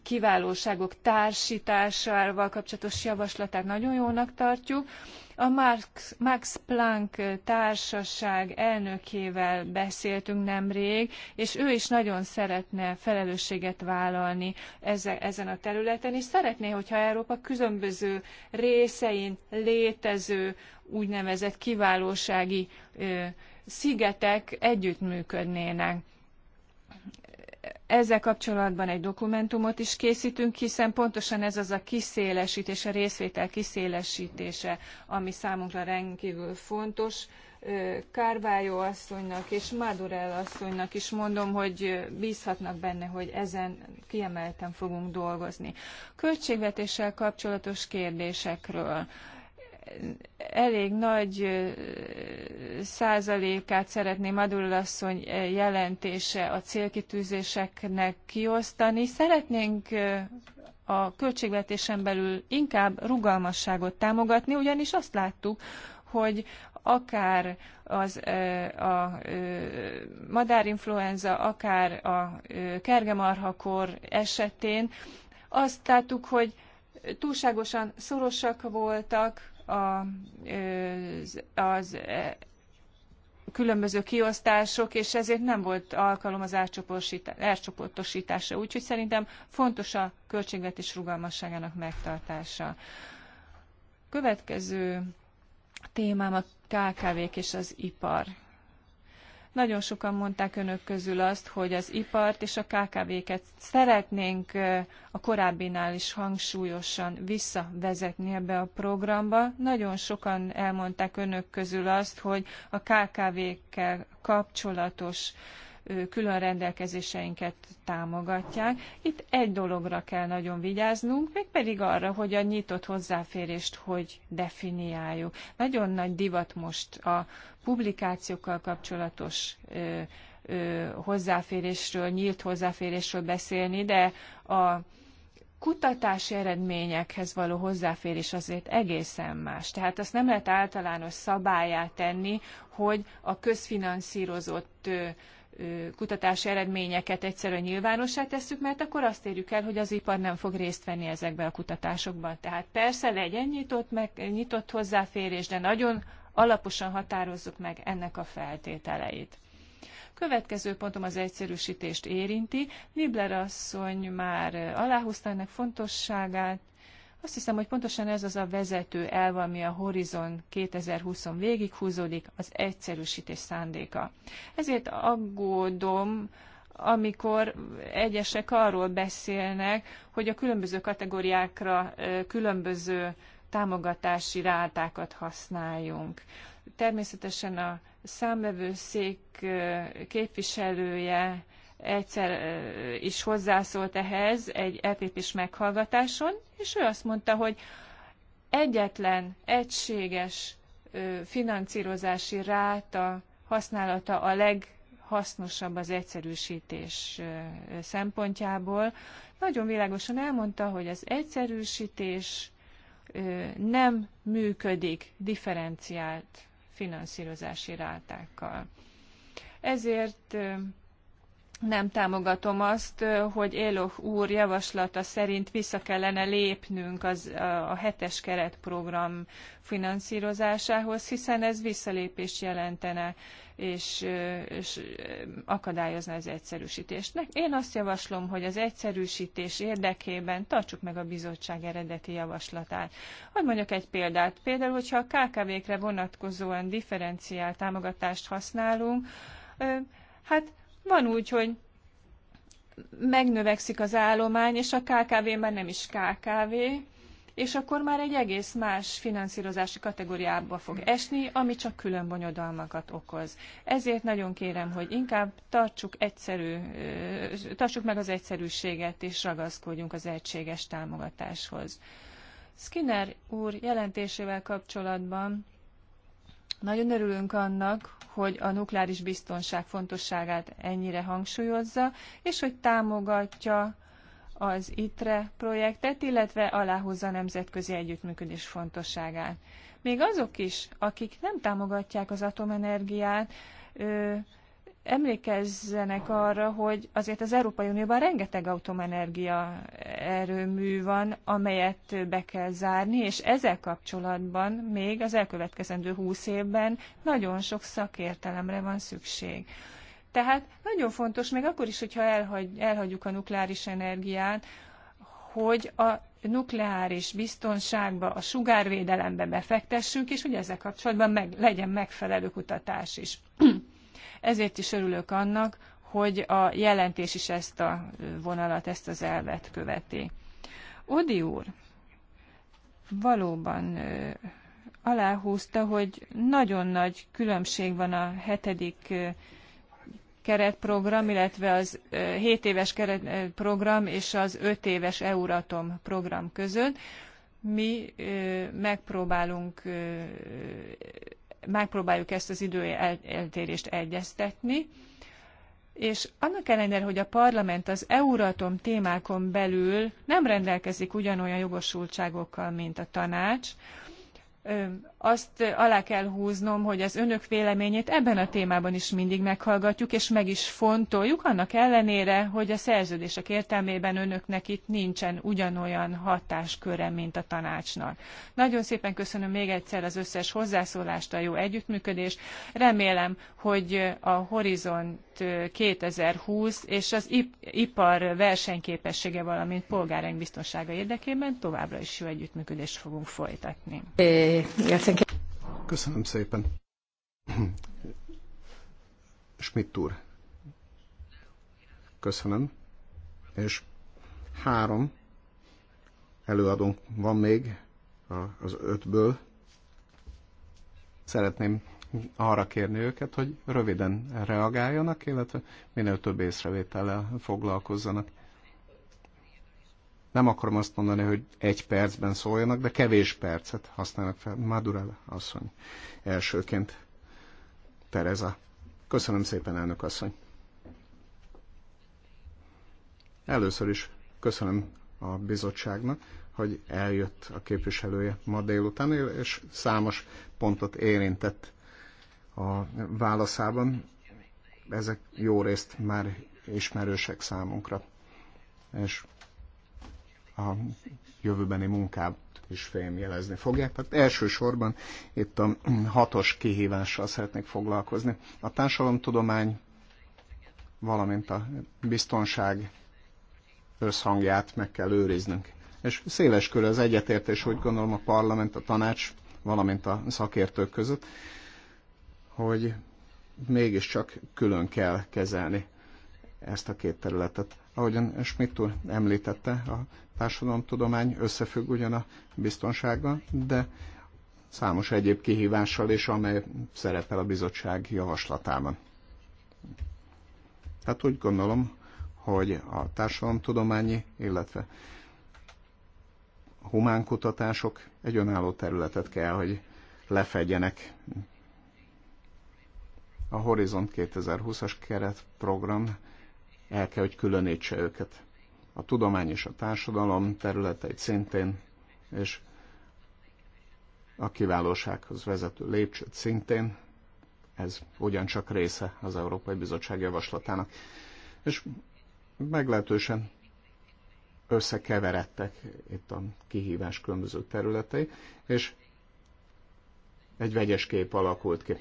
kiválóságok társításával kapcsolatos javaslatát nagyon jónak tartjuk. A Marx, Max Planck társaság elnökével beszéltünk nemrég, és ő is nagyon szeretne felelősséget vállalni ezen a területen, és szeretné, hogyha Európa különböző részein létező úgynevezett kiválósági szigetek együttműködnének ezzel kapcsolatban egy dokumentumot is készítünk, hiszen pontosan ez az a kiszélesítése, részvétel kiszélesítése, ami számunkra rendkívül fontos. Kárvályó asszonynak és Madurell asszonynak is mondom, hogy bízhatnak benne, hogy ezen kiemelten fogunk dolgozni. Költségvetéssel kapcsolatos kérdésekről elég nagy százalékát szeretné Maduro asszony jelentése a célkitűzéseknek kiosztani. Szeretnénk a költségvetésen belül inkább rugalmasságot támogatni, ugyanis azt láttuk, hogy akár az, a madárinfluenza, akár a kergemarhakor esetén azt láttuk, hogy túlságosan szorosak voltak, az, az különböző kiosztások, és ezért nem volt alkalom az átcsoportosításra. Úgyhogy szerintem fontos a költségvetés rugalmasságának megtartása. Következő témám a KKV-k és az ipar nagyon sokan mondták önök közül azt, hogy az ipart és a KKV-ket szeretnénk a korábbinál is hangsúlyosan visszavezetni ebbe a programba. Nagyon sokan elmondták önök közül azt, hogy a KKV-kkel kapcsolatos uh, külön rendelkezéseinket támogatják. Itt egy dologra kell nagyon vigyáznunk, meg pedig arra, hogy a nyitott hozzáférést hogy definiáljuk. Nagyon nagy divat most a publikációkkal kapcsolatos hozzáférésről, nyílt hozzáférésről beszélni, de a kutatási eredményekhez való hozzáférés azért egészen más. Tehát azt nem lehet általános szabályát tenni, hogy a közfinanszírozott kutatási eredményeket egyszerűen nyilvánossá tesszük, mert akkor azt érjük el, hogy az ipar nem fog részt venni ezekben a kutatásokban. Tehát persze legyen nyitott, meg, nyitott hozzáférés, de nagyon alaposan határozzuk meg ennek a feltételeit. Következő pontom az egyszerűsítést érinti. Nibler asszony már aláhúzta ennek fontosságát, azt hiszem, hogy pontosan ez az a vezető elv, ami a Horizon 2020 végig húzódik, az egyszerűsítés szándéka. Ezért aggódom, amikor egyesek arról beszélnek, hogy a különböző kategóriákra különböző támogatási rátákat használjunk. Természetesen a számvevőszék képviselője egyszer is hozzászólt ehhez egy epp meghallgatáson, és ő azt mondta, hogy egyetlen egységes finanszírozási ráta használata a leghasznosabb az egyszerűsítés szempontjából. Nagyon világosan elmondta, hogy az egyszerűsítés nem működik differenciált finanszírozási rátákkal. Ezért nem támogatom azt, hogy Éloh úr javaslata szerint vissza kellene lépnünk az, a hetes keretprogram finanszírozásához, hiszen ez visszalépést jelentene, és, és akadályozna az egyszerűsítést. Én azt javaslom, hogy az egyszerűsítés érdekében tartsuk meg a bizottság eredeti javaslatát. Hogy mondjak egy példát. Például, hogyha a KKV-kre vonatkozóan differenciált támogatást használunk, hát van úgy, hogy megnövekszik az állomány, és a KKV már nem is KKV, és akkor már egy egész más finanszírozási kategóriába fog esni, ami csak külön bonyodalmakat okoz. Ezért nagyon kérem, hogy inkább tartsuk, egyszerű, tartsuk meg az egyszerűséget, és ragaszkodjunk az egységes támogatáshoz. Skinner úr jelentésével kapcsolatban nagyon örülünk annak, hogy a nukleáris biztonság fontosságát ennyire hangsúlyozza, és hogy támogatja az ITRE projektet, illetve aláhúzza a nemzetközi együttműködés fontosságát. Még azok is, akik nem támogatják az atomenergiát, emlékezzenek arra, hogy azért az Európai Unióban rengeteg atomenergia erőmű van, amelyet be kell zárni, és ezzel kapcsolatban még az elkövetkezendő húsz évben nagyon sok szakértelemre van szükség. Tehát nagyon fontos, még akkor is, hogyha elhagy, elhagyjuk a nukleáris energiát, hogy a nukleáris biztonságba, a sugárvédelembe befektessünk, és hogy ezzel kapcsolatban meg, legyen megfelelő kutatás is. Ezért is örülök annak, hogy a jelentés is ezt a vonalat, ezt az elvet követi. Odi úr valóban aláhúzta, hogy nagyon nagy különbség van a hetedik keretprogram, illetve az 7 éves keretprogram és az 5 éves Euratom program között. Mi megpróbálunk megpróbáljuk ezt az időeltérést egyeztetni, és annak ellenére, hogy a parlament az Euratom témákon belül nem rendelkezik ugyanolyan jogosultságokkal, mint a tanács, azt alá kell húznom, hogy az önök véleményét ebben a témában is mindig meghallgatjuk, és meg is fontoljuk, annak ellenére, hogy a szerződések értelmében önöknek itt nincsen ugyanolyan hatásköre, mint a tanácsnak. Nagyon szépen köszönöm még egyszer az összes hozzászólást, a jó együttműködést. Remélem, hogy a Horizon 2020 és az ipar versenyképessége, valamint polgáraink biztonsága érdekében továbbra is jó együttműködést fogunk folytatni. Köszönöm szépen. Schmidt úr. Köszönöm. És három előadónk van még az ötből. Szeretném arra kérni őket, hogy röviden reagáljanak, illetve minél több észrevétellel foglalkozzanak. Nem akarom azt mondani, hogy egy percben szóljanak, de kevés percet használnak fel. Madurella asszony elsőként. Tereza. Köszönöm szépen, elnök asszony. Először is köszönöm a bizottságnak, hogy eljött a képviselője ma délután, és számos pontot érintett a válaszában. Ezek jó részt már ismerősek számunkra, és a jövőbeni munkát is fémjelezni fogják. Tehát elsősorban itt a hatos kihívással szeretnék foglalkozni. A társadalomtudomány, valamint a biztonság összhangját meg kell őriznünk. És széles kör az egyetértés, úgy gondolom a parlament, a tanács, valamint a szakértők között hogy mégiscsak külön kell kezelni ezt a két területet. Ahogyan Schmidt úr említette, a társadalomtudomány összefügg ugyan a biztonsággal, de számos egyéb kihívással is, amely szerepel a bizottság javaslatában. Tehát úgy gondolom, hogy a társadalomtudományi, illetve humánkutatások egy önálló területet kell, hogy lefedjenek a Horizont 2020-as keretprogram el kell, hogy különítse őket. A tudomány és a társadalom területeit szintén, és a kiválósághoz vezető lépcsőt szintén, ez ugyancsak része az Európai Bizottság javaslatának. És meglehetősen összekeveredtek itt a kihívás különböző területei, és egy vegyes kép alakult ki.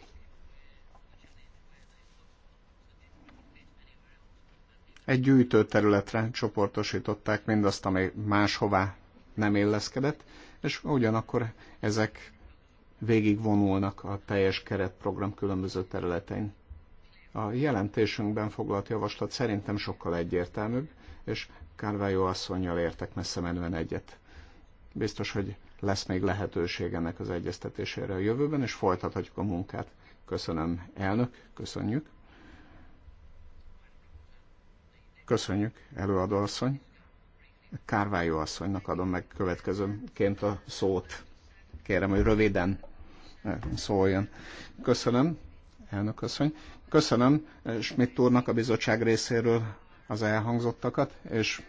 egy gyűjtőterületre csoportosították mindazt, ami máshová nem illeszkedett, és ugyanakkor ezek végigvonulnak a teljes keretprogram különböző területein. A jelentésünkben foglalt javaslat szerintem sokkal egyértelműbb, és Kárvájó asszonynal értek messze menően egyet. Biztos, hogy lesz még lehetőség ennek az egyeztetésére a jövőben, és folytathatjuk a munkát. Köszönöm, elnök, köszönjük. Köszönjük, előadó asszony. Kárvályó asszonynak adom meg következőként a szót. Kérem, hogy röviden eh, szóljon. Köszönöm, elnök asszony. Köszönöm eh, Schmidt úrnak a bizottság részéről az elhangzottakat, és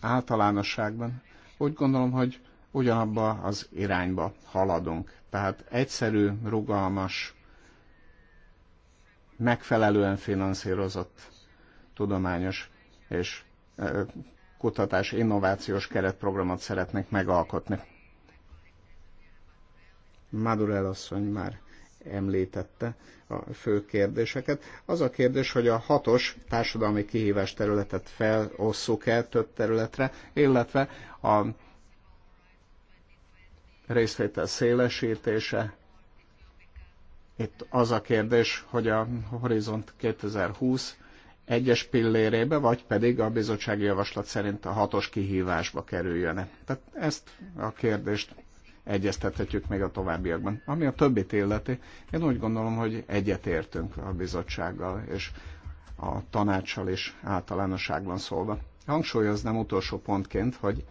általánosságban úgy gondolom, hogy ugyanabba az irányba haladunk. Tehát egyszerű, rugalmas, megfelelően finanszírozott tudományos és kutatás innovációs keretprogramot szeretnék megalkotni. Madurell asszony már említette a fő kérdéseket. Az a kérdés, hogy a hatos társadalmi kihívás területet felosszuk el több területre, illetve a részvétel szélesítése. Itt az a kérdés, hogy a Horizont 2020 egyes pillérébe, vagy pedig a bizottsági javaslat szerint a hatos kihívásba kerüljön. Tehát ezt a kérdést egyeztethetjük még a továbbiakban. Ami a többit illeti, én úgy gondolom, hogy egyetértünk a bizottsággal és a tanácssal is általánosságban szólva. Hangsúlyoznám utolsó pontként, hogy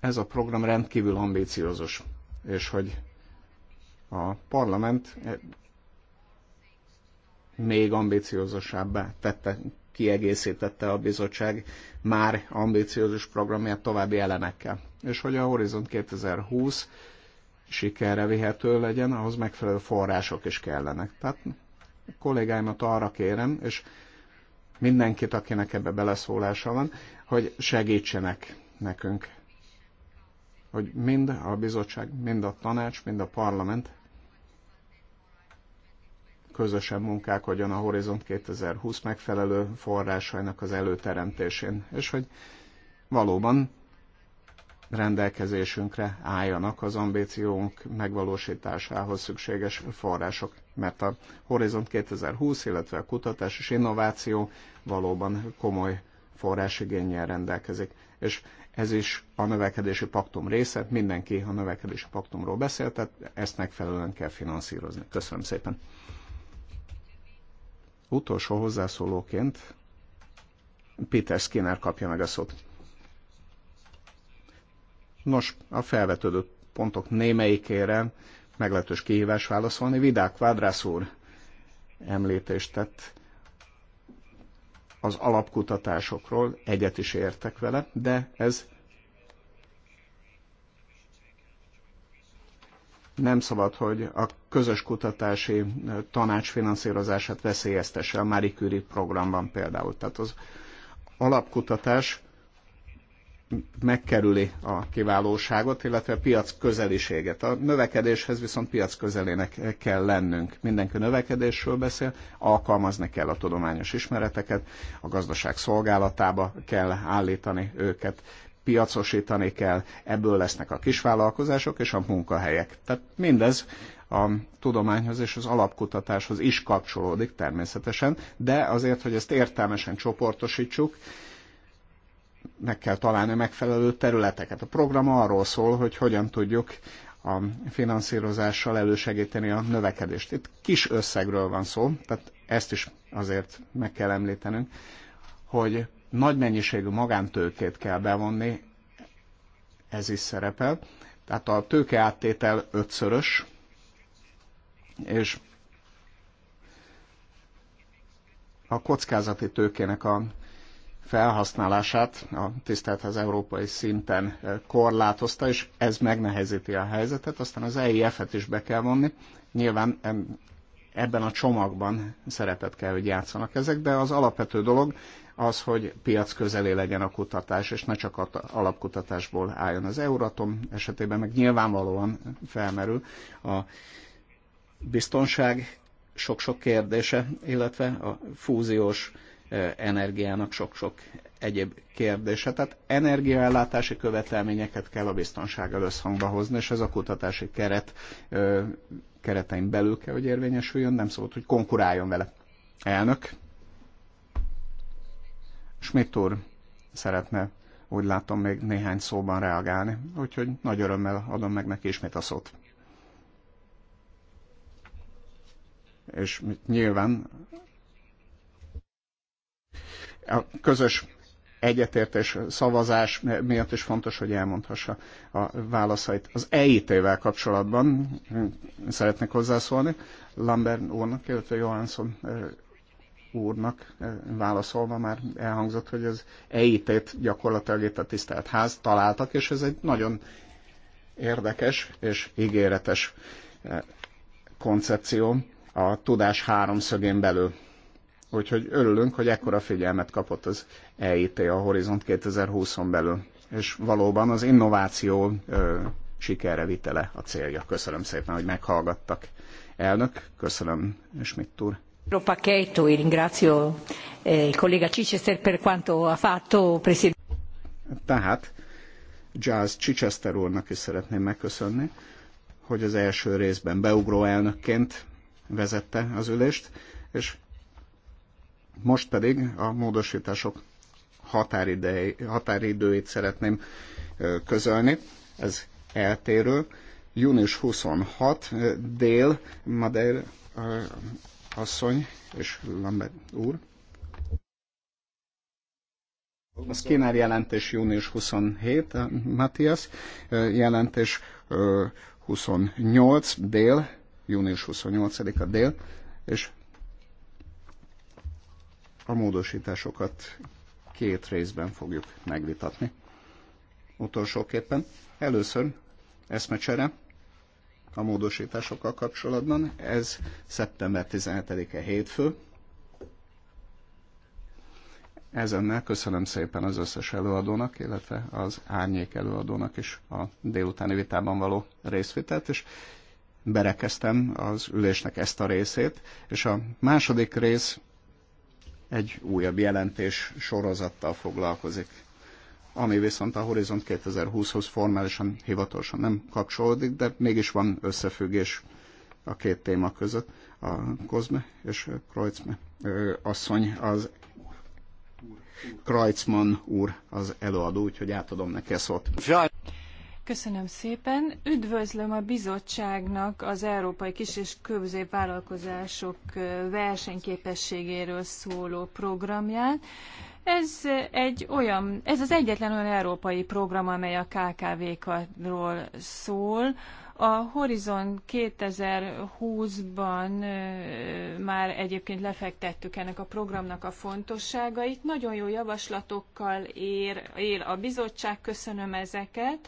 ez a program rendkívül ambíciózus, és hogy a parlament még ambiciózusabbá tette, kiegészítette a bizottság már ambiciózus programját további elemekkel. És hogy a Horizont 2020 sikerre vihető legyen, ahhoz megfelelő források is kellenek. Tehát a kollégáimat arra kérem, és mindenkit, akinek ebbe beleszólása van, hogy segítsenek nekünk hogy mind a bizottság, mind a tanács, mind a parlament közösen munkálkodjon a Horizont 2020 megfelelő forrásainak az előteremtésén, és hogy valóban rendelkezésünkre álljanak az ambíciónk megvalósításához szükséges források, mert a Horizont 2020, illetve a kutatás és innováció valóban komoly forrásigényel rendelkezik. És ez is a növekedési paktum része, mindenki a növekedési paktumról beszél, tehát ezt megfelelően kell finanszírozni. Köszönöm szépen. Utolsó hozzászólóként Peter Skinner kapja meg a szót. Nos, a felvetődött pontok némelyikére meglehetős kihívás válaszolni. Vidák Vádrász úr említést tett az alapkutatásokról, egyet is értek vele, de ez nem szabad, hogy a közös kutatási eh, tanács finanszírozását veszélyeztesse a Marie Curie programban például. Tehát az alapkutatás megkerüli a kiválóságot, illetve piac közeliséget. A növekedéshez viszont piac közelének kell lennünk. Mindenki növekedésről beszél, alkalmazni kell a tudományos ismereteket, a gazdaság szolgálatába kell állítani őket, piacosítani kell, ebből lesznek a kisvállalkozások és a munkahelyek. Tehát mindez a tudományhoz és az alapkutatáshoz is kapcsolódik természetesen, de azért, hogy ezt értelmesen csoportosítsuk, meg kell találni a megfelelő területeket. A program arról szól, hogy hogyan tudjuk a finanszírozással elősegíteni a növekedést. Itt kis összegről van szó, tehát ezt is azért meg kell említenünk, hogy nagy mennyiségű magántőkét kell bevonni, ez is szerepel. Tehát a tőke áttétel ötszörös, és a kockázati tőkének a felhasználását a az európai szinten eh, korlátozta, és ez megnehezíti a helyzetet. Aztán az EIF-et is be kell vonni. Nyilván ebben a csomagban szerepet kell, hogy játszanak ezek, de az alapvető dolog az, hogy piac közelé legyen a kutatás, és ne csak alapkutatásból álljon az Euratom esetében, meg nyilvánvalóan felmerül a biztonság sok-sok kérdése, illetve a fúziós e, energiának sok-sok egyéb kérdése. Tehát energiaellátási követelményeket kell a biztonsággal összhangba hozni, és ez a kutatási keret e, keretein belül kell, hogy érvényesüljön, nem szólt, hogy konkuráljon vele. Elnök, Schmidt úr szeretne úgy látom még néhány szóban reagálni, úgyhogy nagy örömmel adom meg neki ismét a szót. És nyilván a közös egyetértés szavazás miatt is fontos, hogy elmondhassa a válaszait. Az EIT-vel kapcsolatban szeretnék hozzászólni Lambert úrnak, illetve Johansson úrnak eh, válaszolva már elhangzott, hogy az EIT-t gyakorlatilag itt a tisztelt ház találtak, és ez egy nagyon érdekes és ígéretes eh, koncepció a tudás háromszögén belül. Úgyhogy örülünk, hogy ekkora figyelmet kapott az EIT a Horizont 2020-on belül. És valóban az innováció ö, eh, sikerre vitele a célja. Köszönöm szépen, hogy meghallgattak. Elnök, köszönöm, mit túl. Pacchetto, e ringrazio eh, il collega Chichester per quanto ha fatto, Presidente. Tehát Jazz Chichester úrnak is szeretném megköszönni, hogy az első részben beugró elnökként vezette az ülést, és most pedig a módosítások határidei, határidőit szeretném közölni. Ez eltérő. Június 26 dél Madeira asszony és Lambert úr. A Skinner jelentés június 27, eh, Matthias eh, jelentés 28 eh, dél, június 28-a dél, és a módosításokat két részben fogjuk megvitatni. Utolsóképpen először eszmecsere a módosításokkal kapcsolatban. Ez szeptember 17-e hétfő. Ezennel köszönöm szépen az összes előadónak, illetve az árnyék előadónak is a délutáni vitában való részvételt, és berekeztem az ülésnek ezt a részét, és a második rész egy újabb jelentés sorozattal foglalkozik ami viszont a Horizont 2020-hoz formálisan, hivatalosan nem kapcsolódik, de mégis van összefüggés a két téma között. A Kozme és Kreuzme asszony az Kreuzmann úr az előadó, úgyhogy átadom neki a szót. Köszönöm szépen. Üdvözlöm a bizottságnak az Európai Kis- és Középvállalkozások versenyképességéről szóló programját. Ez, egy olyan, ez az egyetlen olyan európai program, amely a KKV-król szól, a Horizon 2020-ban már egyébként lefektettük ennek a programnak a fontosságait. Nagyon jó javaslatokkal ér, él a bizottság, köszönöm ezeket.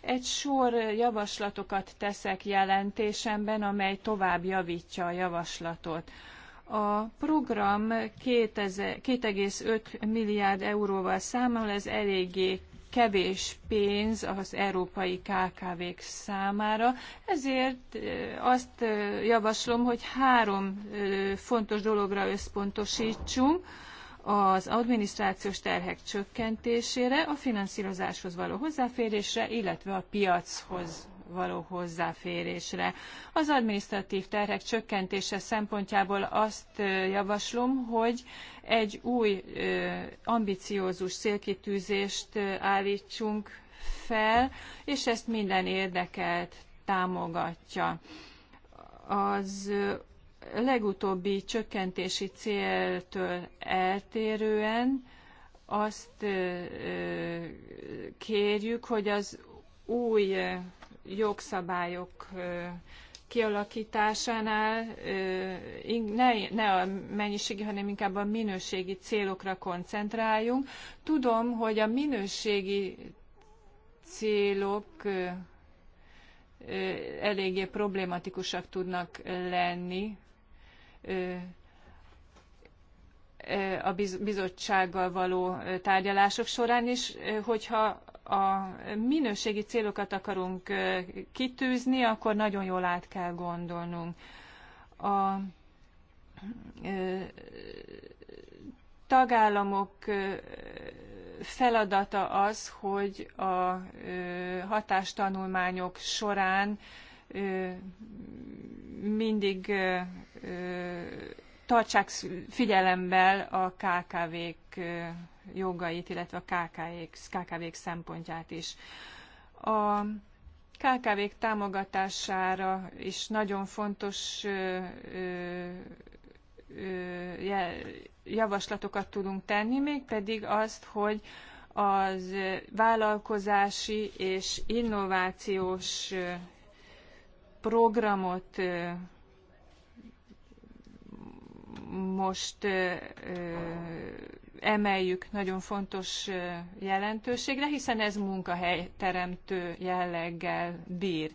Egy sor javaslatokat teszek jelentésemben, amely tovább javítja a javaslatot. A program 2,5 milliárd euróval számol, ez eléggé kevés pénz az európai KKV-k számára, ezért azt javaslom, hogy három fontos dologra összpontosítsunk az adminisztrációs terhek csökkentésére, a finanszírozáshoz való hozzáférésre, illetve a piachoz való hozzáférésre. Az adminisztratív terhek csökkentése szempontjából azt javaslom, hogy egy új ambiciózus célkitűzést állítsunk fel, és ezt minden érdekelt támogatja. Az legutóbbi csökkentési céltől eltérően azt kérjük, hogy az új jogszabályok kialakításánál ne, ne a mennyiségi, hanem inkább a minőségi célokra koncentráljunk. Tudom, hogy a minőségi célok eléggé problématikusak tudnak lenni a bizottsággal való tárgyalások során is, hogyha a minőségi célokat akarunk kitűzni, akkor nagyon jól át kell gondolnunk. A tagállamok feladata az, hogy a hatástanulmányok során mindig tartsák figyelemmel a KKV-k jogait, illetve a KKV-k, szempontját is. A KKV-k támogatására is nagyon fontos javaslatokat tudunk tenni, mégpedig azt, hogy az vállalkozási és innovációs programot most emeljük nagyon fontos jelentőségre, hiszen ez munkahelyteremtő jelleggel bír.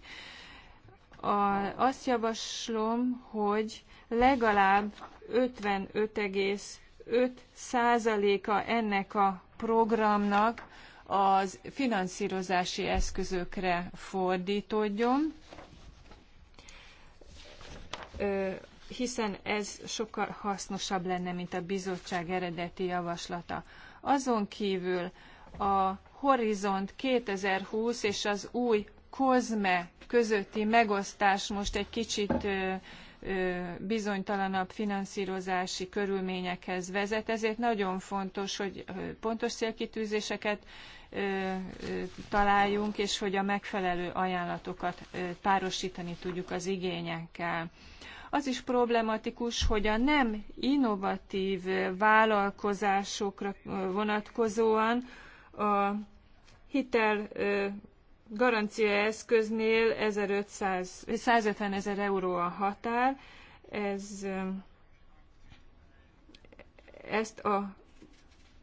A, azt javaslom, hogy legalább 55,5 a ennek a programnak az finanszírozási eszközökre fordítódjon hiszen ez sokkal hasznosabb lenne, mint a bizottság eredeti javaslata. Azon kívül a Horizont 2020 és az új COSME közötti megosztás most egy kicsit bizonytalanabb finanszírozási körülményekhez vezet, ezért nagyon fontos, hogy pontos célkitűzéseket találjunk, és hogy a megfelelő ajánlatokat párosítani tudjuk az igényekkel. Az is problematikus, hogy a nem innovatív vállalkozásokra vonatkozóan a hitel garancia eszköznél 1500, 150 ezer euró a határ. Ez, ezt a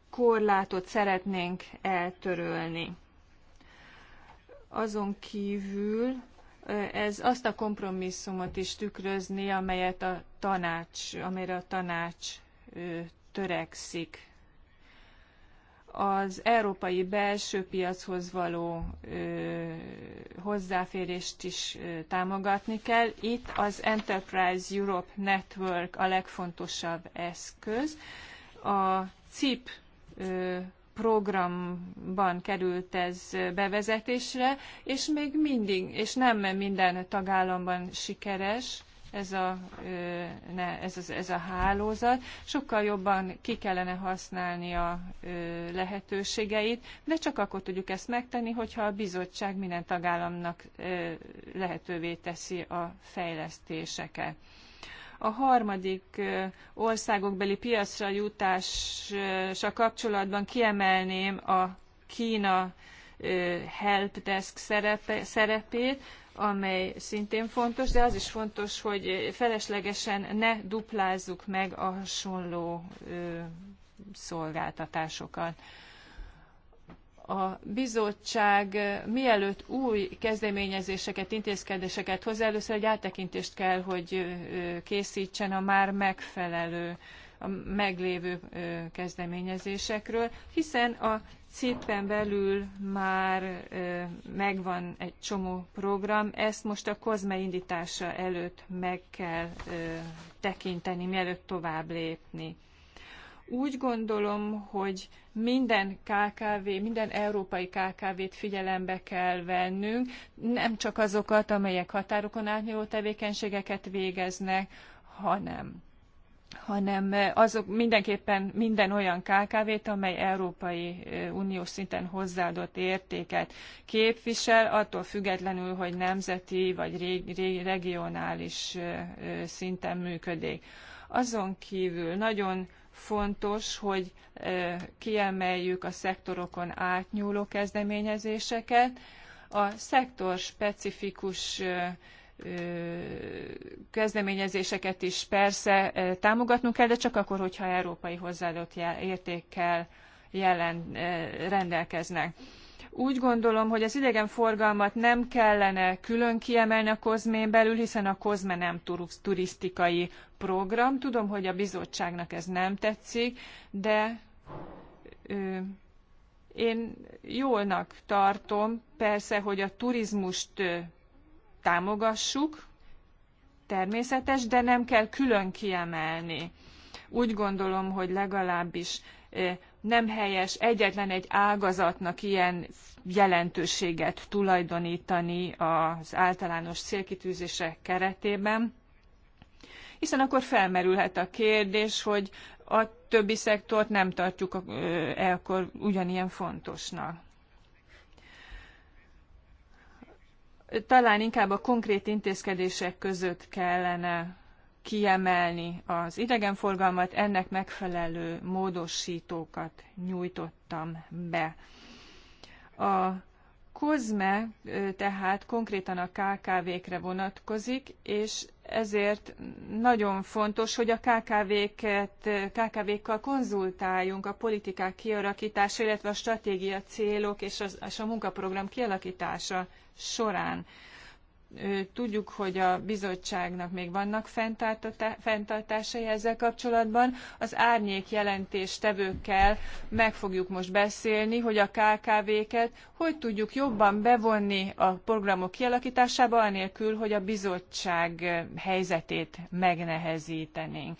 korlátot szeretnénk eltörölni. Azon kívül ez azt a kompromisszumot is tükrözni, amelyet a tanács, amelyre a tanács törekszik. Az európai belső piachoz való hozzáférést is támogatni kell. Itt az Enterprise Europe Network a legfontosabb eszköz. A CIP programban került ez bevezetésre, és még mindig, és nem minden tagállamban sikeres ez a, ne, ez, az, ez a hálózat. Sokkal jobban ki kellene használni a lehetőségeit, de csak akkor tudjuk ezt megtenni, hogyha a bizottság minden tagállamnak lehetővé teszi a fejlesztéseket a harmadik országokbeli piacra jutással kapcsolatban kiemelném a Kína helpdesk szerepe, szerepét, amely szintén fontos, de az is fontos, hogy feleslegesen ne duplázzuk meg a hasonló szolgáltatásokat a bizottság mielőtt új kezdeményezéseket, intézkedéseket hoz, először egy áttekintést kell, hogy készítsen a már megfelelő, a meglévő kezdeményezésekről, hiszen a CIP-en belül már megvan egy csomó program, ezt most a kozme indítása előtt meg kell tekinteni, mielőtt tovább lépni. Úgy gondolom, hogy minden KKV, minden európai KKV-t figyelembe kell vennünk, nem csak azokat, amelyek határokon átnyúló tevékenységeket végeznek, hanem hanem azok mindenképpen minden olyan KKV-t, amely Európai Uniós szinten hozzáadott értéket képvisel, attól függetlenül, hogy nemzeti vagy rég, regionális szinten működik. Azon kívül nagyon fontos, hogy kiemeljük a szektorokon átnyúló kezdeményezéseket. A szektor specifikus kezdeményezéseket is persze támogatnunk kell, de csak akkor, hogyha európai hozzáadott értékkel jelen rendelkeznek. Úgy gondolom, hogy az idegenforgalmat nem kellene külön kiemelni a kozmén belül, hiszen a kozme nem turisztikai program. Tudom, hogy a bizottságnak ez nem tetszik, de ö, én jólnak tartom persze, hogy a turizmust ö, támogassuk, természetes, de nem kell külön kiemelni. Úgy gondolom, hogy legalábbis nem helyes egyetlen egy ágazatnak ilyen jelentőséget tulajdonítani az általános célkitűzések keretében, hiszen akkor felmerülhet a kérdés, hogy a többi szektort nem tartjuk e akkor ugyanilyen fontosnak. Talán inkább a konkrét intézkedések között kellene kiemelni az idegenforgalmat, ennek megfelelő módosítókat nyújtottam be. A COSME tehát konkrétan a KKV-kre vonatkozik, és ezért nagyon fontos, hogy a KKV-ket, KKV-kkal konzultáljunk a politikák kialakítása, illetve a stratégia célok és a, és a munkaprogram kialakítása során Tudjuk, hogy a bizottságnak még vannak fenntartásai ezzel kapcsolatban. Az árnyék jelentés tevőkkel meg fogjuk most beszélni, hogy a KKV-ket hogy tudjuk jobban bevonni a programok kialakításába, anélkül, hogy a bizottság helyzetét megnehezítenénk.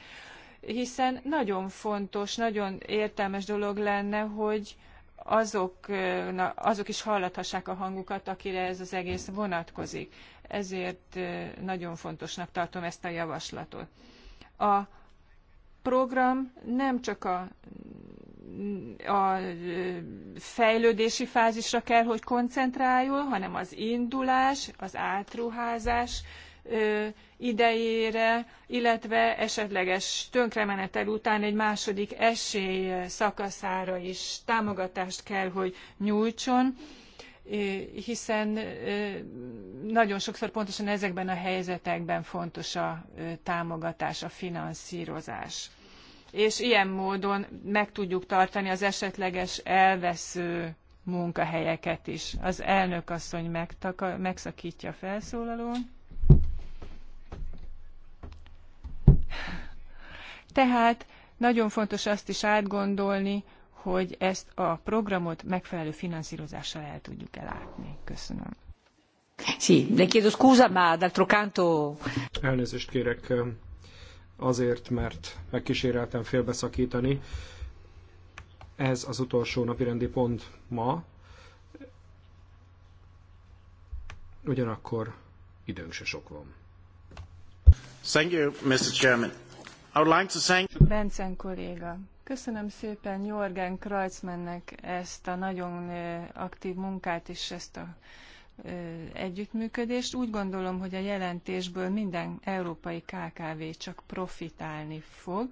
Hiszen nagyon fontos, nagyon értelmes dolog lenne, hogy azok, na, azok is hallathassák a hangukat, akire ez az egész vonatkozik ezért nagyon fontosnak tartom ezt a javaslatot. A program nem csak a, mm, a fejlődési fázisra kell, hogy koncentráljon, hanem az indulás, az átruházás idejére, illetve esetleges tönkremenetel után egy második esély szakaszára is támogatást kell, hogy nyújtson hiszen nagyon sokszor pontosan ezekben a helyzetekben fontos a támogatás, a finanszírozás. És ilyen módon meg tudjuk tartani az esetleges elvesző munkahelyeket is. Az elnök asszony megszakítja a felszólalón. Tehát nagyon fontos azt is átgondolni, hogy ezt a programot megfelelő finanszírozással el tudjuk elátni. Köszönöm. Sí, le chiedo scusa, ma d'altro canto... Elnézést kérek eh, azért, mert megkíséreltem félbeszakítani. Ez az utolsó napirendi pont ma. Ugyanakkor időnk se sok van. Thank you, Mr. Chairman. I would like to thank... Benson kolléga, Köszönöm szépen Jorgen Kreutzmannnek ezt a nagyon aktív munkát és ezt a együttműködést. Úgy gondolom, hogy a jelentésből minden európai KKV csak profitálni fog.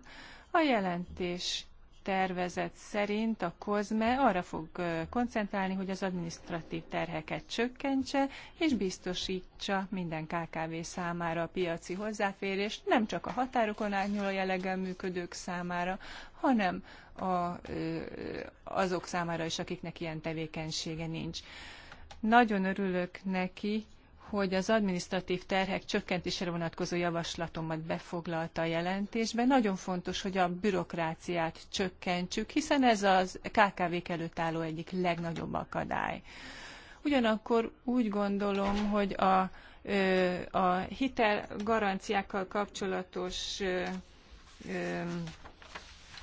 A jelentés tervezet szerint a COSME arra fog koncentrálni, hogy az administratív terheket csökkentse, és biztosítsa minden KKV számára a piaci hozzáférést, nem csak a határokon átnyúló jelleggel működők számára, hanem a, azok számára is, akiknek ilyen tevékenysége nincs. Nagyon örülök neki, hogy az adminisztratív terhek csökkentésére vonatkozó javaslatomat befoglalta a jelentésbe. Nagyon fontos, hogy a bürokráciát csökkentsük, hiszen ez az KKV-k előtt álló egyik legnagyobb akadály. Ugyanakkor úgy gondolom, hogy a, a hitel garanciákkal kapcsolatos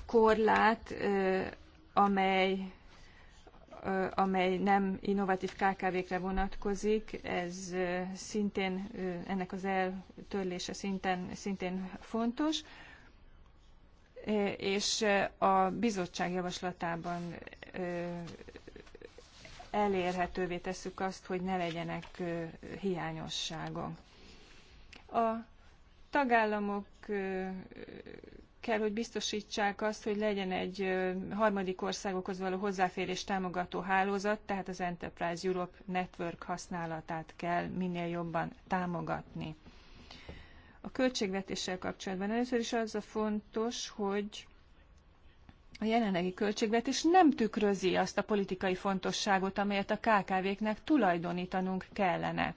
korlát, amely amely nem innovatív KKV-kre vonatkozik, ez szintén, ennek az eltörlése szinten, szintén fontos, és a bizottság javaslatában elérhetővé tesszük azt, hogy ne legyenek hiányosságok. A tagállamok kell, hogy biztosítsák azt, hogy legyen egy harmadik országokhoz való hozzáférés támogató hálózat, tehát az Enterprise Europe Network használatát kell minél jobban támogatni. A költségvetéssel kapcsolatban először is az a fontos, hogy a jelenlegi költségvetés nem tükrözi azt a politikai fontosságot, amelyet a KKV-knek tulajdonítanunk kellene.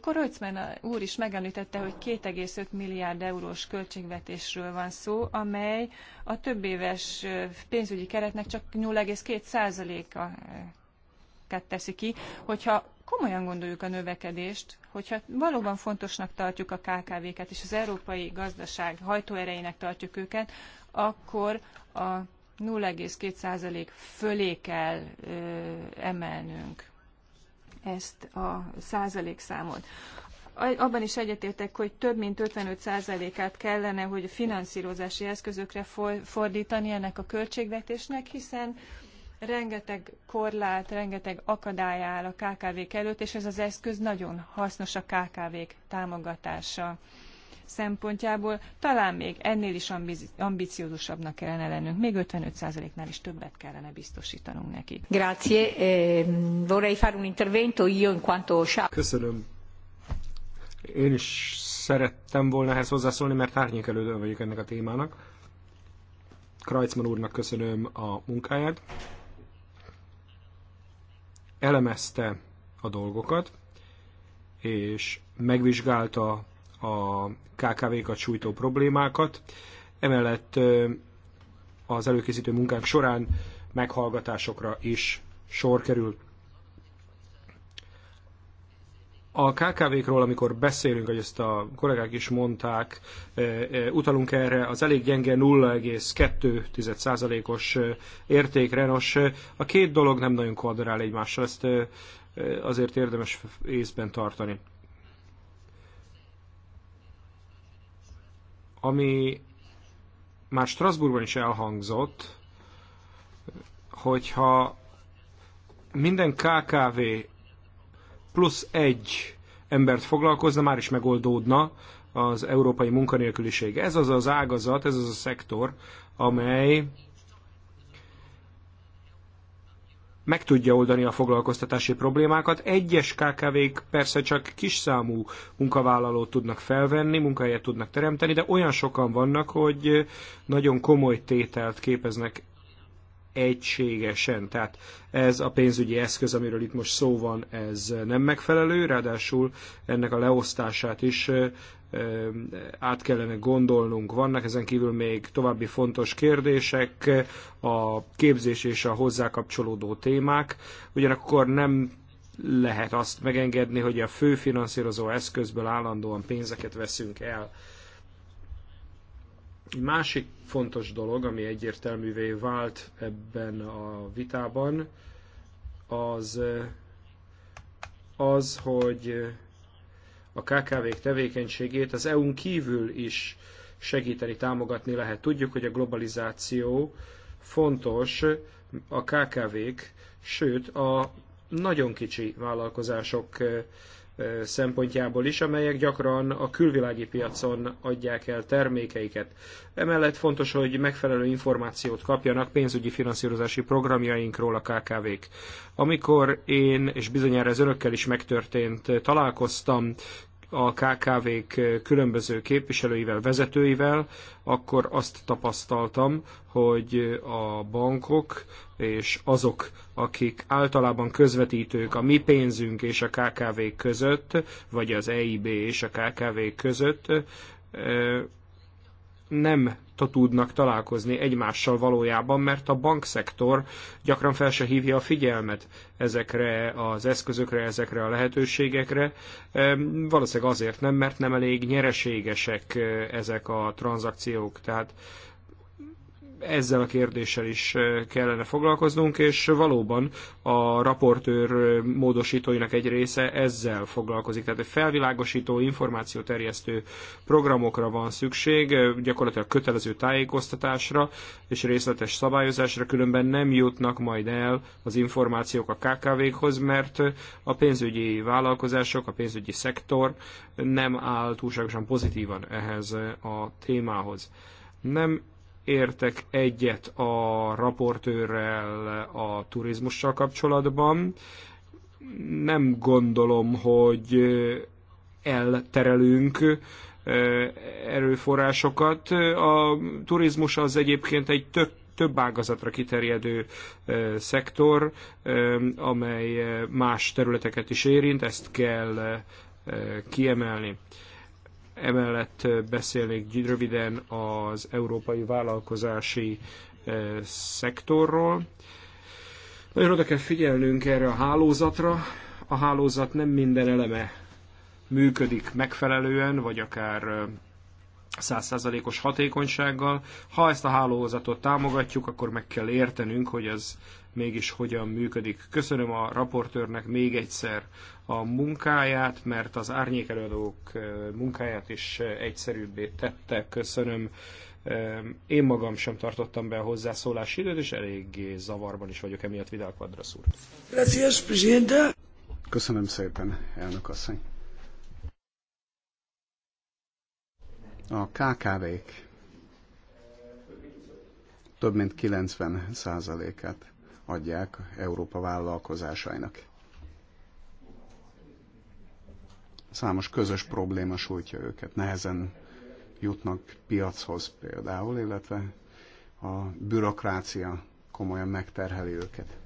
Korojcmen úr is megemlítette, hogy 2,5 milliárd eurós költségvetésről van szó, amely a több éves pénzügyi keretnek csak 0,2%-át teszi ki. Hogyha komolyan gondoljuk a növekedést, hogyha valóban fontosnak tartjuk a KKV-ket, és az európai gazdaság hajtóerejének tartjuk őket, akkor a 0,2% fölé kell ö, emelnünk ezt a százalékszámot. Abban is egyetértek, hogy több mint 55%-át kellene, hogy a finanszírozási eszközökre fordítani ennek a költségvetésnek, hiszen rengeteg korlát, rengeteg akadály áll a KKV-k előtt, és ez az eszköz nagyon hasznos a KKV-k támogatása szempontjából talán még ennél is ambiciózusabbnak kellene lennünk, még 55%-nál is többet kellene biztosítanunk neki. Grazie. Eh, vorrei fare un intervento io in quanto... Köszönöm. Én is szerettem volna ehhez hozzászólni, mert árnyékelődő vagyok ennek a témának. Krajcman úrnak köszönöm a munkáját. Elemezte a dolgokat, és megvizsgálta a KKV-kat sújtó problémákat. Emellett az előkészítő munkánk során meghallgatásokra is sor kerül. A KKV-król, amikor beszélünk, hogy ezt a kollégák is mondták, utalunk erre az elég gyenge 0,2%-os értékre. Nos, a két dolog nem nagyon kvadrál egymással, ezt azért érdemes észben tartani. ami már Strasbourgban is elhangzott, hogyha minden KKV plusz egy embert foglalkozna, már is megoldódna az európai munkanélküliség. Ez az az ágazat, ez az a szektor, amely meg tudja oldani a foglalkoztatási problémákat. Egyes KKV-k persze csak kis számú munkavállalót tudnak felvenni, munkahelyet tudnak teremteni, de olyan sokan vannak, hogy nagyon komoly tételt képeznek egységesen. Tehát ez a pénzügyi eszköz, amiről itt most szó van, ez nem megfelelő, ráadásul ennek a leosztását is át kellene gondolnunk. Vannak ezen kívül még további fontos kérdések, a képzés és a hozzá kapcsolódó témák. Ugyanakkor nem lehet azt megengedni, hogy a fő finanszírozó eszközből állandóan pénzeket veszünk el. Egy másik fontos dolog, ami egyértelművé vált ebben a vitában, az az, hogy a KKV-k tevékenységét az EU-n kívül is segíteni, támogatni lehet. Tudjuk, hogy a globalizáció fontos a KKV-k, sőt a nagyon kicsi vállalkozások szempontjából is, amelyek gyakran a külvilági piacon adják el termékeiket. Emellett fontos, hogy megfelelő információt kapjanak pénzügyi finanszírozási programjainkról a KKV-k. Amikor én, és bizonyára ez önökkel is megtörtént, találkoztam a KKV-k különböző képviselőivel, vezetőivel, akkor azt tapasztaltam, hogy a bankok és azok, akik általában közvetítők a mi pénzünk és a KKV között, vagy az EIB és a KKV között, nem tudnak találkozni egymással valójában, mert a bankszektor gyakran fel se hívja a figyelmet ezekre az eszközökre, ezekre a lehetőségekre. Valószínűleg azért nem, mert nem elég nyereségesek eh, ezek a tranzakciók. Tehát ezzel a kérdéssel is kellene foglalkoznunk, és valóban a raportőr módosítóinak egy része ezzel foglalkozik. Tehát egy felvilágosító, információterjesztő programokra van szükség, gyakorlatilag kötelező tájékoztatásra és részletes szabályozásra, különben nem jutnak majd el az információk a KKV-khoz, mert a pénzügyi vállalkozások, a pénzügyi szektor nem áll túlságosan pozitívan ehhez a témához. Nem értek egyet a raportőrrel a turizmussal kapcsolatban. Nem gondolom, hogy elterelünk erőforrásokat. A turizmus az egyébként egy tök több ágazatra kiterjedő szektor, amely más területeket is érint, ezt kell kiemelni. Emellett beszélnék röviden az európai vállalkozási szektorról. Nagyon oda kell figyelnünk erre a hálózatra. A hálózat nem minden eleme működik megfelelően, vagy akár százszázalékos hatékonysággal. Ha ezt a hálózatot támogatjuk, akkor meg kell értenünk, hogy az mégis hogyan működik. Köszönöm a raportőrnek még egyszer a munkáját, mert az árnyékelőadók eh, munkáját is eh, egyszerűbbé tette. Köszönöm. Eh, én magam sem tartottam be a hozzászólási időt, és eléggé zavarban is vagyok emiatt Vidal Quadras úr. Köszönöm szépen, elnök asszony. A KKV-k több mint 90 százalékát adják Európa vállalkozásainak. Számos közös probléma sújtja őket, nehezen jutnak piachoz például, illetve a bürokrácia komolyan megterheli őket.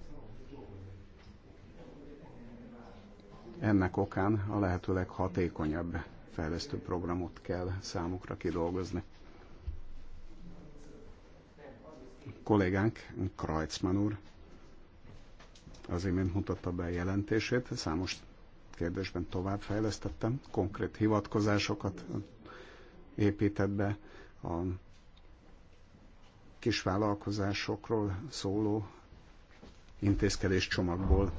Ennek okán a lehető leghatékonyabb fejlesztő programot kell számukra kidolgozni. A kollégánk Krajcman úr az imént mutatta be a jelentését, számos kérdésben továbbfejlesztettem, konkrét hivatkozásokat épített be a kisvállalkozásokról szóló intézkedés csomagból,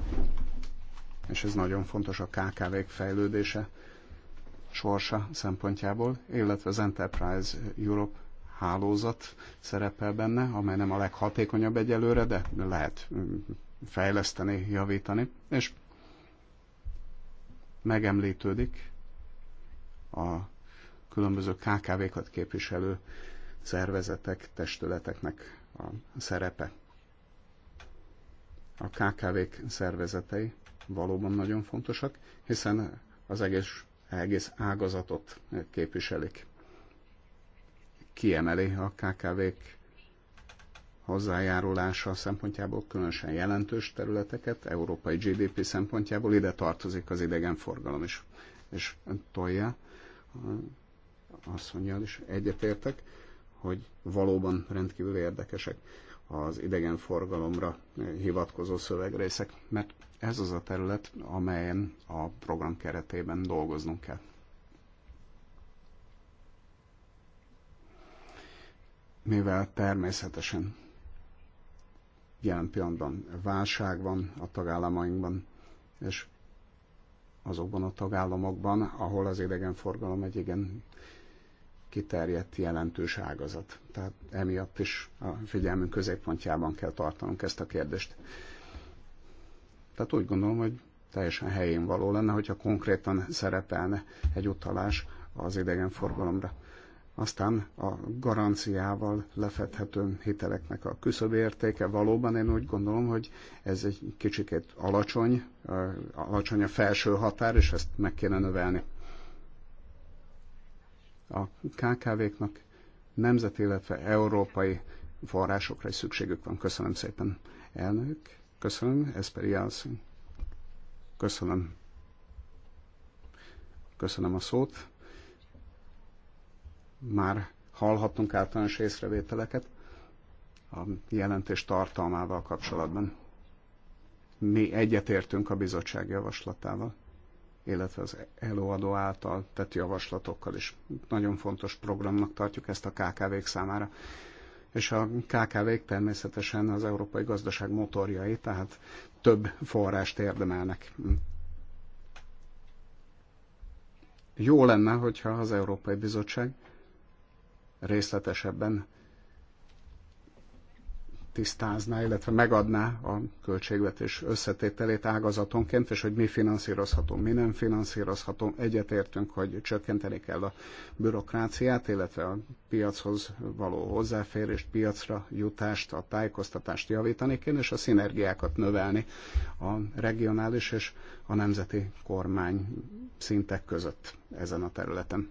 és ez nagyon fontos a kkv fejlődése sorsa szempontjából, illetve az Enterprise Europe hálózat szerepel benne, amely nem a leghatékonyabb egyelőre, de lehet mm, fejleszteni, javítani, és megemlítődik a különböző KKV-kat képviselő szervezetek, testületeknek a szerepe. A KKV-k szervezetei valóban nagyon fontosak, hiszen az egész, egész ágazatot képviselik. Kiemeli a KKV-k hozzájárulása szempontjából különösen jelentős területeket, európai GDP szempontjából ide tartozik az idegenforgalom is. És tolja, azt mondja, is egyetértek, hogy valóban rendkívül érdekesek az idegenforgalomra hivatkozó szövegrészek, mert ez az a terület, amelyen a program keretében dolgoznunk kell. Mivel természetesen Jelen pillanatban válság van a tagállamainkban, és azokban a tagállamokban, ahol az idegenforgalom egy igen kiterjedt jelentős ágazat. Tehát emiatt is a figyelmünk középpontjában kell tartanunk ezt a kérdést. Tehát úgy gondolom, hogy teljesen helyén való lenne, hogyha konkrétan szerepelne egy utalás az idegenforgalomra. Aztán a garanciával lefedhető hiteleknek a küszöbértéke valóban én úgy gondolom, hogy ez egy kicsikét alacsony, alacsony a felső határ, és ezt meg kéne növelni. A KKV-knak nemzeti, illetve európai forrásokra is szükségük van. Köszönöm szépen, elnök. Köszönöm, ez pedig Köszönöm. Köszönöm a szót már hallhattunk általános észrevételeket a jelentés tartalmával kapcsolatban. Mi egyetértünk a bizottság javaslatával, illetve az előadó által tett javaslatokkal is. Nagyon fontos programnak tartjuk ezt a KKV-k számára. És a KKV-k természetesen az európai gazdaság motorjai, tehát több forrást érdemelnek jó lenne, hogyha az Európai Bizottság részletesebben tisztázná, illetve megadná a költségvetés összetételét ágazatonként, és hogy mi finanszírozható, mi nem finanszírozható. Egyetértünk, hogy csökkenteni kell a bürokráciát, illetve a piachoz való hozzáférést, piacra jutást, a tájékoztatást javítani kell, és a szinergiákat növelni a regionális és a nemzeti kormány szintek között ezen a területen.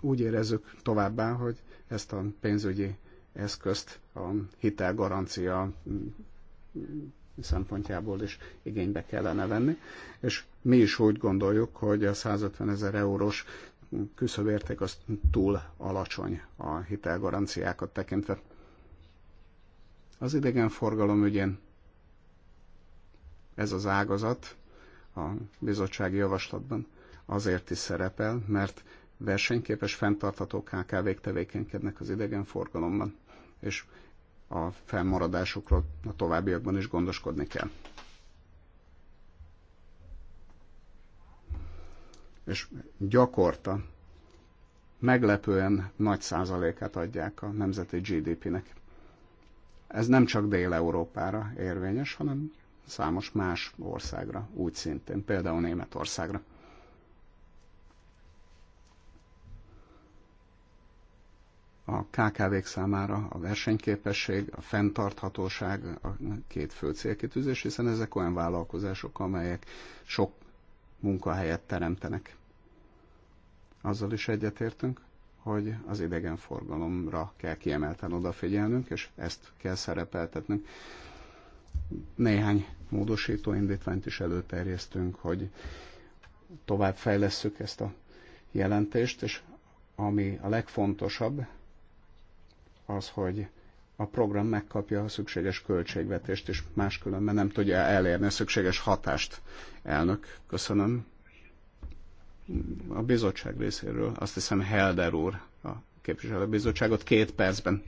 Úgy érezzük továbbá, hogy ezt a pénzügyi eszközt a hitelgarancia mm, mm, szempontjából is igénybe kellene venni, és mi is úgy gondoljuk, hogy a 150 ezer eurós küszöbérték az túl alacsony a hitelgaranciákat tekintve. Az idegenforgalom ügyén ez az ágazat a bizottsági javaslatban azért is szerepel, mert versenyképes, fenntartható KKV-k tevékenykednek az idegenforgalomban, és a felmaradásukról a továbbiakban is gondoskodni kell. És gyakorta meglepően nagy százalékát adják a nemzeti GDP-nek. Ez nem csak Dél-Európára érvényes, hanem számos más országra, úgy szintén, például Németországra. a KKV-k számára a versenyképesség, a fenntarthatóság a két fő célkitűzés, hiszen ezek olyan vállalkozások, amelyek sok munkahelyet teremtenek. Azzal is egyetértünk, hogy az idegenforgalomra kell kiemelten odafigyelnünk, és ezt kell szerepeltetnünk. Néhány módosító indítványt is előterjesztünk, hogy tovább ezt a jelentést, és ami a legfontosabb, az, hogy a program megkapja a szükséges költségvetést, és máskülönben nem tudja elérni a szükséges hatást. Elnök, köszönöm. A bizottság részéről azt hiszem Helder úr a képviselőbizottságot két percben.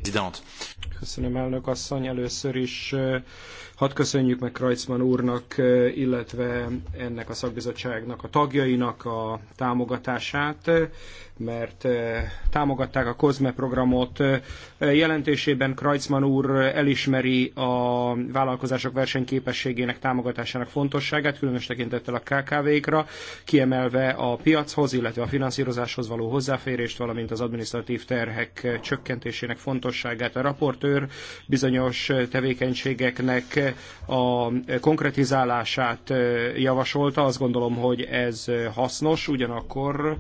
Köszönöm, elnök asszony. Először is hadd köszönjük meg Krajcman úrnak, illetve ennek a szakbizottságnak a tagjainak a támogatását, mert támogatták a COSME programot. Jelentésében Krajcman úr elismeri a vállalkozások versenyképességének támogatásának fontosságát, különös tekintettel a KKV-kra, kiemelve a piachoz, illetve a finanszírozáshoz való hozzáférést, valamint az adminisztratív terhek csökkentésének fontosságát. A raportőr bizonyos tevékenységeknek a konkretizálását javasolta, azt gondolom, hogy ez hasznos, ugyanakkor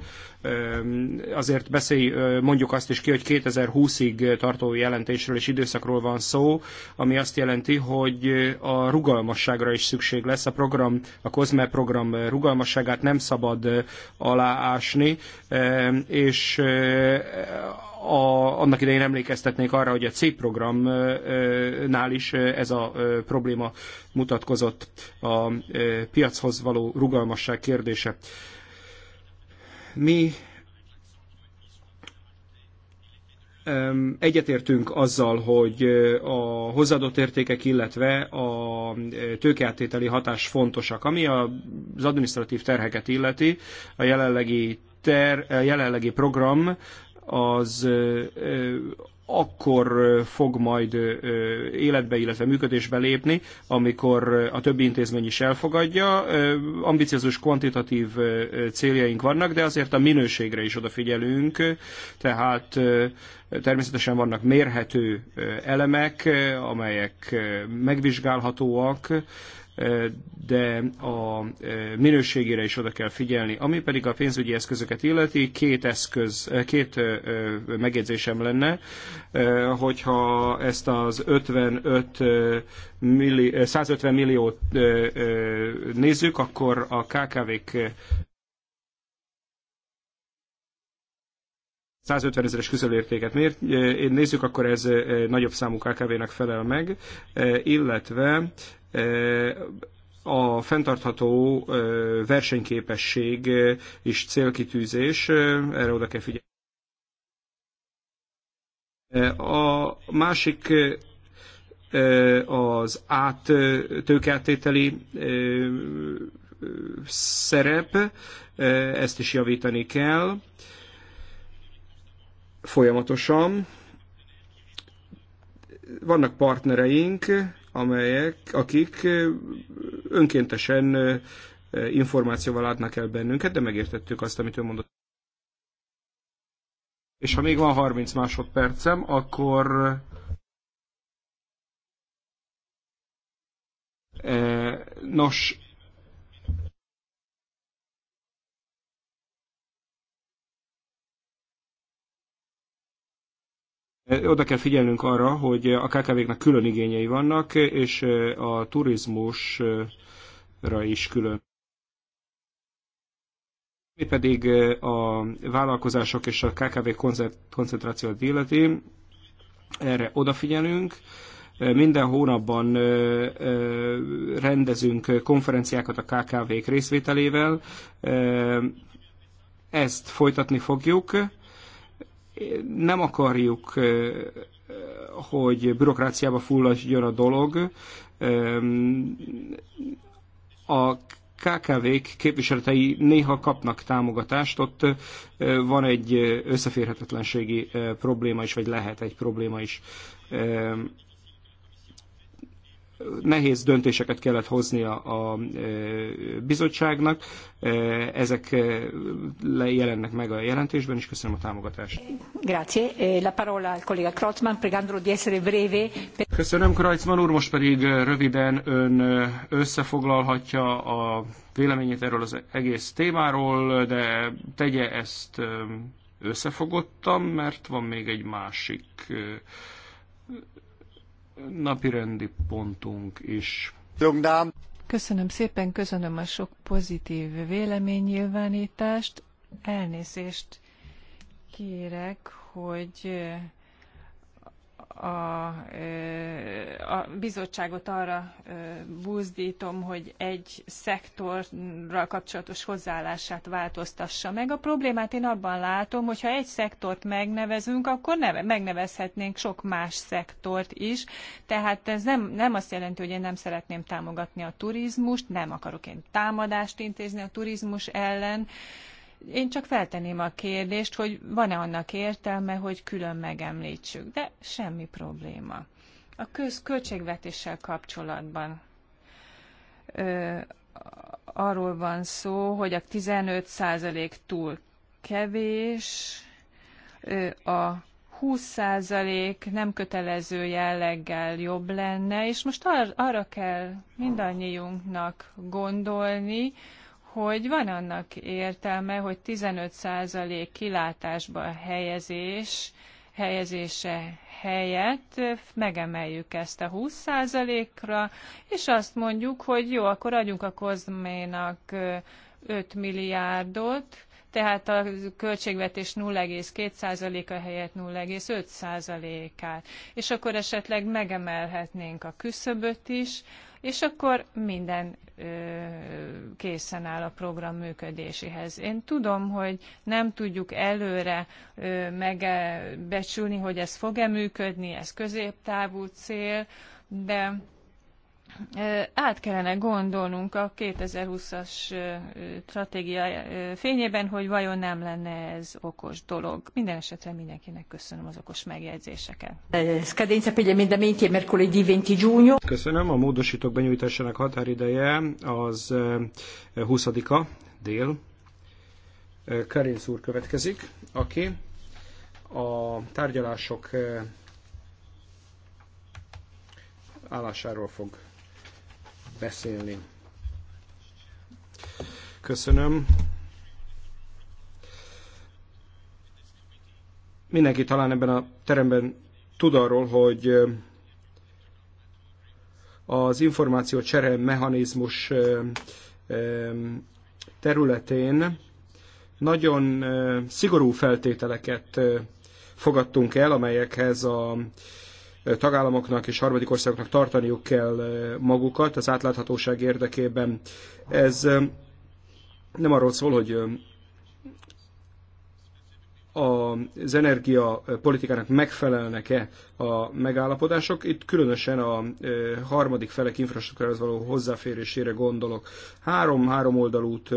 azért beszélj, mondjuk azt is ki, hogy 2020-ig tartó jelentésről és időszakról van szó, ami azt jelenti, hogy a rugalmasságra is szükség lesz. A program, a COSME program rugalmasságát nem szabad aláásni, és a, annak idején emlékeztetnék arra, hogy a C programnál is ez a probléma mutatkozott a piachoz való rugalmasság kérdése. Mi egyetértünk azzal, hogy a hozzáadott értékek, illetve a tőkeáttételi hatás fontosak. Ami az adminisztratív terheket illeti, a jelenlegi, ter, a jelenlegi program az akkor fog majd életbe, illetve működésbe lépni, amikor a többi intézmény is elfogadja. Ambiciózus kvantitatív céljaink vannak, de azért a minőségre is odafigyelünk, tehát természetesen vannak mérhető elemek, amelyek megvizsgálhatóak, de a minőségére is oda kell figyelni. Ami pedig a pénzügyi eszközöket illeti, két eszköz, két megjegyzésem lenne, hogyha ezt az 55 milli, 150 milliót nézzük, akkor a KKV-k 150 ezeres küszöbértéket miért? Nézzük, akkor ez nagyobb számú KKV-nak felel meg, illetve a fenntartható versenyképesség és célkitűzés, erre oda kell figyelni. A másik az át tőkeáttételi szerep, ezt is javítani kell folyamatosan. Vannak partnereink, amelyek, akik önkéntesen információval látnak el bennünket, de megértettük azt, amit ő mondott. És ha még van 30 másodpercem, akkor e, nos, Oda kell figyelnünk arra, hogy a KKV-knak külön igényei vannak, és a turizmusra is külön. Mi pedig a vállalkozások és a KKV koncentrációt illeti, erre odafigyelünk. Minden hónapban rendezünk konferenciákat a KKV-k részvételével. Ezt folytatni fogjuk nem akarjuk, hogy bürokráciába fulladjon a dolog. A KKV-k képviseletei néha kapnak támogatást, ott van egy összeférhetetlenségi probléma is, vagy lehet egy probléma is nehéz döntéseket kellett hoznia a e, bizottságnak. E, ezek e, jelennek meg a jelentésben, és köszönöm a támogatást. Grazie. La parola al collega Kreutzmann, pregandolo di essere breve. Köszönöm, Kreutzmann úr, most pedig röviden ön összefoglalhatja a véleményét erről az egész témáról, de tegye ezt összefogottam, mert van még egy másik napirendi pontunk is. Köszönöm szépen, köszönöm a sok pozitív véleménynyilvánítást. Elnézést kérek, hogy a, a bizottságot arra búzdítom, hogy egy szektorral kapcsolatos hozzáállását változtassa meg. A problémát én abban látom, hogy ha egy szektort megnevezünk, akkor neve, megnevezhetnénk sok más szektort is. Tehát ez nem, nem azt jelenti, hogy én nem szeretném támogatni a turizmust, nem akarok én támadást intézni a turizmus ellen, én csak feltenném a kérdést, hogy van-e annak értelme, hogy külön megemlítsük, de semmi probléma. A költségvetéssel kapcsolatban ö, arról van szó, hogy a 15% túl kevés, ö, a 20% nem kötelező jelleggel jobb lenne, és most ar- arra kell mindannyiunknak gondolni, hogy van annak értelme, hogy 15% kilátásba helyezés, helyezése helyett megemeljük ezt a 20%-ra, és azt mondjuk, hogy jó, akkor adjunk a Kozménak 5 milliárdot, tehát a költségvetés 0,2%-a helyett 0,5%-át. És akkor esetleg megemelhetnénk a küszöböt is, és akkor minden készen áll a program működéséhez. Én tudom, hogy nem tudjuk előre megbecsülni, hogy ez fog-e működni, ez középtávú cél, de át kellene gondolnunk a 2020-as stratégia fényében, hogy vajon nem lenne ez okos dolog. Minden esetre mindenkinek köszönöm az okos megjegyzéseket. 20 Köszönöm. A módosítók benyújtásának határideje az 20-a dél. Karin úr következik, aki a tárgyalások állásáról fog beszélni. Köszönöm. Mindenki talán ebben a teremben tud arról, hogy az információ csere mechanizmus területén nagyon szigorú feltételeket fogadtunk el, amelyekhez a tagállamoknak és harmadik országoknak tartaniuk kell eh, magukat az átláthatóság érdekében. Ez eh, nem arról szól, hogy eh, az energiapolitikának megfelelnek-e a megállapodások. Itt különösen a harmadik felek infrastruktúrához való hozzáférésére gondolok. Három-három oldalút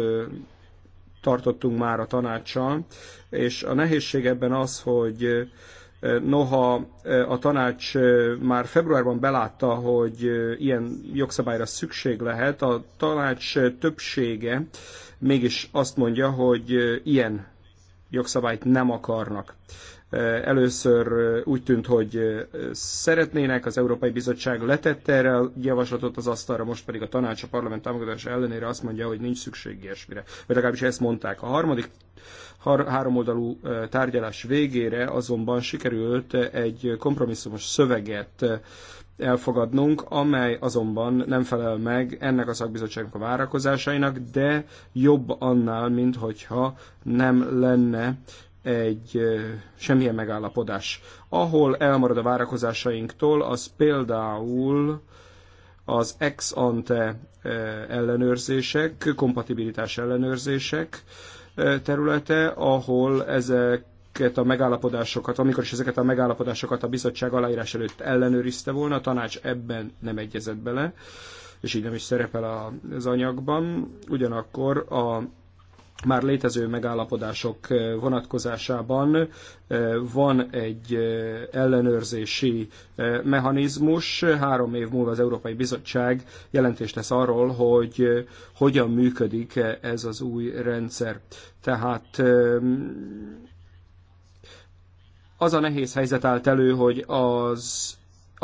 tartottunk már a tanácssal, és a nehézség ebben az, hogy Noha eh, a tanács eh, már februárban belátta, hogy eh, ilyen jogszabályra szükség lehet, a tanács többsége mégis azt mondja, hogy ilyen jogszabályt nem akarnak. Először úgy tűnt, hogy szeretnének, az Európai Bizottság letette erre a javaslatot az asztalra, most pedig a tanács a parlament támogatása ellenére azt mondja, hogy nincs szükség ilyesmire. Vagy legalábbis ezt mondták. A harmadik har- háromoldalú tárgyalás végére azonban sikerült egy kompromisszumos szöveget elfogadnunk, amely azonban nem felel meg ennek a szakbizottságnak a várakozásainak, de jobb annál, mint hogyha nem lenne egy semmilyen megállapodás. Ahol elmarad a várakozásainktól, az például az ex ante ellenőrzések, kompatibilitás ellenőrzések területe, ahol ezek ezeket a megállapodásokat, amikor is ezeket a megállapodásokat a bizottság aláírás előtt ellenőrizte volna, a tanács ebben nem egyezett bele, és így nem is szerepel az anyagban. Ugyanakkor a már létező megállapodások eh, vonatkozásában eh, van egy eh, ellenőrzési mechanizmus. Három év múlva az Európai Bizottság jelentést tesz arról, hogy hogyan működik ez az új rendszer. Tehát ehm, az a nehéz helyzet állt elő, hogy az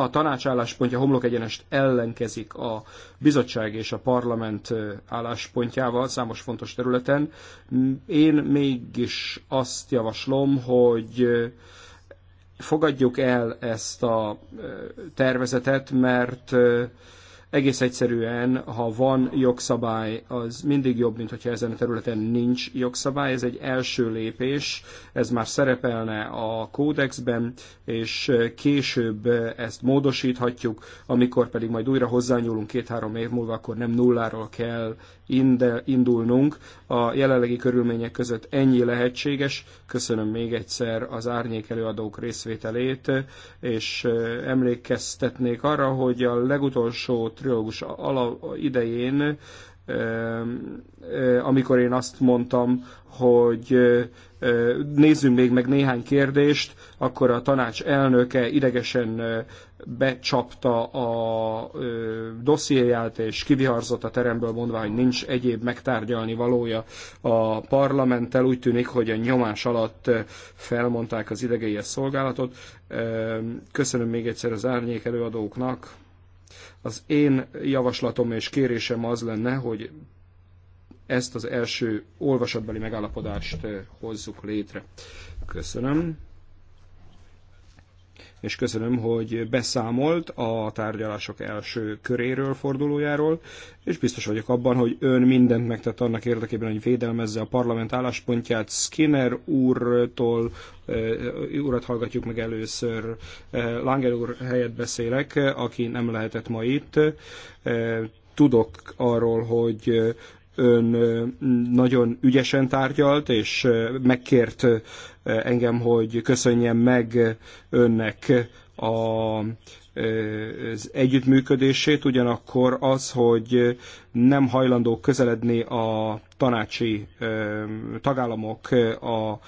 a tanács álláspontja homlok egyenest ellenkezik a bizottság és a parlament álláspontjával számos fontos területen. Mm, én mégis azt javaslom, hogy fogadjuk el ezt a tervezetet, mert egész egyszerűen, ha van jogszabály, az mindig jobb, mint hogyha ezen a területen nincs jogszabály. Ez egy első lépés, ez már szerepelne a kódexben, és később ezt módosíthatjuk, amikor pedig majd újra hozzányúlunk két-három év múlva, akkor nem nulláról kell indulnunk. A jelenlegi körülmények között ennyi lehetséges. Köszönöm még egyszer az árnyék előadók részvételét, és emlékeztetnék arra, hogy a legutolsót trilógus idején, amikor én azt mondtam, hogy nézzünk még meg néhány kérdést, akkor a tanács elnöke idegesen becsapta a dossziéját és kiviharzott a teremből mondva, hogy nincs egyéb megtárgyalni valója a parlamenttel. Úgy tűnik, hogy a nyomás alatt felmondták az idegeies szolgálatot. Köszönöm még egyszer az árnyék előadóknak az én javaslatom és kérésem az lenne, hogy ezt az első olvasatbeli megállapodást eh, hozzuk létre. Köszönöm és köszönöm, hogy beszámolt a tárgyalások első köréről, fordulójáról, és biztos vagyok abban, hogy ön mindent megtett annak érdekében, hogy védelmezze a parlament álláspontját. Skinner úrtól eh, urat hallgatjuk meg először. Eh, Langer úr helyett beszélek, aki nem lehetett ma itt eh, tudok arról, hogy ön nagyon ügyesen tárgyalt, és megkért engem, hogy köszönjem meg önnek a, az együttműködését, ugyanakkor az, hogy nem hajlandó közeledni a tanácsi tagállamok a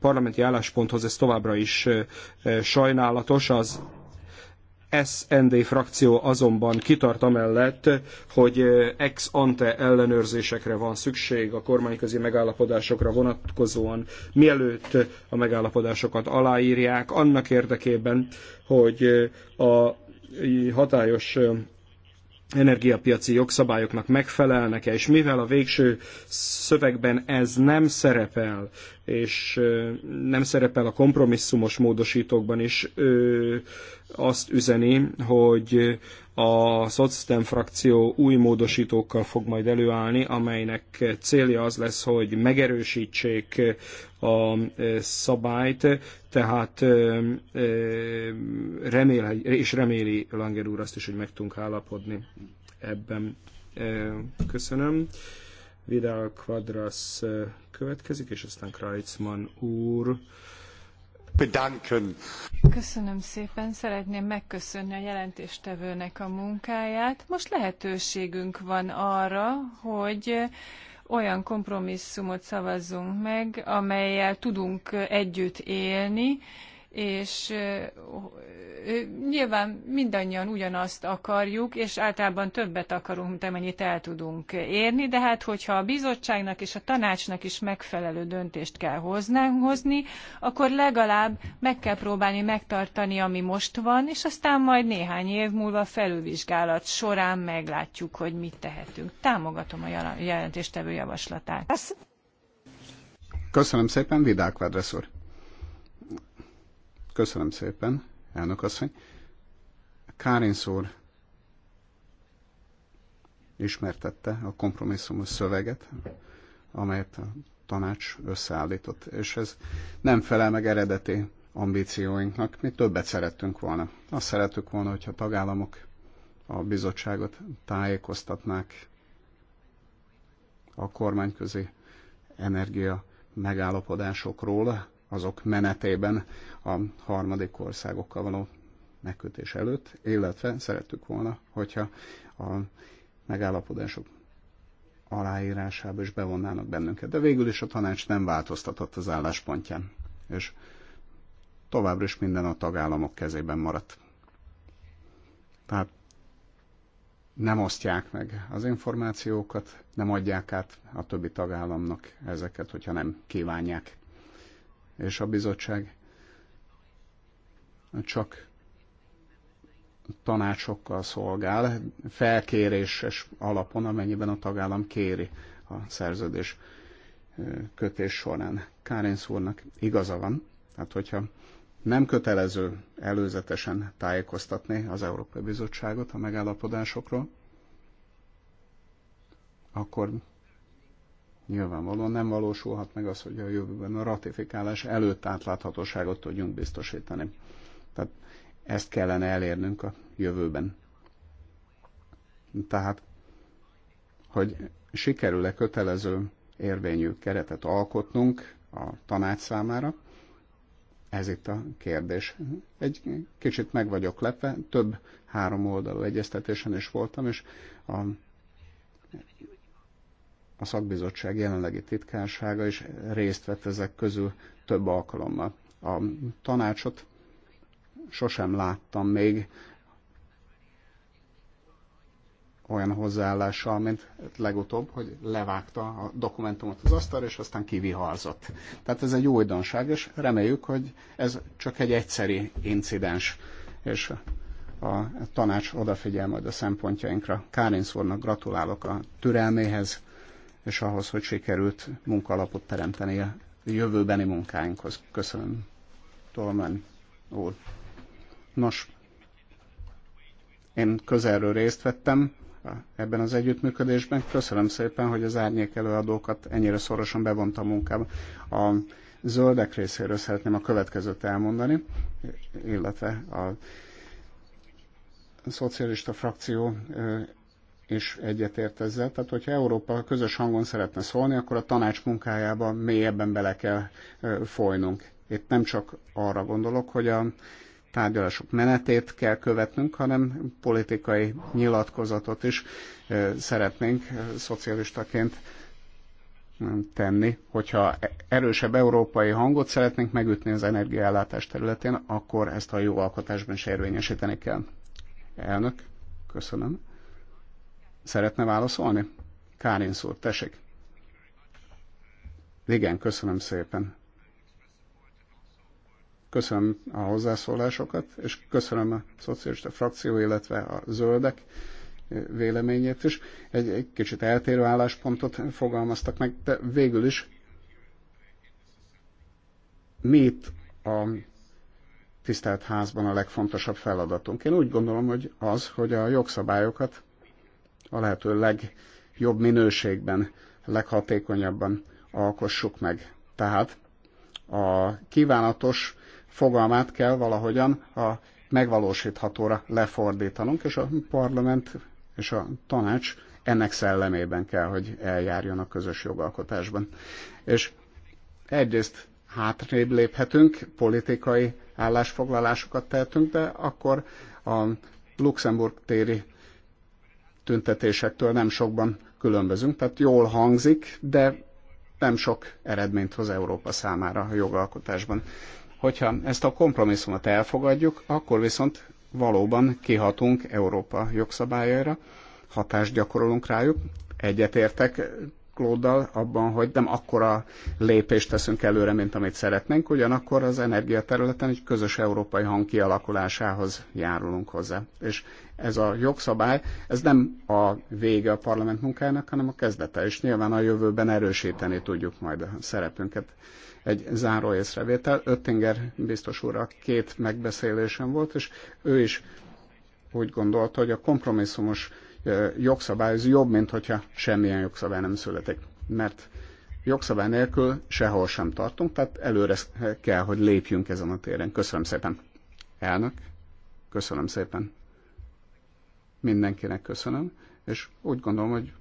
parlamenti állásponthoz, ez továbbra is sajnálatos, az SND frakció azonban kitart amellett, hogy ex ante ellenőrzésekre van szükség a kormányközi megállapodásokra vonatkozóan, mielőtt a megállapodásokat aláírják, annak érdekében, hogy a hatályos energiapiaci jogszabályoknak megfelelnek-e, és mivel a végső szövegben ez nem szerepel, és nem szerepel a kompromisszumos módosítókban is, azt üzeni, hogy a Szocdem frakció új módosítókkal fog majd előállni, amelynek célja az lesz, hogy megerősítsék a e, szabályt, tehát e, e, remél, és reméli Langer úr azt is, hogy meg tudunk állapodni ebben. Köszönöm. Vidal Quadras következik, és aztán Kreitzmann úr bedanken. Köszönöm szépen, szeretném megköszönni a jelentéstevőnek a munkáját. Most lehetőségünk van arra, hogy olyan kompromisszumot szavazzunk meg, amelyel tudunk együtt élni, és nyilván mindannyian ugyanazt akarjuk, és általában többet akarunk, mint amennyit el tudunk érni, de hát hogyha a bizottságnak és a tanácsnak is megfelelő döntést kell hoznánk, hozni, akkor legalább meg kell próbálni megtartani, ami most van, és aztán majd néhány év múlva felülvizsgálat során meglátjuk, hogy mit tehetünk. Támogatom a jelentéstevő javaslatát. Köszönöm szépen, Vidák Vedresz Köszönöm szépen, elnök asszony. Kárin szór ismertette a kompromisszumos szöveget, amelyet a tanács összeállított, és ez nem felel meg eredeti ambícióinknak. Mi többet szerettünk volna. Azt szerettük volna, hogyha a tagállamok a bizottságot tájékoztatnák a kormányközi energia megállapodásokról, azok menetében a harmadik országokkal való megkötés előtt, illetve szerettük volna, hogyha a megállapodások aláírásába is bevonnának bennünket. De végül is a tanács nem változtatott az álláspontján, és továbbra is minden a tagállamok kezében maradt. Tehát nem osztják meg az információkat, nem adják át a többi tagállamnak ezeket, hogyha nem kívánják és a bizottság csak tanácsokkal szolgál, felkéréses alapon, amennyiben a tagállam kéri a szerződés kötés során. Kárin szúrnak igaza van, tehát hogyha nem kötelező előzetesen tájékoztatni az Európai Bizottságot a megállapodásokról, akkor nyilvánvalóan nem valósulhat meg az, hogy a jövőben a ratifikálás előtt átláthatóságot tudjunk biztosítani. Tehát ezt kellene elérnünk a jövőben. Tehát, hogy sikerül-e kötelező érvényű keretet alkotnunk a tanács számára, ez itt a kérdés. Egy kicsit meg vagyok lepve, több három oldalú egyeztetésen is voltam, és a a szakbizottság jelenlegi titkársága is részt vett ezek közül több alkalommal. A tanácsot sosem láttam még olyan hozzáállással, mint legutóbb, hogy levágta a dokumentumot az asztalra, és aztán kiviharzott. Tehát ez egy újdonság, és reméljük, hogy ez csak egy egyszeri incidens, és a tanács odafigyel majd a szempontjainkra. Kárinsz úrnak gratulálok a türelméhez, és ahhoz, hogy sikerült munkalapot teremteni a jövőbeni munkáinkhoz. Köszönöm, Tolman úr. Nos, én közelről részt vettem ebben az együttműködésben. Köszönöm szépen, hogy az árnyék előadókat ennyire szorosan bevonta a munkába. A zöldek részéről szeretném a következőt elmondani, illetve a szocialista frakció is egyetért ezzel. Tehát, hogyha Európa közös hangon szeretne szólni, akkor a tanács munkájába mélyebben bele kell folynunk. Itt nem csak arra gondolok, hogy a tárgyalások menetét kell követnünk, hanem politikai nyilatkozatot is szeretnénk szocialistaként tenni. Hogyha erősebb európai hangot szeretnénk megütni az energiállátás területén, akkor ezt a jó alkotásban is érvényesíteni kell. Elnök, köszönöm. Szeretne válaszolni? Kárin szólt, tessék. Igen, köszönöm szépen. Köszönöm a hozzászólásokat, és köszönöm a szocialista frakció, illetve a zöldek véleményét is. Egy, egy kicsit eltérő álláspontot fogalmaztak meg, de végül is mi itt a tisztelt házban a legfontosabb feladatunk? Én úgy gondolom, hogy az, hogy a jogszabályokat a lehető legjobb minőségben, leghatékonyabban alkossuk meg. Tehát a kívánatos fogalmát kell valahogyan a megvalósíthatóra lefordítanunk, és a parlament és a tanács ennek szellemében kell, hogy eljárjon a közös jogalkotásban. És egyrészt hátrébb léphetünk, politikai állásfoglalásokat tehetünk, de akkor a Luxemburg téri tüntetésektől nem sokban különbözünk, tehát jól hangzik, de nem sok eredményt hoz Európa számára a jogalkotásban. Hogyha ezt a kompromisszumot elfogadjuk, akkor viszont valóban kihatunk Európa jogszabályaira, hatást gyakorolunk rájuk. Egyetértek Klóddal abban, hogy nem akkora lépést teszünk előre, mint amit szeretnénk, ugyanakkor az energiaterületen egy közös európai hang kialakulásához járulunk hozzá. És ez a jogszabály, ez nem a vége a parlament munkájának, hanem a kezdete, és nyilván a jövőben erősíteni tudjuk majd a szerepünket. Egy záró észrevétel, Öttinger biztos a két megbeszélésen volt, és ő is úgy gondolta, hogy a kompromisszumos jogszabály az jobb, mint hogyha semmilyen jogszabály nem születik. Mert jogszabály nélkül sehol sem tartunk, tehát előre kell, hogy lépjünk ezen a téren. Köszönöm szépen. Elnök, köszönöm szépen Mindenkinek köszönöm, és úgy gondolom, hogy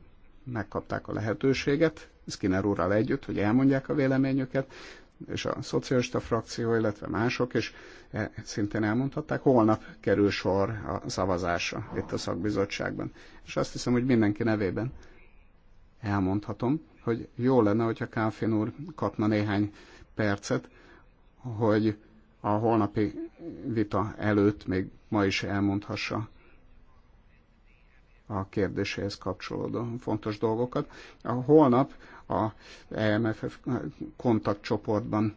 megkapták a lehetőséget, Skinner úrral együtt, hogy elmondják a véleményüket, és a szocialista frakció, illetve mások is e, szintén elmondhatták. Holnap kerül sor a szavazásra itt a szakbizottságban. És azt hiszem, hogy mindenki nevében elmondhatom, hogy jó lenne, hogyha Káfin úr kapna néhány percet, hogy a holnapi vita előtt még ma is elmondhassa a kérdéséhez kapcsolódó fontos dolgokat. A holnap a EMFF kontaktcsoportban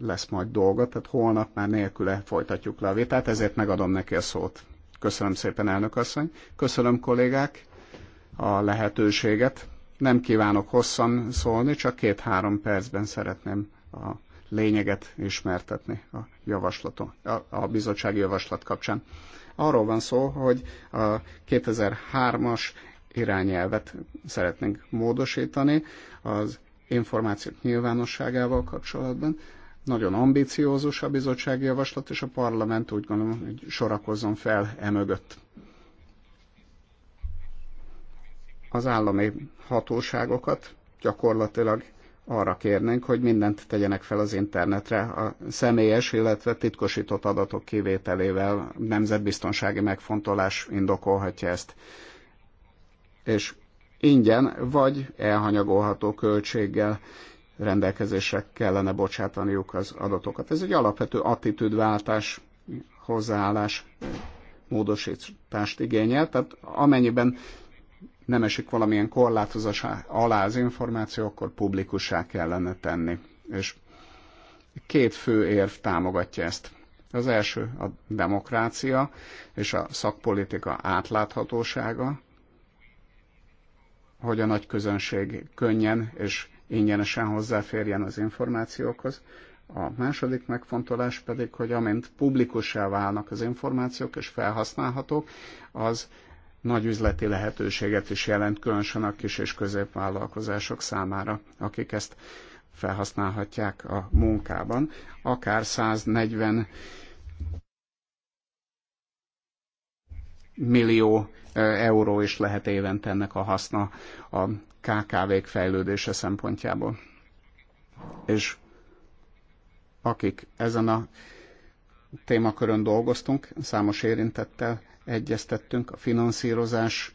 lesz majd dolga, tehát holnap már nélküle folytatjuk le a vitát, ezért megadom neki a szót. Köszönöm szépen, elnök asszony. Köszönöm, kollégák, a lehetőséget. Nem kívánok hosszan szólni, csak két-három percben szeretném a lényeget ismertetni a javaslaton, a, a bizottsági javaslat kapcsán. Arról van szó, hogy a 2003-as irányelvet szeretnénk módosítani az információk nyilvánosságával kapcsolatban. Nagyon ambiciózus a bizottsági javaslat, és a parlament úgy gondolom, hogy sorakozzon fel emögött. Az állami hatóságokat gyakorlatilag arra kérnénk, hogy mindent tegyenek fel az internetre a személyes, illetve titkosított adatok kivételével nemzetbiztonsági megfontolás indokolhatja ezt. És ingyen vagy elhanyagolható költséggel rendelkezésre kellene bocsátaniuk az adatokat. Ez egy alapvető attitűdváltás, hozzáállás, módosítást igényel, tehát amennyiben nem esik valamilyen korlátozás alá az információ, akkor publikussá kellene tenni. És két fő érv támogatja ezt. Az első a demokrácia és a szakpolitika átláthatósága, hogy a nagy közönség könnyen és ingyenesen hozzáférjen az információkhoz. A második megfontolás pedig, hogy amint publikussá válnak az információk és felhasználhatók, az nagy üzleti lehetőséget is jelent, különösen a kis és középvállalkozások számára, akik ezt felhasználhatják a munkában, akár 140 millió euró is lehet évente ennek a haszna a KKV-k fejlődése szempontjából. És akik ezen a témakörön dolgoztunk, számos érintettel egyeztettünk, a finanszírozás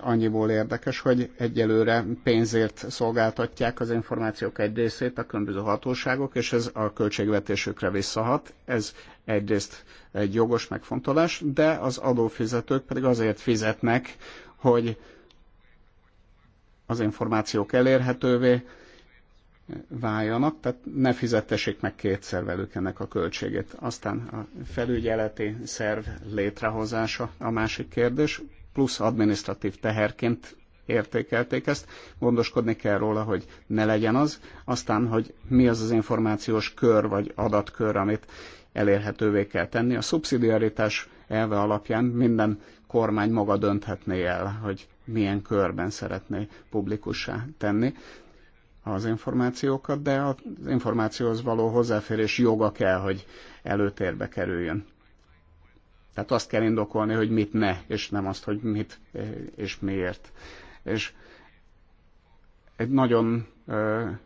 annyiból érdekes, hogy egyelőre pénzért szolgáltatják az információk egy részét a különböző hatóságok, és ez a költségvetésükre visszahat. Ez egyrészt egy jogos megfontolás, de az adófizetők pedig azért fizetnek, hogy az információk elérhetővé, váljanak, tehát ne fizettessék meg kétszer velük ennek a költségét. Aztán a felügyeleti szerv létrehozása a másik kérdés, plusz adminisztratív teherként értékelték ezt, gondoskodni kell róla, hogy ne legyen az, aztán, hogy mi az az információs kör vagy adatkör, amit elérhetővé kell tenni. A szubszidiaritás elve alapján minden kormány maga dönthetné el, hogy milyen körben szeretné publikussá tenni az információkat, de az információhoz való hozzáférés joga kell, hogy előtérbe kerüljön. Tehát azt kell indokolni, hogy mit ne, és nem azt, hogy mit eh, és miért. És egy nagyon eh,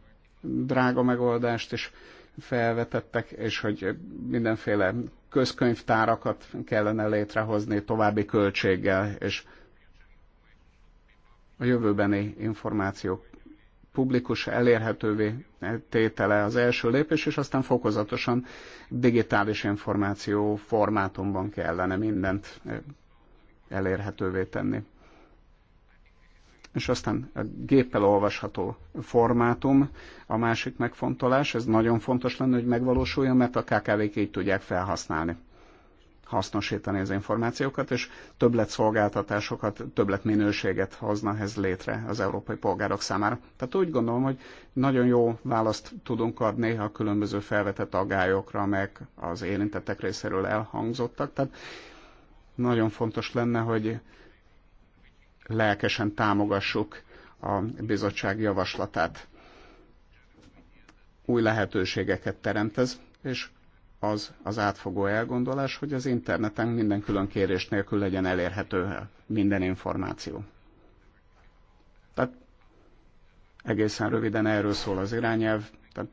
drága megoldást is felvetettek, és hogy mindenféle közkönyvtárakat kellene létrehozni további költséggel, és a jövőbeni információk publikus elérhetővé tétele az első lépés, és aztán fokozatosan digitális információ formátumban kellene mindent elérhetővé tenni. És aztán a géppel olvasható formátum, a másik megfontolás, ez nagyon fontos lenne, hogy megvalósuljon, mert a KKV-k így tudják felhasználni hasznosítani az információkat, és többlet többlet minőséget hozna ez létre az európai polgárok számára. Tehát úgy gondolom, hogy nagyon jó választ tudunk adni a különböző felvetett agályokra, amelyek az érintettek részéről elhangzottak. Tehát nagyon fontos lenne, hogy lelkesen támogassuk a bizottság javaslatát. Új lehetőségeket teremt ez, és az az átfogó elgondolás, hogy az interneten minden külön kérés nélkül legyen elérhető minden információ. Tehát egészen röviden erről szól az irányelv, tehát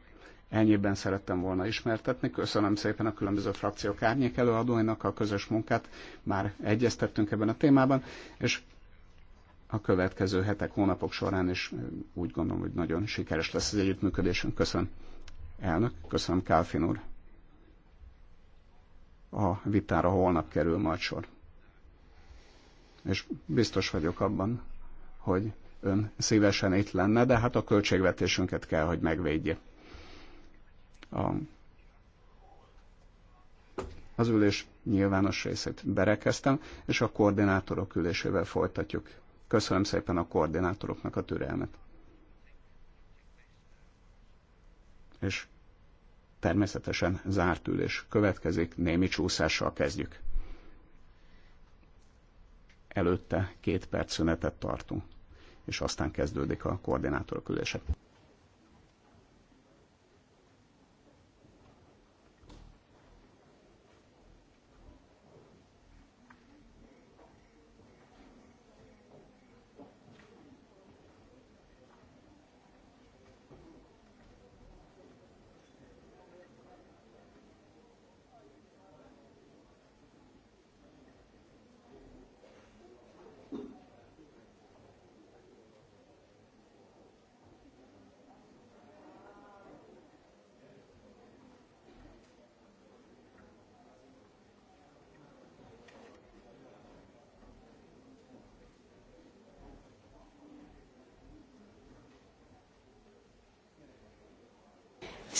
ennyiben szerettem volna ismertetni. Köszönöm szépen a különböző frakciók árnyék előadóinak a közös munkát, már egyeztettünk ebben a témában, és a következő hetek, hónapok során, is úgy gondolom, hogy nagyon sikeres lesz az együttműködésünk. Köszönöm. Elnök, köszönöm Kálfin úr a vitára holnap kerül majd sor. És biztos vagyok abban, hogy ön szívesen itt lenne, de hát a költségvetésünket kell, hogy megvédje. A, az ülés nyilvános részét berekeztem, és a koordinátorok ülésével folytatjuk. Köszönöm szépen a koordinátoroknak a türelmet. És Természetesen zárt ülés következik, némi csúszással kezdjük. Előtte két perc szünetet tartunk, és aztán kezdődik a koordinátorok ülése.